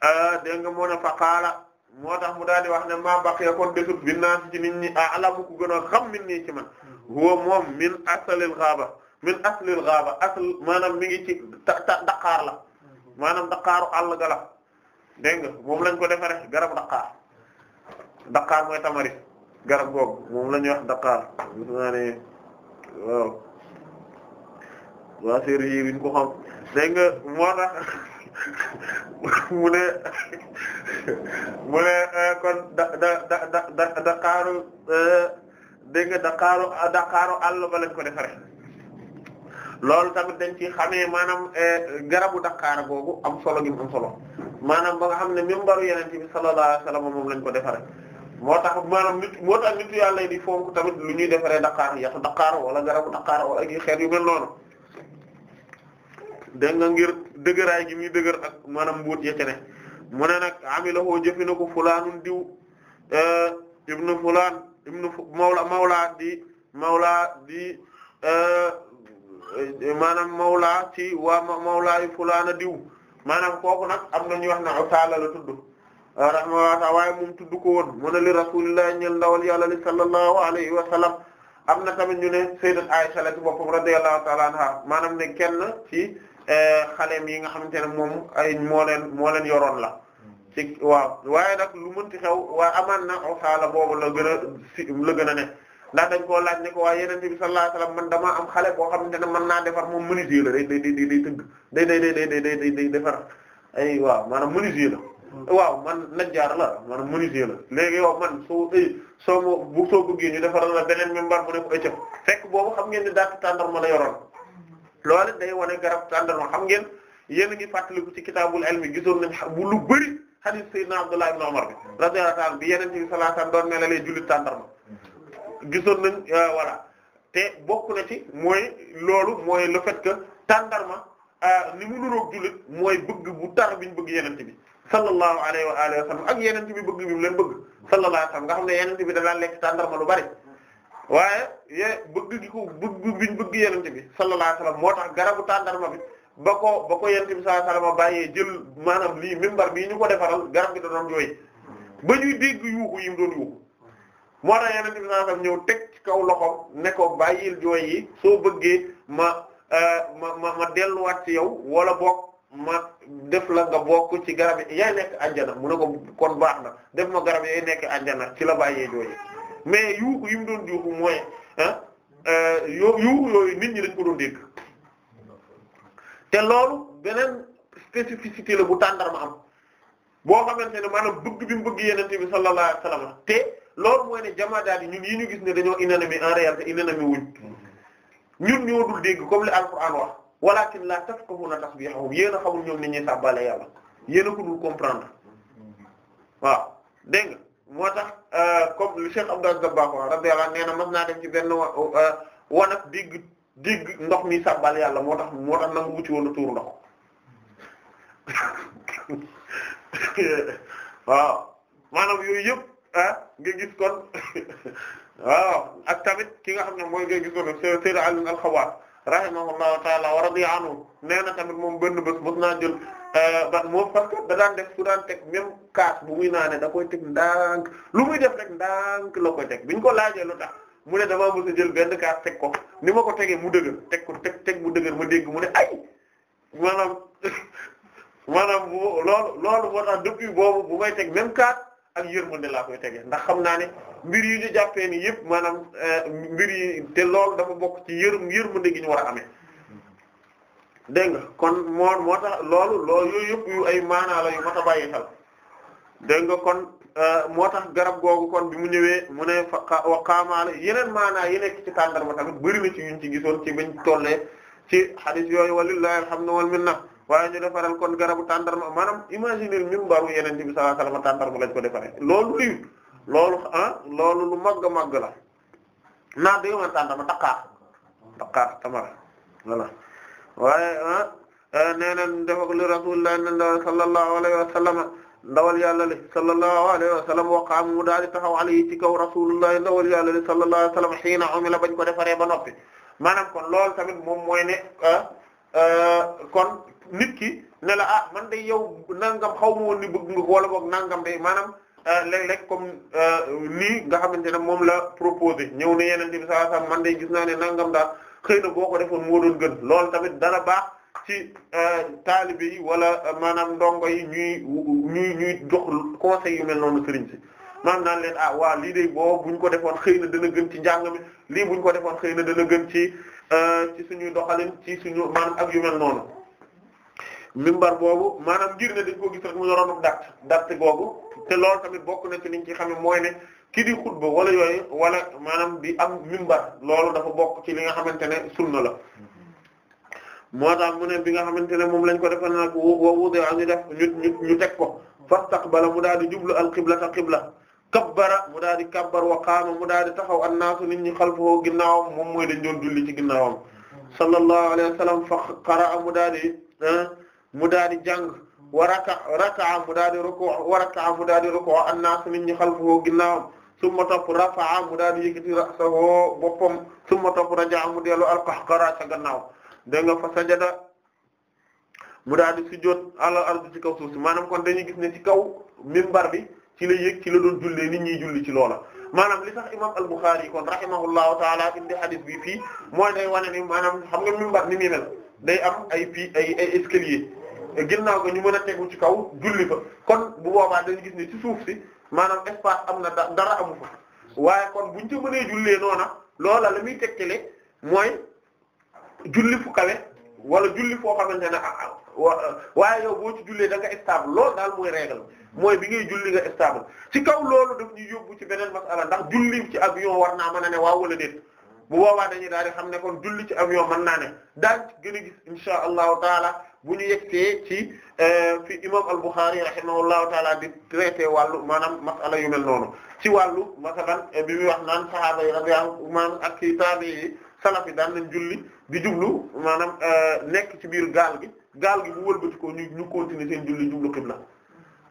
ah, dégg nga moo ne faqaala moo tax mu daal di wax ne maa baqiya kon desut binnaasi ci nit ñi a alamu gën xam min nii ci man hmm. huwa moom min asalil min aslil ghaaba asl maanaam mi ngi ci daqaar la maanaam daqaaru àll ga la dégg nga lañ ko defare garab daqaar daqaar mooy tamaris garab googu moom la ñuy wax daqaar gis waaw waa séeréer yi wiñ ko xam dégg nga moo tax mu ne mu ne euh, kon da da da euh, ba lañ ko defare loolu tamit dañ ci xamee maanaam eh, garabu Dakar googu am solo gi mu am solo maanaam ba nga xam ne mimbaru Yonent bi sallallahu alayhi wasallam moom lañ ko defaree moo tax maanaam nit moo tax nitu yàlla di fonk tamit lu ñuy defaree Dakar yatu Dakar wala garabu Dakar wala gi xeet yu mel noonu dégg ngir dëgëraay gi muy dëgër ak maanaam mbuut ya ne mu ne nag amilahoo jëfi na ko fulaanun diw eh, ibnu fulaan ibnu mawla mawla di mawla di eh, Eh, maanaam mawla ci waa mawlaayu fulaana diw maanaam kooku nag am na ñuy wax ne Usaala la tudd ah, rahimahullah waaye moom tudd ko woon mu ne li Rasulullah ñel ndawal yàlla li sallallahu alayhi wa sallam am na tamit ñu ne sayyidat Aisha la ci boppam radiyallahu maanaam ne kenn ci eh, xaleem yi nga xamante ne moom ay moo leen moo leen yoroon la waaw waaye nag lu mënti xew waaye amaan na Usaala boobu la gën a si la gën a ne ndax dañ koo laaj ne ko waa yeneen bi sallallahu alayhi wasallam man damaa am xale boo xamante ne man naa defar moom menuisier la day day day day tëgg day day day day day day defar ay waaw maanaam menuisier la. waaw man najjaar la maanaam menuisier la léegi yow man soo soo ma bu soo bëggee ñu defaral la beneen membre bu ne ko ëccëg fekk boobu xam ngeen ne daatu tàndarma la yoroon loolu day wane garab tàndarma xam ngeen yéen a ngi ku ci kitaabul ilmi gisoon nañ bu lu bëri hadith sayyidina Abdullah ibn Umar bi radiyallahu ta'ala bi yeneen bi sallallahu alayhi wasallam doon melalee jullit tàndarma gisoon nañ euh, voilà te bokk na ci mooy loolu mooy lu fait que tàndarma euh, ni mu nuroog jullit mooy bëgg bu tar biñ bëgg yenent bi sallallahu alayhi wa alihi wa sallam ak yenent bi bëgg bi mu bëgg sallallahu alayhi wa sallam nga xam ne yenent bi da lekk tàndarma lu bari waaye ye bëgg gi ko bëgg biñ bëgg yenent bi sallallahu alayhi wa sallam moo tax garabu tàndarma bi ba ko ba ko yenent bi sallallahu alayhi wa sallam bàyyee jël maanaam lii mimbar bii ñu ko defaral garab gi da doon jooy ba ñuy dégg yuuxu yi mu doon yuuxu moo tax yeneen ñëw teg ci kaw loxo ne ko bàyyil jooy yi soo bëggee ma euh, ma ma ma delluwaat ci yow wala bokk ma def la nga bokk ci garab yi yaay nekk àjjana mu ne ko kon baax na def ma garab yaay nekk àjjana ci la bàyyee jooy yi mais yuuxu yi mu doon yuuxu mooy ah yoo yuuxu yooyu nit ñi dañ ko doon dégg te loolu beneen spécificité la bu tàndarma am boo xamante ne maanaam bëgg bi mu bëgg yenente bi sallallahu alayhi wasallam te loolu mooy ne jamaadaat yi ñun yi ñu gis ne dañoo inanami en réalité inanami wuñ ñun ñoo dul dégg comme li alquran wax walakin la tafqahuna tasbihahum yéen a xamul ñoom ni ñuy sàbbaale yàlla yéen a ko dul comprendre waaw dégg nga moo tax euh, comme li Cheikh Abdou Dabakh radiyallahu anhu nee na mas naa dem ci benn euh, wanak dégg dégg ndox mi sàbbaale yàlla moo tax moo tax nangu wucci woon a tuur ndox waaw maanaam yooyu yëpp ah nga gis kon waaw tamit ki nga xam ne mooy nga gis kon Sayyid Ali al-Khawwat rahimahullahu ta'ala wa radiya anhu nee na tamit moom benn bés mos naa jël euh, ban moom parce da daan def su daan teg même kaas bu muy naane da koy teg ndànk lu muy rek ndànk la koy teg biñ ko laajee lu tax mu ne damaa mos a jël benn kaas teg ko ni ma ko tegee mu dëgër teg ko teg teg mu dëgër ma dégg mu ne ay maanaam maanaam loolu loolu moo tax depuis boobu bu may teg même kaas. ak yërmande laa koy tege ndax xam naa ne mbir yi ñu jàppee nii yëpp maanaam eh, mbir yi te loolu dafa bokk ci yërm yërmande gi ñu war a ame dégg nga kon moo moo tax loolu loolu yooyu yu ay maanaa yu mat a xel dégg nga kon eh, moo tax garab googu kon bi mu ñëwee mu ne fa wa qaamaala yeneen maanaa yi nekk ci tàndarma tamit bëri ci yuñ ci gisoon ci bañ tollee ci hadith yooyu walillahi alhamdu wal minna waaye ñu defaral kon garabu tàndarma maanaam imaginer minbaru Yonent bi sallallahu alayhi wasallam tàndarma lañ ko defaree loolu lii loolu ah, lu màgg a màgg la naa dégg nga tàndarma daqaar daqaar tamara voilà waaye ah eh, nee nañ dafa ko li Rasulullah sallallahu alayhi wasallam ndawal yàlla li sallallahu alayhi wa wa qaam mu daal di taxaw alayhi ci kaw rasulullah ndawal yàlla li sallallahu alayhi umila bañ ko defaree ba noppi maanaam kon lool tamit moom mooy ne ah, eh, kon nit ki nela ah man day yow nangam xaw ma woon ni bëgg nga ko wala nangam day maanaam euh, léeg-léeg comme euh, nii nga xamante ne moom la proposé ñëw ne yeneen bi sallallahu alayhi man day gis naa ne nangam daal xëy na boo ko defoon moo doon gën lool tamit dana baax ci euh, taalibe yi wala maanaam ndongo yi ñuy ñuy ñuy jox conseil yu mel noonu sëriñ si maanaam naan leen ah waaw lii de boo buñ ko defoon xëy na dana gën ci njàng mi lii buñ ko defoon xëy na dana gën ci ci suñuy doxalin ci suñu maanaam ak yu mel noonu mimbar boobu maanaam ngir ne dañ ko gis rek mu yoroon dàtt dàtt googu te loolu tamit bokk na ci liñ ci xame mooy ne ki di xutba wala yooyu wala maanaam bi am mimbar loolu dafa bokk ci li nga xamante ne sunna la moo tax mu ne bi nga xamante ne moom lañ ko defal nag wa wude a ñu def ñu ñu teg ko fastaqbala mu daal di jublu al qiblata qibla kabbara mu daal di kabbar wa qaama mu daal di taxaw annaasu nit ñi xalfoo ginnaawam moom mooy dañ doon julli ci ginnaawam sallallahu alayhi wa mu daal di jàng wa raka raka'a mu daal di ruku' wa raka'a mu daal di ruku' an-naas nit ñi xalfahu ginnaawam summa topp rafa'a mu daal di yëkkati ra'sahu boppam summa topp raja'a mu dellu al-qahqara ca gannaaw dégg nga fa sajada mu daal di sujjóot alal ardu ci kaw suuf si maanaam kon dañuy gis ne ci kaw minbar bi ci la yëg ci la doon jullee nit ñiy julli ci loola maanaam li tax imam al-Bukhari kon rahimahullahu taala indi hadith bi fii mooy day wane ni maanaam xam nga minbar ni muy mel day am ay fii ay ay escalier ginnaaw ga ñu mën a tegu ci kaw julli fa kon bu boobaa dañu gis ne ci suuf si maanaam espace am na dara amu fa waaye kon buñ ca mënee jullee noona loola la muy tekkale mooy julli fu kawe wala julli foo xamante ne ah, ah, waaye yow boo ci jullee da nga stable daal mooy règle mooy bi ngay julli nga stable ci kaw loolu daf ñuy yóbbu ci beneen masala ndax julli ci avion war naa mën a ne waaw wala déet bu boobaa dañuy daal xam ne kon julli ci avion man naa ne daal gën a gis insha allahu taala bu ñu yegtee ci euh, fi imam al-Bukhari rahimahullahu taala di traité wàllu maanaam masala yu mel noonu ci wàllu masalan eh, bi muy wax naan sahaaba yi radiyallahu anhum ak ci tabi'i yi salaf yi daan nañ julli di jublu maanaam euh, nekk ci biir gaal gi gaal gi bu wëlbati ñu ñu continuer seen julli jublu qibla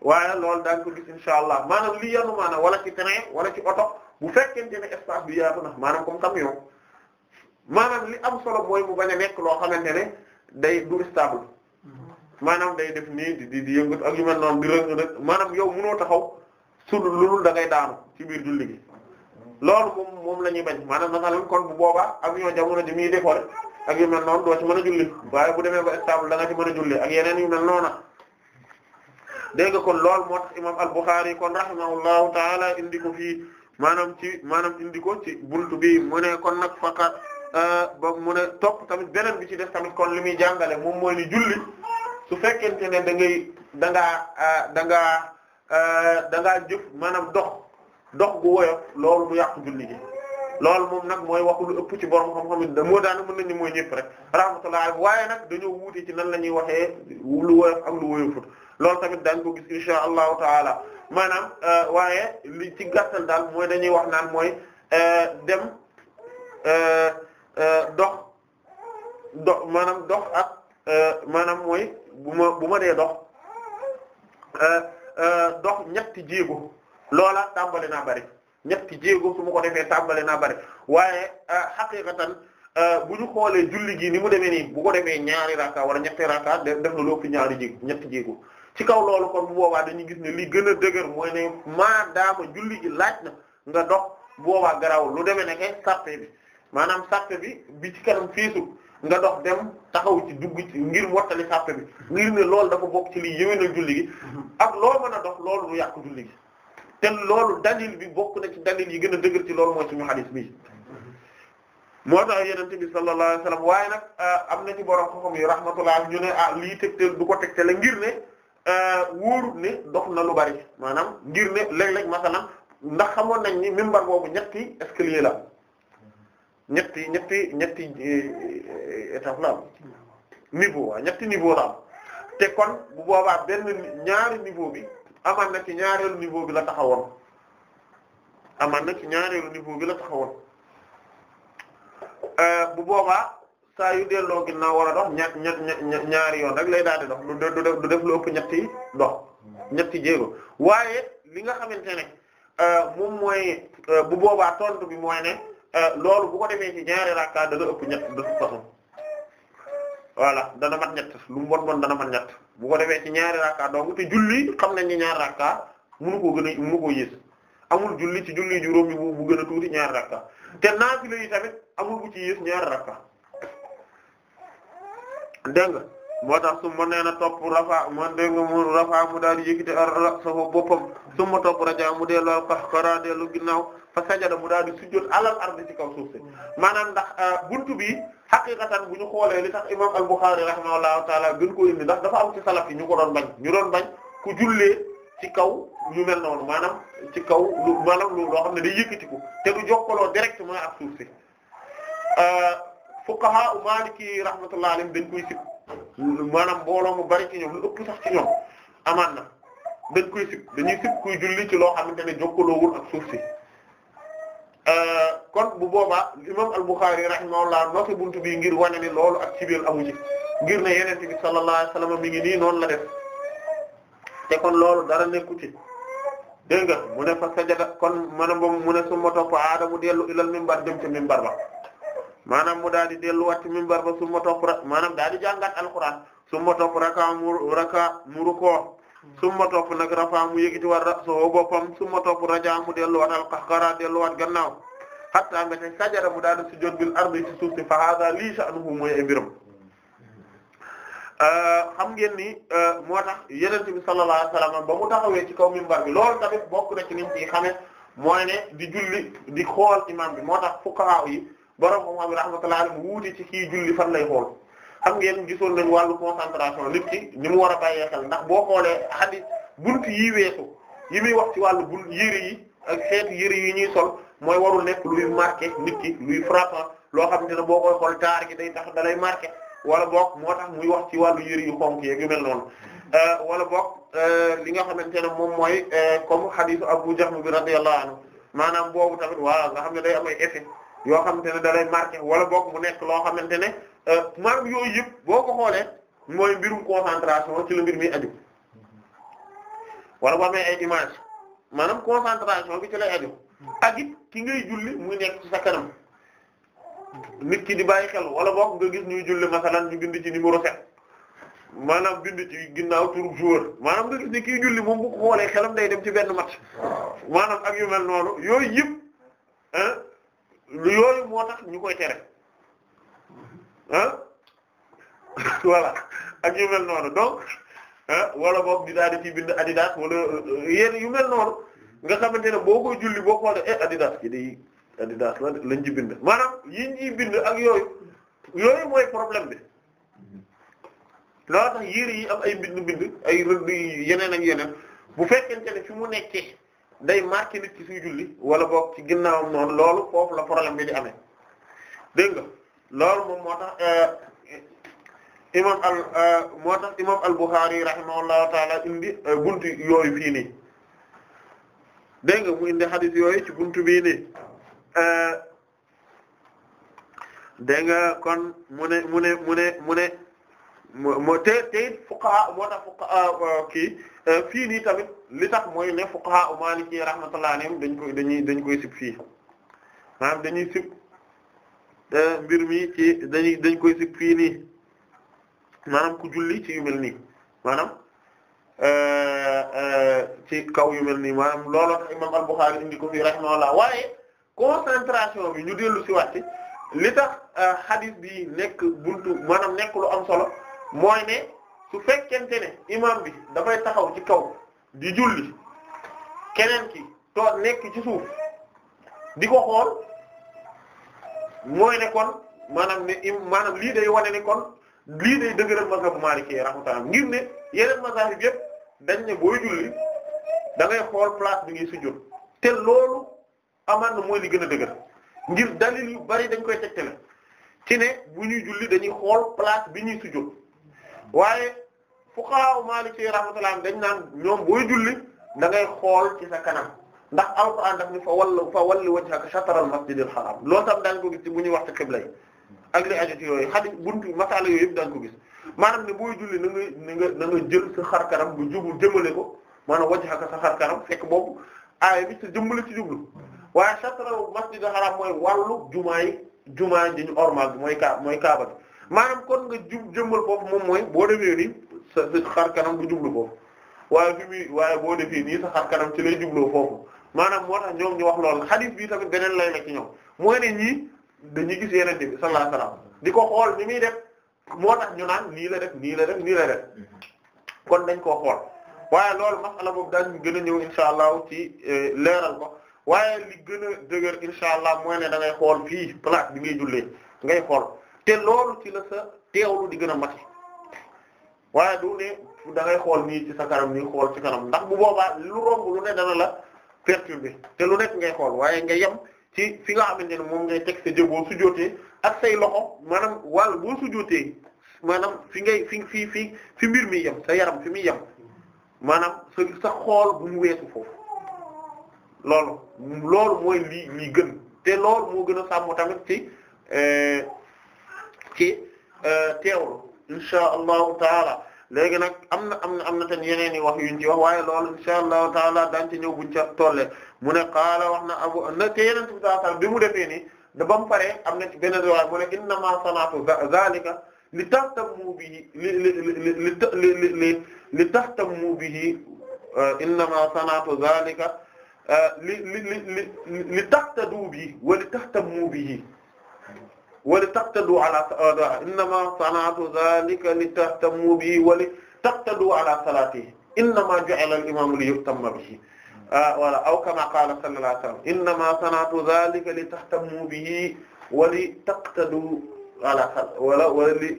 waaye loolu daañ ko gis insha allah maanaam li yanu maanaam walla ci train wala ci oto bu fekkente ne espace bi yaatu na maanaam comme camion maanaam li am solo mooy mu bañ nekk loo xamante day du maanaam day def nii di di yëngat ak yu mel noonu di rëng rëng maanaam yow mënoo taxaw su lulul da ngay daanu ci biir julli gi loolu moom la ñuy bañ maanaam masalan kon bu boobaa avion jamono ji muy décoller ak yu mel noonu doo ci mën julli waaye bu demee ba stable da nga ci mën a julli ak yeneen yu mel noona dégg nga kon loolu moo tax imam al-Bukhari kon rahimahullahu taala indi ko fii maanaam ci maanaam indi ko ci bultu bi mu ne kon nag faqat euh, ba mu ne topp tamit beneen bi ci def tamit kon li muy jàngale moom mooy ni su fekkente ne da ngay da ngaa ah, da ngaa ah, da jëf maanaam dox dox gu woyof loolu mu yàqu julli gi loolu moom nag mooy waxul lu ci borom xam-xam it moo daana mën nañu mooy ñëpp rek rahmatullah waaye nag dañoo wuute ci nan la ñuy waxee lu woyof ak lu woyofut loolu tamit daañ ko gis insha allahu taala maanaam ah, waaye li ci gàttal daal mooy dañuy wax naan mooy dem dox dox maanaam dox ak maanaam mooy bu ma bu ma dee dox euh, euh, dox ñetti jéego loola tàmbali naa bari ñetti jéego su ma ko defee tàmbale naa bari waaye euh, xaqiqatan bu ñu xoolee julli gi ni mu demee nii bu ko defee ñaari raka wala ñetti raka def na loo fi ñaari jéego ñetti jéego ci kaw loolu kon bu boobaa dañuy gis ne lii gën a dëgër mooy ne maadaama julli gi laaj na nga dox boobaa garawul lu demee ne kay sàppe bi maanaam sàppe bi bi ci kanam fiisu nga dox dem taxaw ci dugg ci ngir mottali sàppe bi ngir ne loolu dafa bokk ci liy yëwénal julli gi mhm. ak loolu mën a dox loolu lu yàq julli gi te loolu dalil bi bokk na ci dalil yi gën a dëgër ci loolu mooy suñu hadis bi moo tax yenente bi sallallahu alayhi waaye nag euh, am na ci borom xam-xam yi rahmatullah ñu ne ah lii tegtal du ko le ngir ne euh, wóorut ne dox na lu bari maanaam ngir ne léeg-léeg masalan ndax xamoon nañ ni mimbar boobu ñetti escalier la ñetti ñetti ñetti eh, eh, étape la am niveau waaw ñetti niveau la am te kon bu boobaa benn ñaari niveau bi amaan na ci ñaareelu niveau bi la taxawoon amaan na ci ñaareelu niveau bi la taxawoon euh, bu boobaa saa yu delloo ginnaaw war a dox ñaari yoon rek lay daal di dox du def du def lu ëpp ñetti dox ñetti jéego waaye li nga xamante ne euh, moom mooy euh, bu boobaa tontu bi mooy ne. Euh, loolu bu ko defee ci ñaari rakka dana ëpp ñett de toute façon voilà dana mat ñett lu mu bon dana mat ñett bu ko defee ci ñaari rakka donc te julli xam nañ ni ñaari rakka mënu koo gën a mënu koo yées amul julli ci julli juróom yi bu gën a tuuti ñaari rakka te naafila yi tamit amul bu ci yées ñaari rakka dégg moo tax su ma nee na topp rafa ma dégg nga mu mu daal di yëkkati ar ra sa boppam su ma topp raja mu delloo xaxara dellu ginnaaw fa sajada mu daal di sujjóot alal ardi ci kaw suuf si maanaam ndax euh, buntu bi xaqiqatan bu ñu xoolee li tax imam al-Bukhari rahimahullahu taala gën ko indi ndax dafa am ci salaf yi ñu ko ñu doon bañ ku jullee ci kaw ñu mel noonu maanaam ci kaw lu maanaam loo xam ne day yëkkatiku te du jokkaloo directement ak suuf si euh, fuqaha maliki rahmatullahi alayhim dañ koy sib maanaam mbooloo mu bari ci ñoom lu ëpp sax ci ñoom amaan na dañ koy sib dañuy sib kuy julli ci loo xamante ne jokkaloowul ak suuf si Euh, kon bu boobaa imam al-Bukhari rahimahullah noo ki buntu bi ngir wane ni loolu ak cibeel amu ci ngir ne yenente bi sallallahu alayhi wasallam mi ngi nii noonu la def te kon loolu dara nekku ci dégg nga mu ne fa sajada kon maanaam boobu mu ne summa topp mu dellu ilal minbar dem ci bar ba maanaam mu daal di delluwaat ci minbar ba summa topp maanaam daal di jàngat alquran summa topp raka mu raka mu summa topp nag rafa mu yëkkati war rasowo boppam summa topp raja mu delluwaat al qahqara delluwaat gannaaw hatta nga te sajara mu daal di sujjóot bil ardi ci suuf si fa hada lii sha'nuhu mooy ay mbiram euh, xam ngeen ni euh, moo tax yeneen bi sallallahu alayhi ba mu taxawee ci kaw minbar bi loolu tamit bokk na ci ni mu ciy xamee mooy ne di julli di xool imam bi moo tax fuqaha yi borom xam-xam yi rahmatullahi mu wuute ci kii julli fan lay xool xam ngeen gisoon nañ wàllu concentration nit ki ni mu war a bàyyee xel ndax boo xoolee xadis bunt yi weesu yi muy wax ci wàllu bul yëre yi ak xeetu yëre yi ñuy sol mooy warul nekk luy marqué nit ki luy loo xam te ne boo koy xool taar gi day tax dalay marqué wala boog moo tax muy wax ci wàllu yëre yu xonk yeeg yu mel noonu euh, wala boog euh, li nga xamante ne moom mooy euh, comme xadisu Abu Jahm bi radiyallahu anhu maanaam boobu tamit waaw nga xam ne day am yoo xamante ne dalay marqué wala boog mu nekk loo xamante ne Euh, maanaam yooyu yëpp boo ko xoolee mooy mbirum concentration ci la mbir mi aju wala boo amee ay image maanaam concentration bi ci lay aju ak ki ngay julli muy nekk ci sa nit ki di bàyyi xel wala boo nga gis ñuy julli masalan ñu bind ci numéro 7 maanaam bind ci ginnaaw turu joueur maanaam nga gis ni kii julli moom bu ko xoolee xelam day dem ci benn match maanaam ak yu mel noonu yooyu yëpp lu yooyu moo tax ñu koy tere. ah voilà ak yu mel noonu donc wala boog di daal di ci bind adidas wala euh, yéen yu mel noonu nga xamante ne boo koy julli boo xoolee eh adidas gi day adidas la lañ ci bind maanaam yiñ ciy bind ak yooyu yooyu mooy problème bi loolu tax yére yi am ay bind-bind ay rëdd yeneen ak yeneen bu fekkente ne fi mu nekkee day marqué nit ci suy julli wala boog ci ginnaawam noonu loolu foofu la problème bi di amee dégg nga. loolu moom moo tax euh, imam al euh, moo tax imam al taala indi euh, buntu yooyu fii nii dégg nga mu indi hadith yooyu ci buntu bii nii dégg nga kon mu ne mu ne mu ne mu te te it moo tax fuqaha kii fii nii tamit li tax mooy ne fuqaha u Maliki rahmatullahi alayhim dañ koy dañuy dañ koy sib fii maanaam dañuy sib mbir mi ci dañuy dañ koy sikk fii nii maanaam ku julli ci yu mel nii maanaam euh, euh, ci kaw yu mel nii maanaam looloo tax imam al-Bukhârî indi ko fii rahimahullah waaye concentration bi ñu dellu si wàcc li tax euh, hadith bi nekk buntu maanaam nekk lu am solo mooy ne su fekkente ne imam bi dafay taxaw ci kaw di julli keneen ki to nekk ci suuf di ko xool mooy ne kon maanaam ne im maanaam lii day wane ne kon lii day dëgëral mazhabu Maliki rahmatullah ngir ne yeneen mazhab yëpp dañ ne booy julli da ngay xool place bi ngay sujjóot te loolu amaan na mooy li gën a dëgër ngir yu bari dañ koy tegtale ci ne bu ñuy julli dañuy xool place bi ñuy sujjóot waaye fuqaha Maliki rahmatullah dañ naan ñoom booy julli da ngay xool ci sa kanam ndax alquran daf ni fa wallu fa walli wajhaka shatral masjidil haram loolu tam daañu ko gis ci bu ñuy wax ci xibla yi ak li aju ci yooyu hadith buntu masala yooyu yëpp daañu ko gis maanaam ne booy julli na nga na nga jël sa xar kanam bu jublu jëmale ko maanaam wajhaka sa xar kanam fekk boobu aaya bi sa jëmbale ci jublu waaye shatral masjidil haram mooy wàllu jumaa yi jumaa ji ñu ormal mooy mooy kaaba bi maanaam kon nga jub jëmbal foofu moom mooy boo defee nii sa sa xar jublu foofu waaye fi muy waaye boo defee nii sa kanam ci lay jubloo foofu maanaam moo tax ñoom ñu wax loolu hadith bii tamit beneen lay la ci ñoom mooy ne ñii dañuy gis yeneen bi sallallahu alayhi wasallam di ko xool ni muy def moo tax ñu naan nii la def nii la def nii la kon dañ koo xool waaye loolu masala boobu daañu gën a ñëw insha allah ci eh, leeral ko waaye li gën a dëgër insha allah mooy ne dangay xool fii place bi ngay jullee ngay xool te loolu ci la sa teewlu di gën a mati waaye du ne da ngay xool nii ci sa kanam nii xool ci kanam ndax bu boobaa lu romb lu ne dana la perturbé te telu nekk ngay xool waaye nga yem ci fi nga xamante ne moom ngay teg sa jë boo sujootee ak say loxo maanaam wàll boo sujootee maanaam fi ngay fi fi fi fi mbir mi yem sa yaram fi muy yem maanaam sa sa xool bu mu weesu foofu loolu loolu mooy lii lii gën te loolu moo gën a sàmm tamit ci euh, ci euh, teewlu insha allahu taala léegi nag am na am na am na ten yeneen i wax yuñ ci wax waaye loolu insha allahu taala daañ ci ñëw buñ ca tolle mu ne qaala wax na abu na te yeneen bi saa sal bi mu defee nii da ba mu paree am na ci beneen riwaaya mu ne innama sanatu zalika li tahtammu bihi li li li li li li tahtammu bihi innama sanatu zalika li li li li li tahtadu bihi wa li tahtammu bihi wa li taqtadu ala innama sana'tu dhalika li tahtammu bihi wa li taqtadu ala salatihi innama ju'ila al-imamu li yutamma bihi wala aw kama qala sallallahu alayhi wasallam innama sana'tu dhalika li tahtammu bihi wa li taqtadu ala wala wala li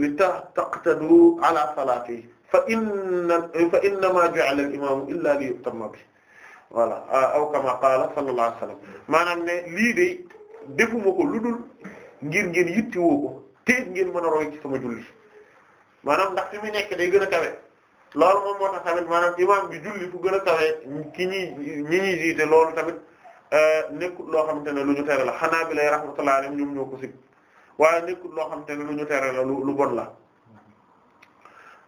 li taqtadu ala salatihi fa inna fa innama ju'ila al-imamu illa li yutamma bihi voilà aw kama qala sallallahu alayhi wasallam maanaam ne lii de defuma ko lu dul ngir ngeen yittiwoo ko te ngeen mën a roy ci sama julli maanaam ndax fi nekk day gën a kawe loolu moom moo tax tamit maanaam imaam bi julli fu gën a kawe ki ñi ñi ñuy jiite loolu tamit euh, nekkut loo xamante ne lu ñu tere la xanaa bi lay rahmatullah alayhim ñoom ñoo ko sib waaye nekkut loo xamante ne lu ñu tere la lu bon la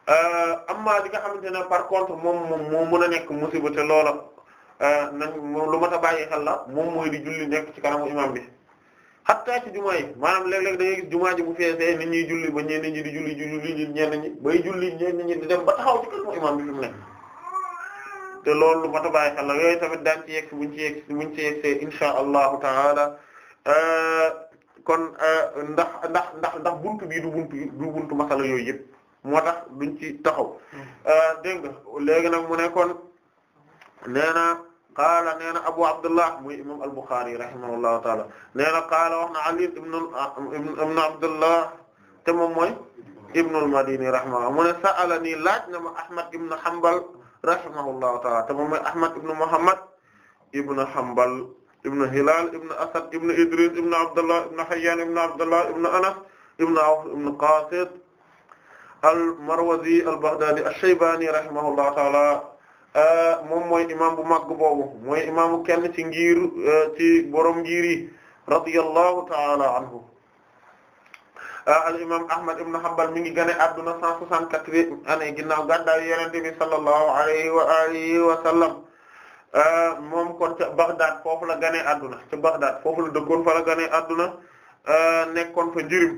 euh, amma li nga xamante ne par contre moom moom moo mën a nekk musiba te loola euh, nag lu mat a bàyyi xel la moom mooy di julli nekk ci kanamu imaam bi xattaa ci jumaa yi maanaam léeg-léeg da ngay gis jumaa ji bu feesee nit julli ba ñenn ñi di julli di julli ñenn ñi bay julli ñenn ñi di dem ba taxaw ci kanamu imaam bi fi mu ne te loolu lu mat a bàyyi xel la yooyu tamit daan ci yegg buñ ci yegg buñ ci yegg insha allahu taala euh, kon euh, ndax ndax ndax ndax buntu bii du buntu du buntu masala yooyu yëpp moo tax duñ ci taxaw hmm. euh, dégg nga nag mu ne kon nee qaala nee na Abu Abdullah muy imam al-Bukhari rahimahullahu taala nee na qaala wax na Ali ibn ibn Abdullah te moom mooy ibn al-Madini rahimahullah mu ne sa'alani laaj na ma Ahmad ibn Hanbal rahimahullahu taala te moom mooy Ahmad ibn Muhammad ibn Hanbal ibn Hilal ibn Asad ibn Idris ibn Abdullah ibn Hayyan ibn Abdullah ibn Anas ibn Awf ibn Qasid al-Marwazi al-Baghdadi ash-Shaybani rahimahullahu taala Euh, moom mooy imam bu mag boobu mooy imaamu kenn ci ngir euh, ci borom ngir yi radiyallahu ta'ala anhu euh, al imam Ahmad ibn Hanbal mi ngi gane adduna 164 année ginnaaw gàddaay Yonent bi sallallahu alayhi wa alihi wa sallam moom kon ca Baghdad foofu la gane adduna ca Baghdad foofu la dëkkoon fa la gane adduna nekkoon fa njirim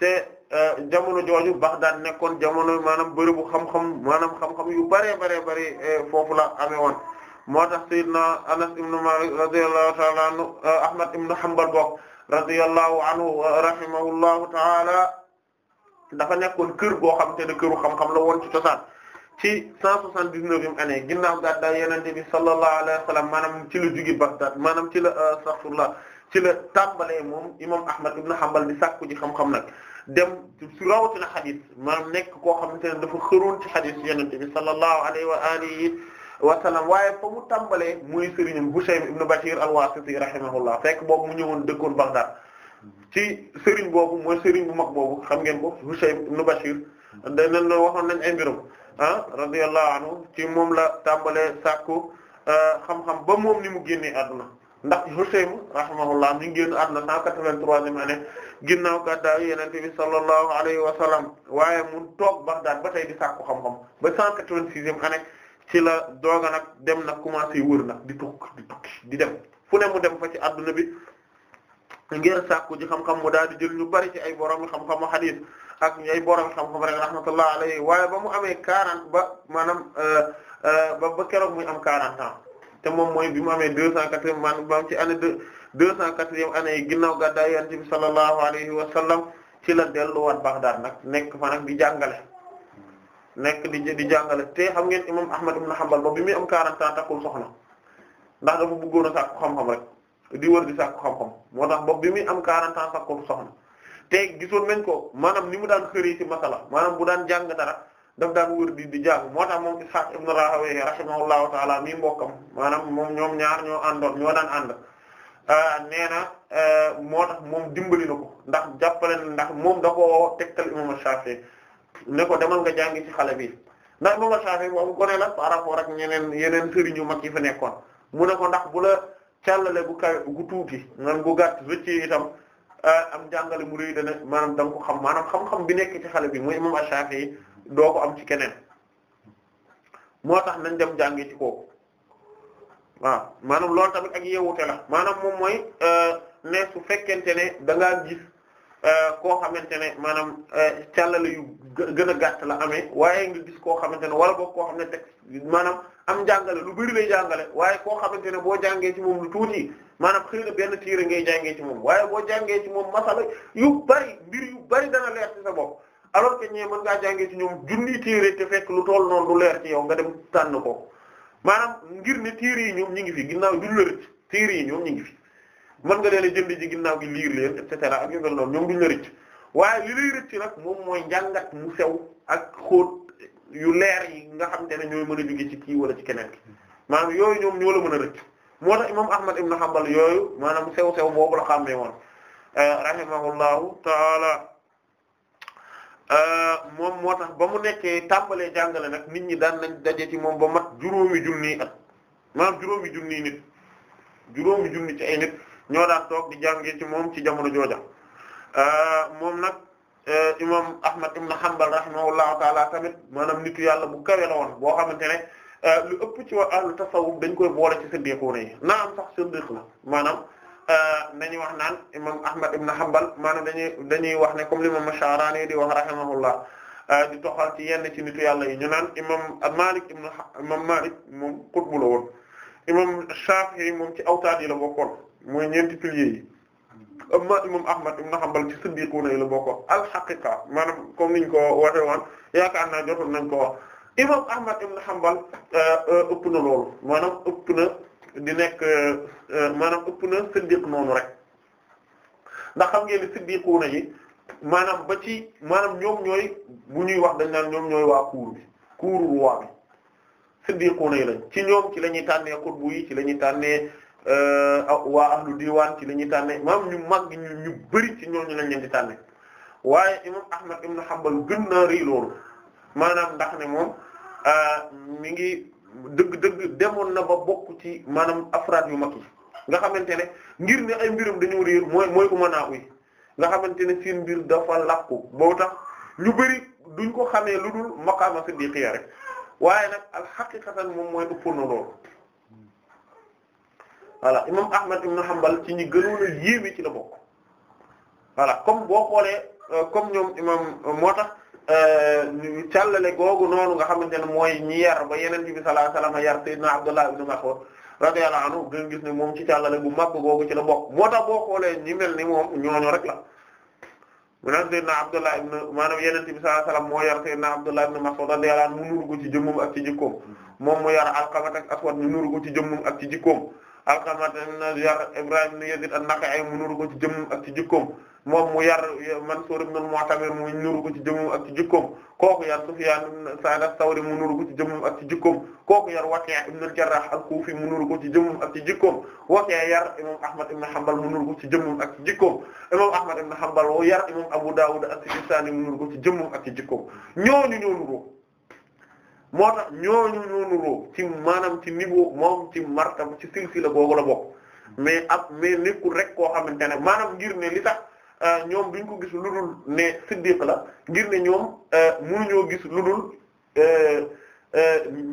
te Euh, jamono jooju Baghdad nekkoon jamono maanaam bërëbu xam-xam maanaam xam-xam yu bëree bëree bëri euh, foofu la moo tax Seydina Anas ibn Malik radiyallahu ta'ala anhu euh, Ahmad ibn Hanbal bokk radiyallahu anhu rahimahullahu ta'ala dafa nekkoon kër boo xam te ne këru xam-xam la woon ci cosaan ci cent soixante-dix-neuvième année ginnaaw gàddaay Yonent bi sallallahu alayhi wa sallam maanaam ci la jugi Baghdad maanaam ci la astaghfirullah ci la tàmbalee moom imam Ahmad ibn Hanbal ji xam-xam dem rawatina xadis maanaam nekk koo xamante ne dafa xëroon ci xadis yonent bi sallallahu alayhi wa alihi wa sallam waaye fa mu tàmbalee muy sëriñam Bushaym ibn Bashir al-Wasiti rahimahullah fekk boobu mu ñëwoon dëkkoon Baghdad ci sëriñ boobu mooy sëriñ bu mag boobu xam ngeen ko Bushaym ibn Bashir dañu leen waxoon nañ ay mbirum ah radiyallahu anhu ci moom la tàmbalee sàkku ah, xam-xam ba moom ni mu génnee àdduna ndax Hushaym rahimahullah ñu génn àdduna 183e année ginnaaw gàddaayu yonent bi sallallahu alayhi wa sallam waaye mu toog Baghdad ba tey di sàkku xam-xam ba 186e année ci la dooga nag dem na commencé wër nag di tukki di di dem fu ne mu dem fa ci adduna bi ngir sàkku ji xam-xam mu daal di ñu bari ci ay borom xam-xamu hadith ak ay borom xam-xam rek rahmatullah alayhi waaye ba mu amee 40 ba maanaam euh, euh, ba ba keroog muy am 40 ans te moom mooy bi mu amee 280 maanaam ba ci année deux cent quatrième année yi ginnaaw gàddaay yonent bi sallallahu alayhi wa sallam ci la delluwaat Baghdad nag nekk fa nag di jàngale nekk di di jàngale te xam ngeen imam Ahmad ibn Hanbal ba bi muy am 40 ans takkul soxna ndax dafa bëggoon a sàkku xam-xam rek di wër di sàkku moo tax boobu bi muy am 40 ans takkul soxna te gisoon nañ ko maanaam ni mu daan xëri ci masala maanaam bu daan jàng dara daf daan wër di di jàng moo tax moom Ishaq ibn Rahawayh rahimahullahu ta'ala mi mbokkam maanaam moom ñoom ñaar ñoo àndoon ñoo daan ànd Euh, nee na euh, moo tax moom dimbali na ko ndax jàppale na ndax moom da koo teg imam Shafi'i ne ko demal nga jàngi xale bi ndax imam Shafi'i boobu gone la par rapport ak ñeneen yeneen sëriñu mag yi fa nekkoon mu ne ko ndax bu la càllale gu kawe gu tuuti nan gu gàtt rëcc itam euh, am jàngale mu rëy dana maanaam da nga xam maanaam xam-xam bi nekk ci xale bi muy imam Shafi'i doo ko am ci keneen moo tax nañ dem jàngi ci kooku waa maanaam lool tamit ak yeewute la maanaam moom mooy euh, ne su fekkente ne da ngaa gis euh, koo xamante ne maanaam euh, càllale yu gën a gàtt la amee waaye nga gis koo xamante ne wala boog koo xam ne teg maanaam am jàngale lu bari lay jàngale waaye koo xamante ne boo jàngee ci moom lu tuuti maanaam xëy benn tiire ngay jàngee ci moom waaye boo jàngee ci moom masala yu bari mbir yu bari dana leer ci sa bopp alors que mën ngaa jàngee ci ñoom junni tiire te fekk lu toll noon lu leer ci yow nga dem tànn ko maanaam ngir ni téere yi ñoom ñu ngi fi ginnaaw duñ la rëcc téere yi ñoom ñu ngi fi mën nga leen jënd ji ginnaaw gi liir leen et ak yu mel noonu ñoom ñu la rëcc waaye li lay rëcc nag moom mooy njàngat mu sew ak xóot yu leer yi nga xam te ne ñooy mën a jóge ci kii wala ci keneen maanaam yooyu ñoom ñoo la mën a rëcc moo tax imam Ahmad ibn Hanbal yooyu maanaam sew sew boobu la xàmmee woon eh, rahimahullahu taala Euh, moom moo tax ba mu nekkee tàmbalee jàngale nag nit ñi daan nañ daje ci moom ba mat juróomi junni at maanaam juróomi junni nit juróomi junni ci ay nit ñoo daan toog di jàngee ci moom ci jamono jooja euh, moom nag euh, imam Ahmad ibn Hanbal rahimahullahu taala tamit maanaam nitu yàlla bu kawe boo xamante ne lu ëpp ci waa ahlu tasawuf dañ koy boole ci siddiqu na yi naam sax siddiq la maanaam dañuy euh, wax naan imam Ahmad ibn Hanbal maanaam dañuy dañuy wax ne comme li l'imam Sha'rani di wax rahimahullah euh, di toxal ci yenn ci nitu yàlla yi ñu naan imam Malik ibn imam Malik moom qutbu la woon imam Shafi'i moom ci awtaad yi la bokkoon mooy ñeenti piliers yi amma imam Ahmad ibn Hanbal ci siddiquuna yi la bokkoon al-haqiqa maanaam comme niñ ko waxe woon yaakaar naa jotoon nañ ko wax imam Ahmad ibn Hanbal euh, ëpp na loolu maanaam ëpp na di nekk euh, maanaam ëpp na siddiq noonu rek ndax xam ngeen ni siddiquuna yi maanaam ba ci maanaam ñoom ñooy bu ñuy wax dañ naan ñoom ñooy waa kuur bi kuur kuuru roi bi siddiquuna yi lañ ci ñoom ci la ñuy tànnee xutbu yi ci lañuy tànnee euh, waa ahlu diwaan ci la ñuy tànnee maanaam ñu mag ñu ñu bari ci ñooñu lañ leen di tànnee waaye imam Ahmad ibn Hanbal gën naa rëy loolu maanaam ndax ne moom euh, mi ngi. dëgg-dëgg demoon na ba bokk ci maanaam afraad yu mag yi nga xamante ne ngir ne ay mbiram dañoo réer mooy mooy umanaa uy nga xamante ne seen mbir dafa làqu boo tax ñu bari duñ ko xamee lu dul maqaama siddiqiya rek waaye nag alxaqiqatan moom mooy ëppoon na loolu voilà imam Ahmad ibn Hanbal ci ñi gënoon yéeme ci la bokk voilà comme boo xoolee euh, comme ñoom imam euh, moo tax. Euh, càllale googu noonu nga xamante ne mooy ñi yar ba yeneen bi sallallahu alayhi wasallam yar sayyidina Abdullah ibn Mas'ud radiyallahu anhu gën gis ne moom ci càllale bu mag googu ci la bokk moo tax boo xoolee ñi mel ni moom ñooñu rek la mu naan sayyidina Abdullah ibn maanaam yeneen bi sallallahu alayhi wasallam moo yar sayyidina Abdullah ibn Mas'ud radiyallahu anhu mu nuru ko ci jëmmum ak ci jikkoom moom mu yar Alqama ak Aswad mu nuru ko ci jëmmum ak ci jikkoom Alqamata ibn Yar Ibrahim ibn Yazid an-Nakha'i mu nuru ko ci jëmm ak ci jikkoom moom mu yar Mansur ibn al-Mu'tamir mu nuru ko ci jëmm ak ci jikkoom kooku yar Sufyan ibn Sa'id ath-Thawri mu nuru ko ci jëmm ak ci jikkoom kooku yar Waki' ibn al-Jarrah al-Kufi mu nuru ko ci jëmm ak ci jikkoom Waki' yar imam Ahmad ibn Hanbal mu nuru ko ci jëmm ak ci jikkoom imam Ahmad ibn Hanbal yar imam Abu Dawud as-Sijistani mu nuru ko ci jëmm ak ci jikkoom ñooñu ñoo nuru moo tax ñooñu ñoonuroo ci maanaam ci niveau moom ci martaba ci silsila googu la bokk mais ak mais nekkul rek koo xamante ne maanaam gir ne li tax euh, ñoom duñ ko gis lu dul ne siddiq la ngir ne ñoom euh, mënuñoo gis lu dul euh,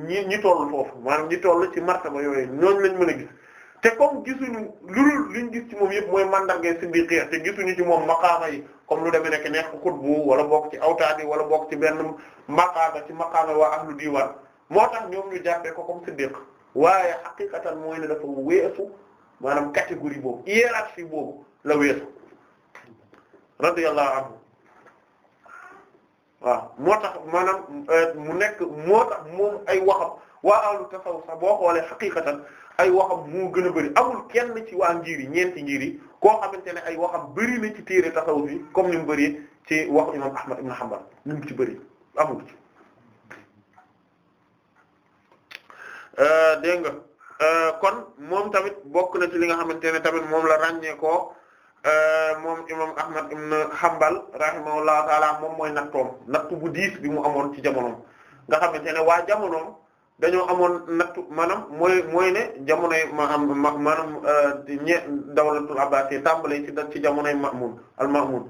ñi ñi toll foofu maanaam ñi toll ci martaba yooyu ñooñu lañ mën a gis te comme gisuñu lu dul ñu gis ci moom yëpp mooy mandarga siddiqiya te gisuñu ci moom maqaama yi comme lu demee nekk nekk xutbu wala bokk ci awtaadi wala bokk ci benn maqaama ci maqaama waa ahlu diwaan moo tax ñoom ñu jàppee ko comme siddiq waaye xaqiqatan mooy ne dafa weesu maanaam catégorie boobu hiérarchie boobu la weesu radiyallahu anhu waaw moo tax maanaam euh, mu nekk moo tax moom ay waxam waa ahlu tasawuf sax boo xoolee xaqiqatan ay waxam mu gën a bëri amul kenn ci waa ngir yi ñeenti ngir koo xamante ne ay waxam bëri na ci téere tasawuf yi comme ni mu bëri ci waxu imam Ahmad ibn Hanbal ni mu ci bëri amul ci euh, nga euh, kon moom tamit bokk na ci li nga xamante ne tamit moom la ràññeekoo koo euh, moom imam Ahmad ibn Hanbal rahimahullahu taala moom mooy nattoom natt bu diis bi mu amoon ci jamonoom nga xam ne waa jamonoom dañoo amoon nattu maanaam mooy mooy ne jamonoy ma am ma maanaam euh, ñe dawlatul abbasi tàmbale ci ci jamonoy Ma'mun al-Ma'mun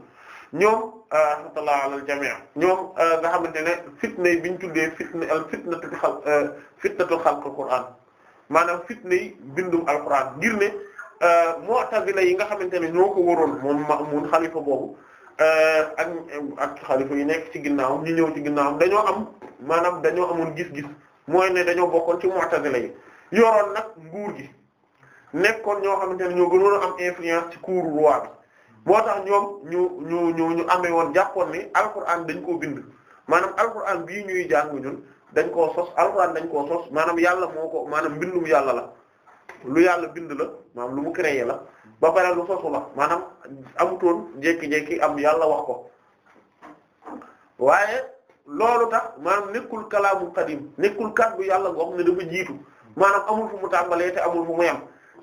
ñoom euh, rahmatullah ala al-jami' ñoom euh, nga xamante ne fitna yi bi ñu tuddee fitna fitnatul xal fitnatul xalqul Qur'an maanaam fitna yi bindum al-Qur'an ngir ne mu'tazila yi nga xamante ne ñoo ko waroon moom Ma'mun xalifa boobu ak ak xalifa yi nekk ci ginnaawam ñu ñëw ci ginnaawam dañoo am maanaam dañoo amoon gis-gis mooy ne dañoo bokkoon ci mu'tazila yi yoroon nag nguur gi nekkoon ñoo xamante ne ñoo gënoon am influence ci cour roi bi moo tax ñoom ñu ñu ñu ñu amee woon jàppoon ni alquran dañ koo bind maanaam alquran bii ñuy jàng ñun dañ koo sos alquran dañ koo sos maanaam yàlla moo ko maanaam mbindum yàlla la lu yàlla bind la maanaam lu mu créé la ba pare lu sosu la maanaam amutoon jékki-jékki am yàlla wax ko waaye. loolu tax maanaam nekkul kalaamu qadim nekkul kàddu yàlla goo xam ne dafa jiitu maanaam amul fu mu tàmbalee te amul fu mu yem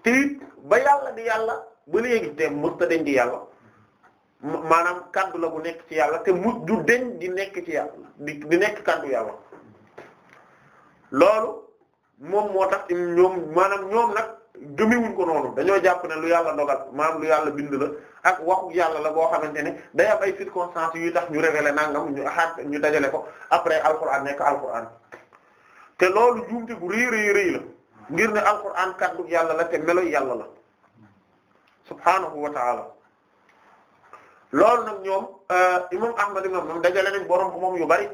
te it ba yàlla di yàlla ba léegi te mës ta deñ di yàlla maanaam kàddu la bu nekk ci yàlla te mu du deñ di nekk ci yàlla di nekk kàddu yàlla loolu moom moo tax ñoom maanaam ñoom nag gëmewuñ ko noonu dañoo jàpp na lu yàlla dogal maanaam lu yàlla bind la ak waxu yàlla la boo xamante ne day am ay circonstances yuy tax ñu révélé nangam ñu xaar ñu dajale ko après alquran nekk alquran te loolu juumte bu rëy rëy rëy la ngir ne alquran kaddu yàlla la te melo yàlla la subhaanahu wa taala loolu nag ñoom euh, imam Ahmad imam moom dajale nañ borom ko moom yu bari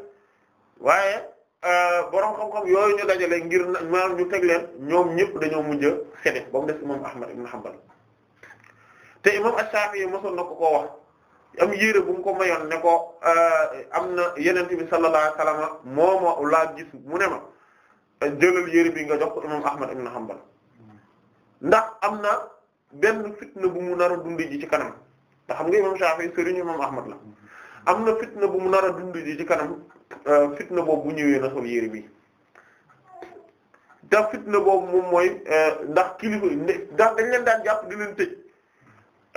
waaye. Euh, borom xam-xam yooyu ñu dajale ngir maanaam ñu teg leen ñoom ñëpp dañoo mujj a xede ba mu des imam Ahmad ibn Hanbal na ko koo wax am yére bu ko mayoon ne ko euh, am na yenente bi sallallahu alayhi wasallam mooma laa gis mu ne jëlal yére bi nga jox ko imam Ahmad ibn Hanbal ndax am na benn fitna bu mu nar a dund ci kanam ndax xam nga imam Shafi'i sëriñu imam Ahmad la am na fitna bu mu nar a dund ji ci kanam euh, fitna boobu bu ñëwee na sol yére bi da fitna boobu moom mooy euh, ndax kilifa ndax dañ leen daan jàpp di leen tëj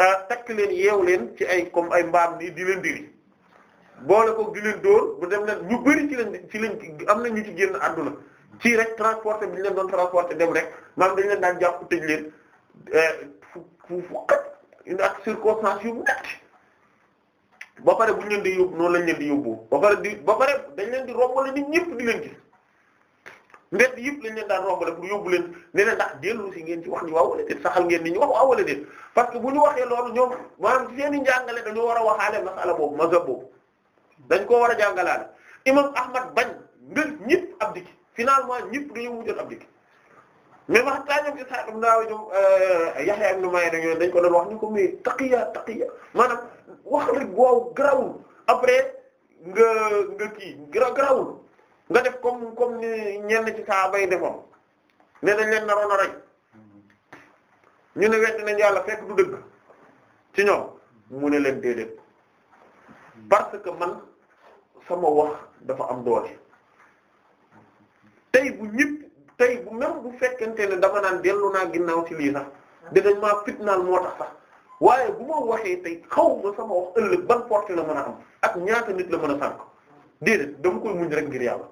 euh, takk leen yeew leen ci ay comme ay mbaam nii di leen diri boole ko di leen dóor bu dem nag ñu bari ci leen ci leen am na ñu ci génn àdduna ci rek transporté bi ñu leen doon transporté dem rek maanaam dañ leen daan jàpp tëj leen fu fu fu xat ak circonstance yu métti ba pare bu ñu leen di yóbbu noonu lañ leen di yóbbu ba pare di ba pare dañ leen di rombale nit ñëpp di leen gis mbedd yëpp lañ leen daan rombale pour yóbbu leen ne leen ndax dellu si ngeen ci wax ni waaw wala déet saxal ngeen ni ñu wax waaw wala déet parce que bu ñu waxee loolu ñoom maanaam ci seen jàngale njàngale war a waxaale masala boobu mazhab boobu dañ koo war a jàngalaale imam Ahmad bañ ngir ñëpp abdiki finalement ñëpp dañoo mujjoon abdiki mais wax taa ñoom Ishaq ibn Rawi ñoom euh, Yahya ibn Ma'in ñoom dañ ko doon wax ni ko muy taqiya taqiya maanaam wax rek waaw garawul après nga nga kii gra garawul nga def kom kom ñeen ci saaba yi defoon ne nañ leen naroon a rey ñu ne wedd nañ yàlla fekk du dëgg ci ñoom mu ne leen déedéet parce que man sama wax dafa am doole tey bu ñëpp tey bu même bu fekkente ne dama naan dellu naa ginnaaw ci lii sax dinañ maa fitnaal moo tax sax waaye bu ma waxee tey xaw ma sama wax ëllëg ban porte la mën a am ak ñaata nit la mën a sànk déedéet dama koy muñ rek ngir yàlla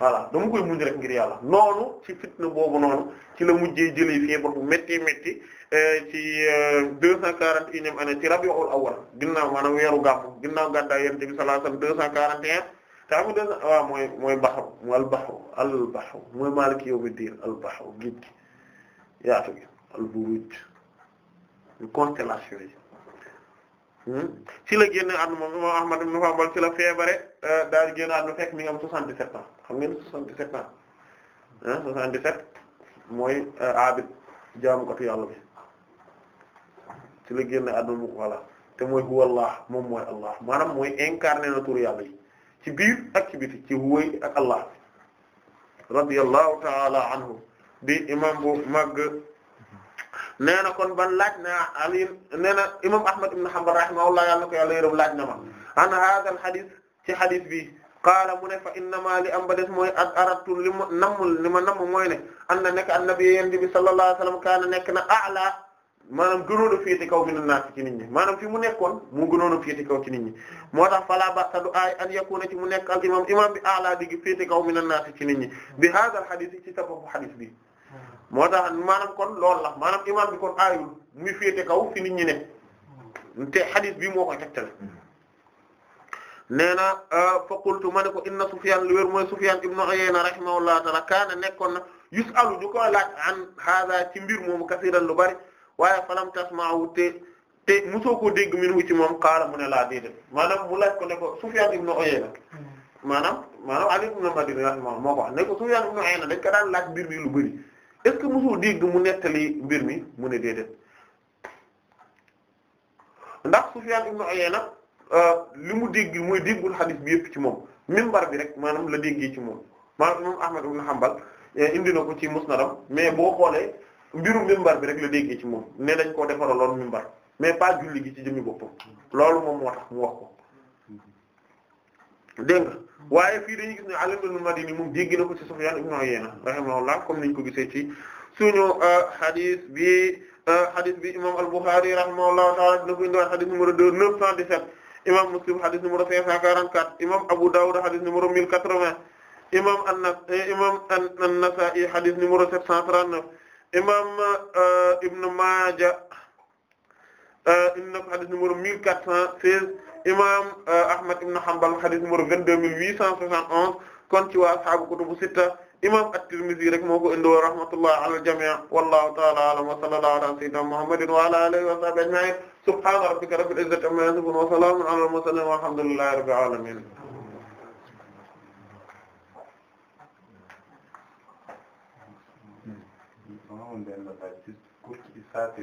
voilà dama koy muñ rek ngir yàlla noonu ci fitna boobu noonu ci la mujjee jëlee feebar bu métti métti euh, ci euh, deux cent quarante et unième année ci rabiul awwal ginnaaw maanaam weeru gàmm ginnaaw gàddaay yonent bi sallallahu deux cent quarante taamu de waaw mooy mooy baxru mu albaxru albaxru mooy maaliki yawmi diin albaxru géej gi yaatu gi alburuj constellation yi hmm? ci la génn àdduna moom moom Ahmad ibn Hanbal ci la feebare euh, génn àdduna fekk mi ngi euh, ci la génn àdduna mu voilà te mooy huwa Allah moom mooy Allah maanaam mooy incarné na yàlla yi ci biir ak ci biti ci woy ak allah radiyallahu ta'ala anhu di imam bu màgg nee na kon ban laaj na ali nee na imam ahmad ibn hanbal rahimahullah yàlla na ko yàlla yërëm laaj na ma an hadha al hadith ci hadith bi qaala mu ne fa innama li am ba des mooy ak arattu li ma nammul li ma namm mooy ne an na nekk annabi yéen bi sallallahu alayhi wasallam kaana nekk na a'la maanaam gënoon a féete kaw mina naas ci nit ñi fi mu nekkoon mu gënoon a féete kaw ci nit moo tax fala ba'sa du aay an yakuna ci mu nekk al imam bi ala digi féete kaw a naas ci nit ñi bi hadal hadith ci sababu hadith bi moo tax maanaam kon loolu la maanaam imam bi kon aayul ñi ne bi moo koy tegtal na euh, fa qultu ma ne ko inna Sufyan lu wér mooy Sufyan ibn Uyayna rahimahullahu ta'ala kaana nekkoon na yus'alu ñu koy laaj an hada ci mbir moomu kasiran lu bari waaye falam tasma'u te te mosoo koo dégg minhu ci moom qaala mu ne laa déedéet maanaam mu laaj ko ne ko Sufyaan ibn Uyayna maanaam maanaam Ali moo ko wax ne ko Sufyaan laaj mbir mi lu bëri est-ce que mosoo dégg mu nettali mbir mi mu ne déedéet ndax Sufyaan ibn Uyayna euh, li mu dégg muy déggul hadith bi yëpp ci moom minbar bi rek maanaam la déggee ci moom maanaam imam Ahmad ibn Hanbal eh, indi na ko ci musnadam mais boo xoolee. mbiru mimbar bi rek la déggee ci moom ne dañ koo defaraloon mimbar mais pas julli gi ci jëmmi boppam loolu moom moo tax mu wax ko dégg nga waaye fii dañuy gis ne Ali ibn Madini moom dégg na ko ci Sufyan ibn Uyayna rahimahullah comme niñ ko gisee ci suñu euh, hadith bi euh, hadith bi imam al-Bukhari rahimahullahu ta'ala dina ko indiwaat hadith numéro 2 917 imam Muslim hadith numéro 544 imam Abu Dawud hadith numéro 1080 imam an imam an-Nasa'i hadith numéro 739 imam euh, Ibn Maaja euh, inna ko xadis numéro mille quatre cent seize imam euh, Ahmad ibn Hanbal xadis numéro vingt-deux mille huit cent soixante-onze kon ci waa ashaabu kutubu sitta imam At-Tirmidhi rek moo ko indoo rahmatullah ala al-jami' wallahu ta'ala a'lam wa sallallahu ala sayyidina Muhammadin wa ala alihi wa sahbihi ajma'in subhana rabbika rabbil izzati amma yasifun wa salamun ala al-mursalin walhamdulillahi rabbil alamin amoon benn laaj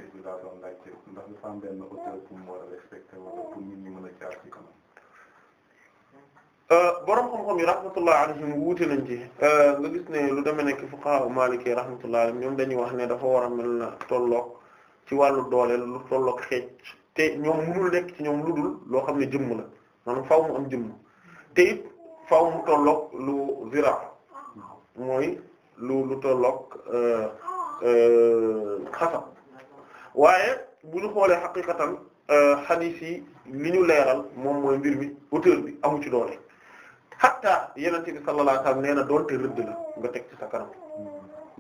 euh, xam-xam yi rahmatullah alayhim wuute nañ ci euh, nga gis ne lu demee nekk fuqaha maliki rahmatullah alayhim ñoom dañuy wax ne dafa war a mel na tolloog ci wàllu doole lu tolloog xeec te ñoom mënul nekk ci ñoom lu dul loo xam ne jëmm la maanaam faaw mu am jëmm te it mu tolloog lu zira mooy lu lu euh, Euh, xasan waaye bu ñu xoolee xaqiqatan euh, xadiis yi li ñu leeral moom mooy mbir mi auteur bi amu ci doole xatta yenente bi sallallahu alayhi nee na doonte rëdd la nga teg ci sa kanam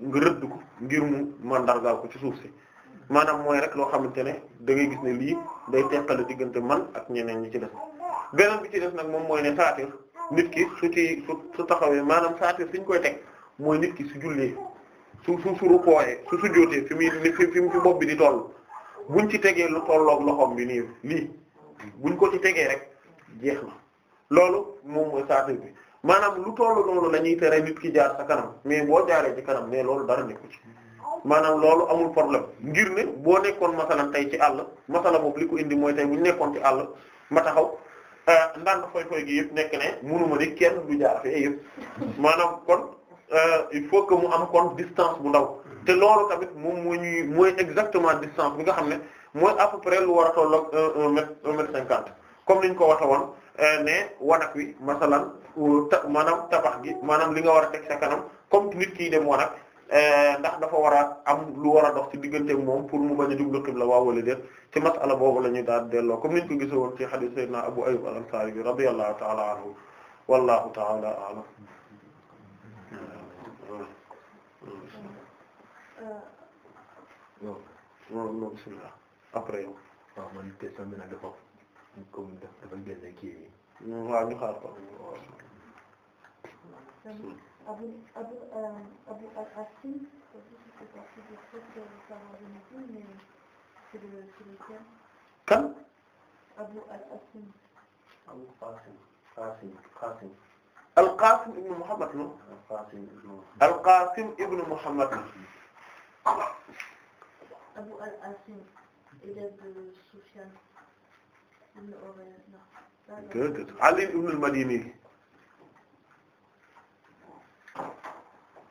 nga rëdd ko ngir mu mandargaal ko ci suuf si maanaam mooy rek loo xamante ne da gis ne lii day teqale diggante man ak ñeneen ñi ci des beneen bi ci des nag moom mooy ne saatir nit ki su ci su taxawee maanaam saatir suñ koy teg mooy nit ki su jullee su su su rukkooyee su su jootee fi muy fi fi fi bopp bi di toll buñ ci tegee lu tolloog loxoom bi nii lii buñ ko ci tegee jeex na loolu moom mooy saatir bi maanaam lu tollu noonu la ñuy tere nit ki jaar sa kanam mais boo jaaree ci kanam mais loolu dara nekku ci maanaam loolu amul problème ngir ne boo nekkoon masalan tey ci àll masala boobu li indi mooy tey bu ñu nekkoon ci àll ma taxaw euh, ndànk foy foy gi yëpp nekk ne mënuma ni kenn du jaar fee yëpp maanaam kon Euh, il faut que mu am kon distance bu ndaw te loolu tamit moom moo ñuy mooy exactement distance bi nga xam ne mooy à peu près lu war a tolloog un mètre un mètre cinquante comme ni ñu ko waxe woon euh, ne wanak wi masalan maanaam tabax gi maanaam li nga war a teg sa kanam comme nit kiy dem wanak euh, ndax dafa war a am lu war a dox ci diggante moom pour mu bañ a jublu xibla waaw wala déet ci masala boobu la ñuy daal delloo comme niñ ko gisoon ci hadith sayyidina Abu Ayyub al-Ansari radiyallahu ta'ala anhu wallahu ta'ala a'lam Euh, non non non bismillah après yow. waaw ah, man question bi nag dafa comme dafa génne kii bi. waaw ñu xaar ko. Abu Abu euh, Abu Asim kan. Abu Asim. Abu Qasim Qasim Qasim. al-Qasim ibn Muhammad la. al-Qasim ibn Muhammad la. Abu al-Asim élève de Sufyan ibn Uyayna. Ali ibn al-Madini.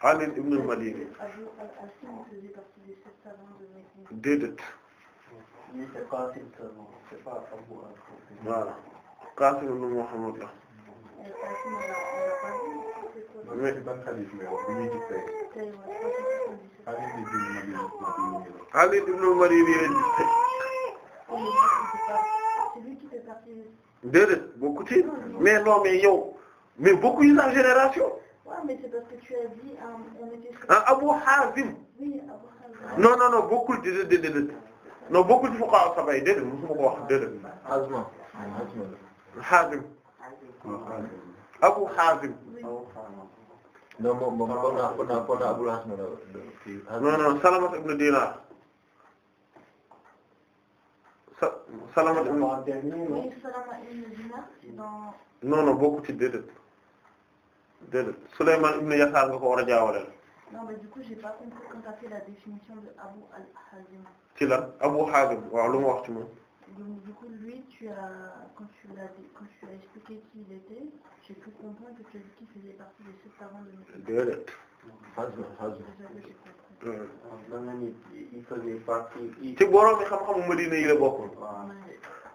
Ali ibn al-Madini. Abu al-Asim faisait partie des sept savants de Médine. Déedéet. Mais c'est Qasim seulement, c'est pas Abu al-Qasim. Voilà, Qasim ibn Muhammad la. mais ban xadis la bu ñuy gis tey. Xaalid ibn Walid déedéet bokku ci mais non mais yow mais bokku ñu sa génération. waaw mais c'est parce que tu as dit ah Abu Hazim. oui Abu Hazim. non non non bokkul musuma ko wax déedéet. Hazim Hazim. Abu Hazim. non moom moom kon naa kon Abu Hazim la. non non Salama ibn Dinar. sa Salama Yasaar nga ko war a jaawale. non Abu al-Hazim. ci wax ci Donc du coup, lui, tu as, quand tu l'as, quand tu as expliqué qui il était, j'ai pu comprendre que Kaziki faisait partie des sept parents de Nicolas. Ah, ci borom yi xam-xamu Madina yi la bokkoon.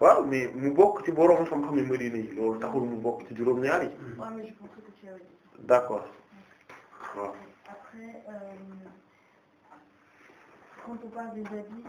waaw mais mu bokk ci borom xam-xamu Madina yi loolu taxul mu bokk ci juróom-ñaar yi. d'accord waaw. après, euh, quand on parle des habits.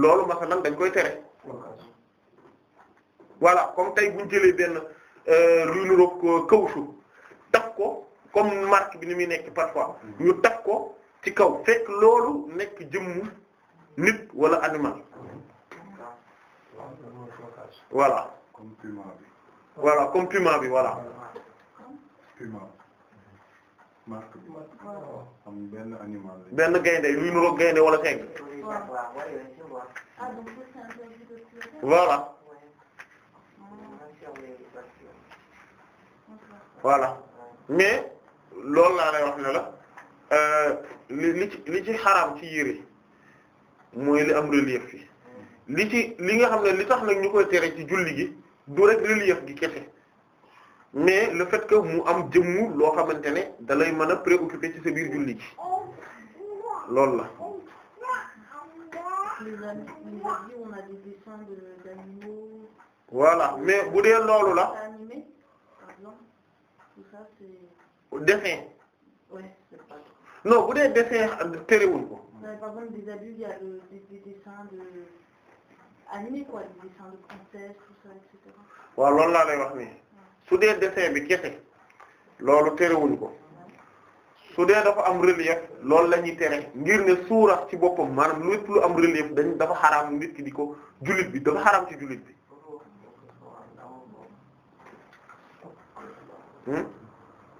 loolu masalan dañ koy tere voilà kom tey buñ jëlee benn lu euh, niroog caoutchouc euh, taf ko comme marque bi ni muy nekk parfois ñu taf ko ci kaw fekk loolu nekk jëmmu nit wala animal voilà comme piment bi voilà comme piment bi voilà benn gaynde luy gaynde wala teg voilà voilà mais lool laa lay wax ne la euh, li li ci li ci xaraam ci yére mooy li am relief fi li ci li nga xam ne li tax nag ñu koy tere ci julli gi du rek relief gi kese mais le fait que mu am jëmmu loo xamante ne da lay mën a préoccuper ci sa biir julli gi loolu la voilà mais bu dee loolu la. dessin. non bu dee dessin terewul ko. par exemple des adultes il y a euh, des dessins de animés quoi des dessins de princesse tout ça loolu laa wax nii su bi loolu terewul ko. su dee dafa am relief loolu la ñuy tere ngir ne suura ci boppam maanaam lépp lu am relief dañ dafa xaraam nit ki di ko jullit bi dafa xaram ci jullit bi hmm?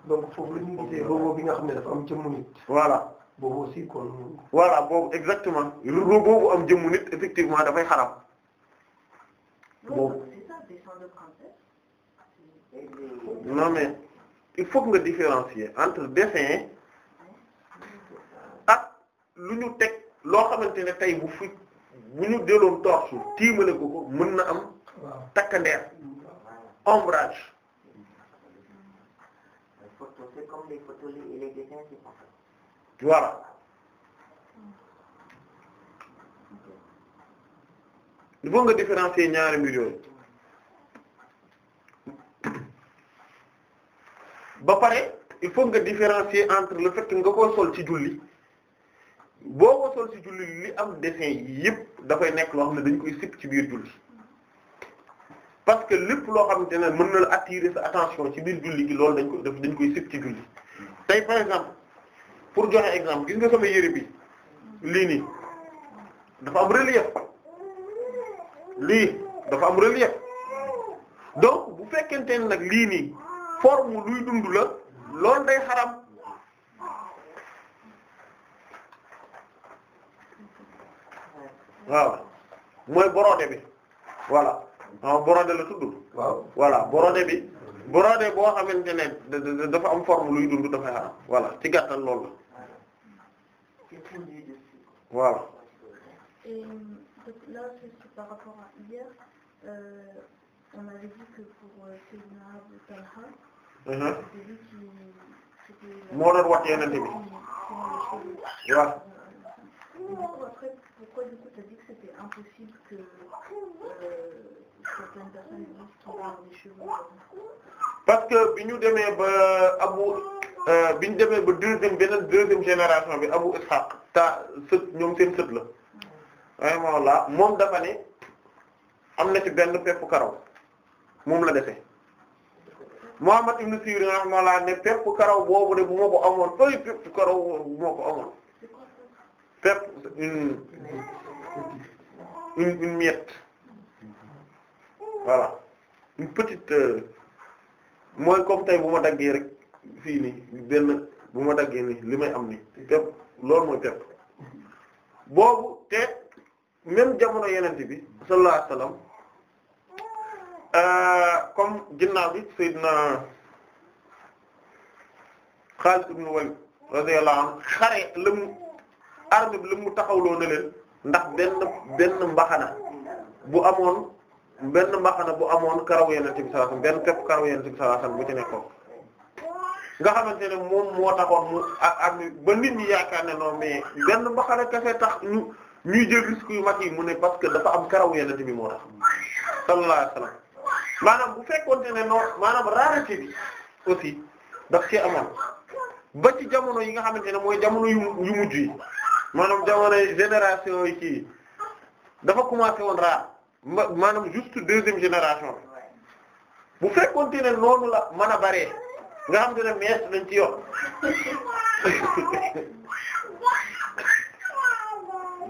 donc foofu la gisee robot bi nga xam ne dafa am jëmmu nit. voilà boobu aussi kon. voilà boobu exactement robot bu am jëmmu nit effectivement dafay xaram. boobu non mais il faut nga différencier entre dessin. lu ñu teg loo xamante ne tey bu fi bu ñu delloon torche tiimale ko ko mën na am takkandeer ombrage voilà il faut nga différencier ñaari mbir yooyu ba pare il faut nga différencier entre le fait que nga ko sol ci julli boo ko sol ci julli li am dessin yi yëpp dafay nekk loo xam ne dañ koy sipp ci biir julli parce que lépp loo xamante ne mën na la attirer ci biir julli gi loolu dañ ko dañ koy sipp ci julli tey par exemple pour joxe exemple gis nga sama yére bi lii nii dafa am relief lii dafa am relief donc bu fekkente ne nag lii nii forme luy dund la lool day xaram waaw mooy borode bi voilà ah borode la tudd. waaw voilà borode bi borode boo xamante ne dafa am forme luy dund dafay xaram voilà ci gàttal loolu la voilà. moo doon wax yeneen bi waaw. pourquoi que euh, parce que bi ñu demee ba abu euh, bi ñu demee ba deuxième beneen deuxième génération bi abu ishaq ta sët ñoom seen sët la moom dafa ne am na ci benn peppu karaw moom la defee Muhammad ibn Sirin rahimahullah ne peppu karaw boobu de bu ma ko amoon ay peppu karaw bu ma ko amoon pepp une une une miette voilà une euh, mooy comme tey bu ma daggee rek fii nii benn bu ma daggee nii li may am nii pepp loolu mooy pepp boobu te même jamono yenente bi sallallahu alayhi wasallam euh, comme ginnaaw bi Seydina Khalid ibn Walid radiyallahu anhu xare la armée bi lu mu taxawloo na leen ndax benn benn mbaxana bu amoon benn mbaxana bu amoon karaw yonent bi sallallahu benn pepp karaw yonent bi sallallahu bu ci nekkoon nga xamante ne moom moo taxoon mu armée ba nit ñi yaakaar ne non benn mbaxana kese tax ñu ñuy jël yu mag yi mu ne parce dafa am karaw yonent bi moo tax sallallahu alayhi maanaam bu fekkoonte ne non maanaam rareté bi aussi daf ci amoon ba ci jamono yi nga xamante ne mooy jamono yu yu mujj yi maanaam jamonoy génération yi kii dafa commencé woon raar maanaam juste deuxième génération bu fekkoon ne noonu la man a baree nga xam te ne mees lañ ci yor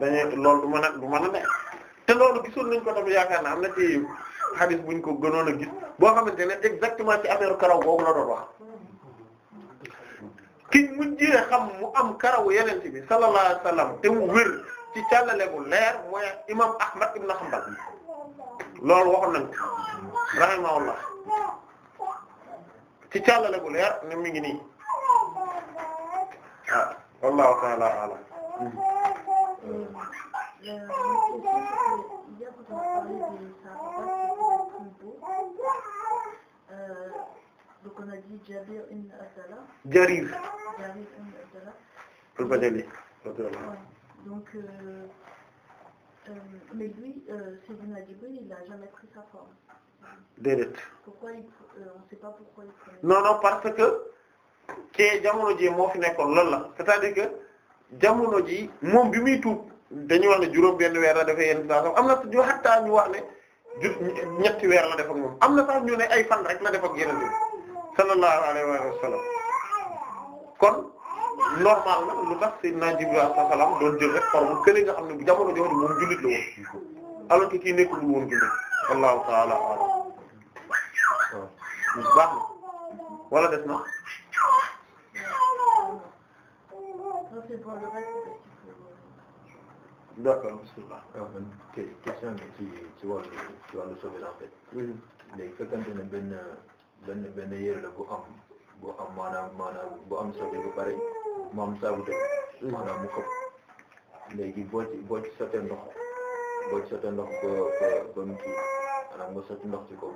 dañuy loolu du mën a du man a ne te loolu gisoon nañ ko tamit yaakaar naa am na ci hadith buñ ko gënoon a gis boo xamante ne exactement ci affaire karaw boobu la doon ki mujjee xam mu am karaw yeneen bi sallallahu alayhi wasallam ci càllale bu leer imam Ahmad ibn Hanbal loolu waxoon nañ ko rahimahullah ci càllale bu leer ne mi ngi nii ah, ta'ala a'lam euh, euh, Jarir. Al-Bajali. Donc, euh, euh, mais euh, n'a jamais pris sa forme. Déedéet. Pourquoi il, euh, on ne sait parce que ci jamono ji moo fi nekkoon loolu la c'est-à-dire moom bi muy tuub dañu wax ne juróom benn weer la dafay yenn saa am na ñu xattaa ñu wax ne ju ñetti weer la def moom am na sax ñu ne ay fan rek la def ak yeneen sallallahu alayhi wa sallam kon normal na lu tax Seydina Jibril alayhi salaam doon jël rek forme kële nga xam ne jamono jooju moom jullit la woon alors que kii nekkul woon jullit wallahu ta'ala a'lam baax wala des na. d'accord bismillah. Ah, question bi ci ci wàllu ci wàllu sauvetage. Mhm. léegi fekkante ne benn. benn benn yére la bu am bu am maanaam maanaam boo am sotti bu pare mu am saabu dëkk maanaam mu xëpp léegi boo ci boo ci sottee ndox boo ci sottee ndox ba ba ba sotti ndox ci kaw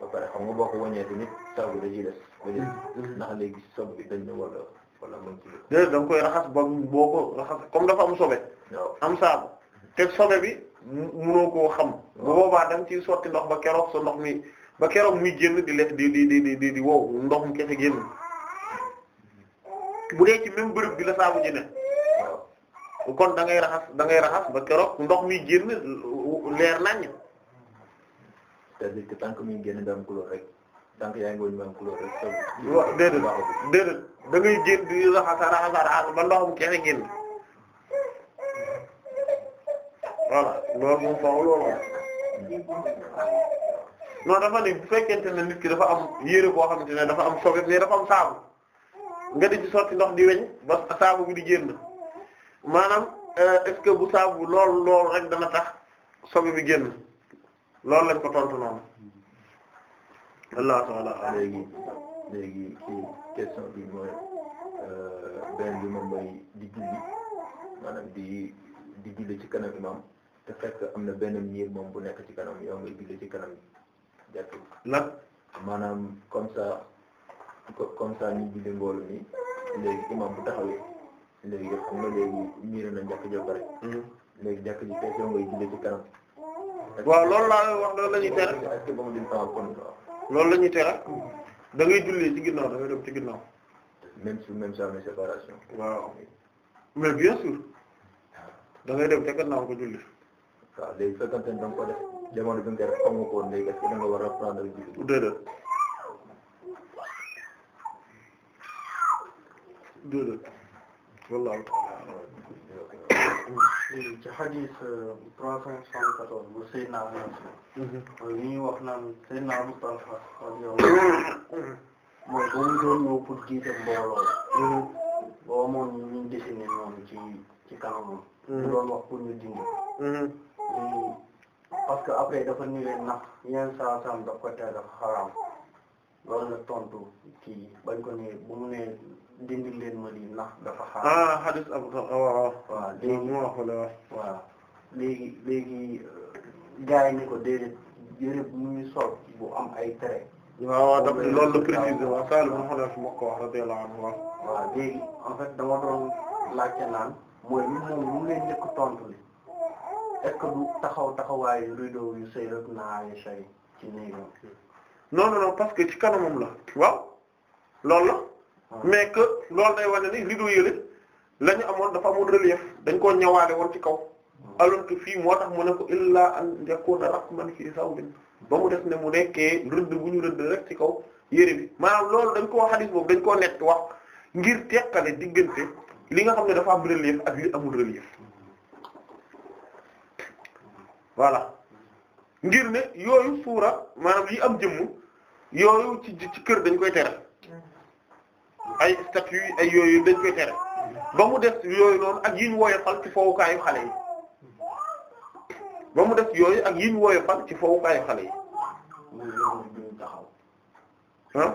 ba pare xam nga boo ko wàññee tamit saabu da ciy des ba léegi ndax léegi sob bi dañ na wala wala ci déedéet da nga koy raxas ba boo ko raxas comme dafa am sobe am saabu te sobe bi munoo koo xam bu boobaa da nga ciy sotti ndox ba keroog sa ndox mi ba keroog muy génn di di di di di di wow ndoxum kese génn bu dee ci même bërëb bi la saabu ji ne kon da ngay raxas da raxas ba keroog ndox muy génn leer naññ. ta à dire que muy génn da am couleur rek tant que yaa ngi woon ñu couleur rek. waaw déedéet di raxas raxas raxas ba ndoxum kese génn voilà loolu moom faaw loolu non dafa ne bu fekkente ne nit ki dafa am yére boo xamante ne dafa am sobe mais dafa am saabu nga di sotti ndox di weñ ba saabu bi di génn maanaam euh, est-ce bu saabu lool lool rek dana tax sobe bi génn loolu lañ ko tontu noonu Allah ta'ala léegi léegi ci question bi mooy euh, benn bi moom mooy di julli maanaam di di julli ci kanam imam te fekk am na benn niir moom bu nekk ci kanam yow ngay julli ci kanam la maanaam comme ça comme ça ñu julli mboolu nii léegi imam bu taxawee nga léegi miir na jàkk jo bare mhm. léegi jàkk ji question ngay julli ci kanam waaw loolu laa wax loolu la tere loolu la tere da ngay julli ci ginnaaw da ngay dem ci ginnaaw même su même sa mais séparation waaw mais bien sûr ah. da dem ca ginnaaw ko julli waaw léegi fekkante ne danga ko def jamono bi nga def xam nga nga war a prendre ji. déedéet déedéet wallaahi. ci hadis euh, trois cent soixante-quatorze bu Seydina Anas mhm. mooy ñuy wax naan Seydina Abu Talha mooy ba mu doon ñëw pour jiite mbooloo mhm. boo amoon ñu dessiné noonu ci ci kanamam mhm. doon wax pour ñu dindi parce que après dafa ni leen nax yenn saa saam daf ko teel a xaraam loolu la tontu kii bañ ko ne bu mu nee dindi leen ma lii nax dafa xaraam. ah hadis am ah, waaw waaw léegi mu wax la waaw léegi léegi euh, gars yi ni ko déedéet yére bu muy sol bu am ay tere. waaw waaw daf loolu la précisé waaw Saalum mu xoolee fi ma ko wax radiyallahu anhu waaw. waaw léegi en fait dama doon naan mooy moom mu ngi leen tontu li. est-ce taxaw taxawaayu rideau yu Sayyidatuna Aisha ci néegam non non non parce que ci kanamam la waaw loolu la ah. mais que loolu day wane ni rideau yële la amoon dafa amoon relief dañ koo ñawaale woon ci kaw ah. alors que fii moo tax mu ne ko illaa an yakuna raqman fii sawbin ba mu def ne mu nekkee rëdd bu ñu rëdd rek ci kaw yére bi maanaam loolu dañ koo xadis boobu dañ koo nekk wax ngir teqale diggante li nga xam ne dafa am relief ak li amul relief voilà ngir ne yooyu suura maanaam yi am jëmm yooyu ci ci kër dañ koy tere ay statue ay yooyu dañ koy tere ba mu def yooyu noonu ak yi ñu woyofal ci fowukaayu xale yi ba mu def yooyu ak yi ñu woyofal ci fowukaayu xale yi. ah.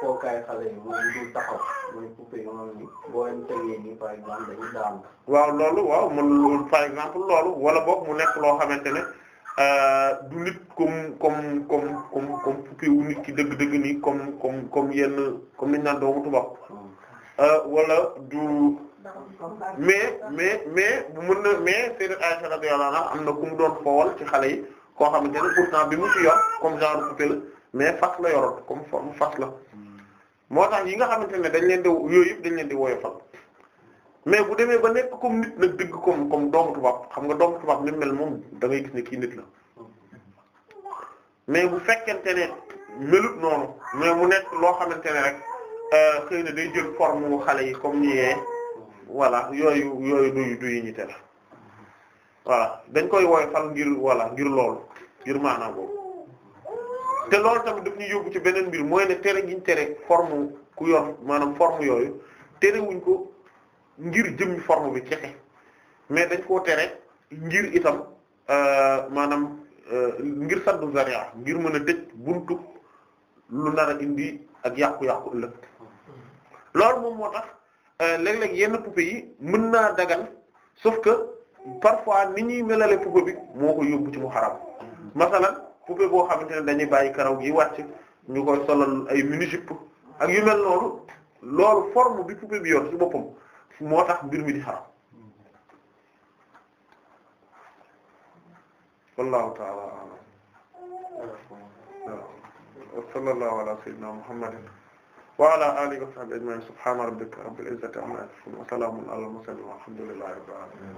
kookaay xale yi moom ñu taxaw mooy waaw loolu waaw man par exemple loolu wala boog mu nekk loo xamante ne euh, du nit comme comme comme comme comme dëgg-dëgg comme comme comme yenn comme ni ñu naan doomu tubaab euh, wala du. mais mais mais bu mën na mais Sayyida Aisha radiyallahu am na ku mu doon foowal ci xale yi koo xamante ne pourtant bi mu ci yor comme genre poupée la. mais fas la yoroon comme forme fas la hmm. moo tax yi nga xamante ne dañ leen di dañ leen di woyofal mais bu demee ba nekk comme nit nag dëgg comme comme doomu tubaab xam nga doomu tubaab ni mel moom da ngay gis ne kii nit la mais bu fekkente ne melut noonu mais mu nekk loo xamante ne rek euh, xëy na day jël forme mu xale yi comme ni yee voilà yooyu yooyu duy duy ñi te la voilà dañ koy woyofal ngir voilà ngir loolu ngir maanaam boobu te loolu tamit daf ñu yóbbu ci beneen mbir mooy ne tere giñ tere forme ku yoon maanaam forme yooyu terewuñ ko ngir jëmmi forme bi cexe mais dañ koo tere ngir itam euh, maanaam euh, ngir saddu zaria ngir mën a tëj buntu lu nar indi ak yàqu-yàqu ëllëg loolu moom moo tax euh, léeg-léeg yenn poupée yi mën naa dagan sauf que parfois ni ñuy melale poupée bi moo ko yóbbu ci mu xaram masalan poupée boo xamante ne dañuy bàyyi karaw gi wàcc ñu koy solal ay mini-jupe ak yu mel noonu loolu bi poupée bi yor ci boppam moo tax mbir mi di xaram wallahu ta'ala a'lam wa sallallahu ala sayyidina muhammadin wa ala alihi wa sahbihi ajma'in subhana rabbika rabbil izzati amma yasifun wa salamun ala al mursalin walhamdulillahi rabbil alamin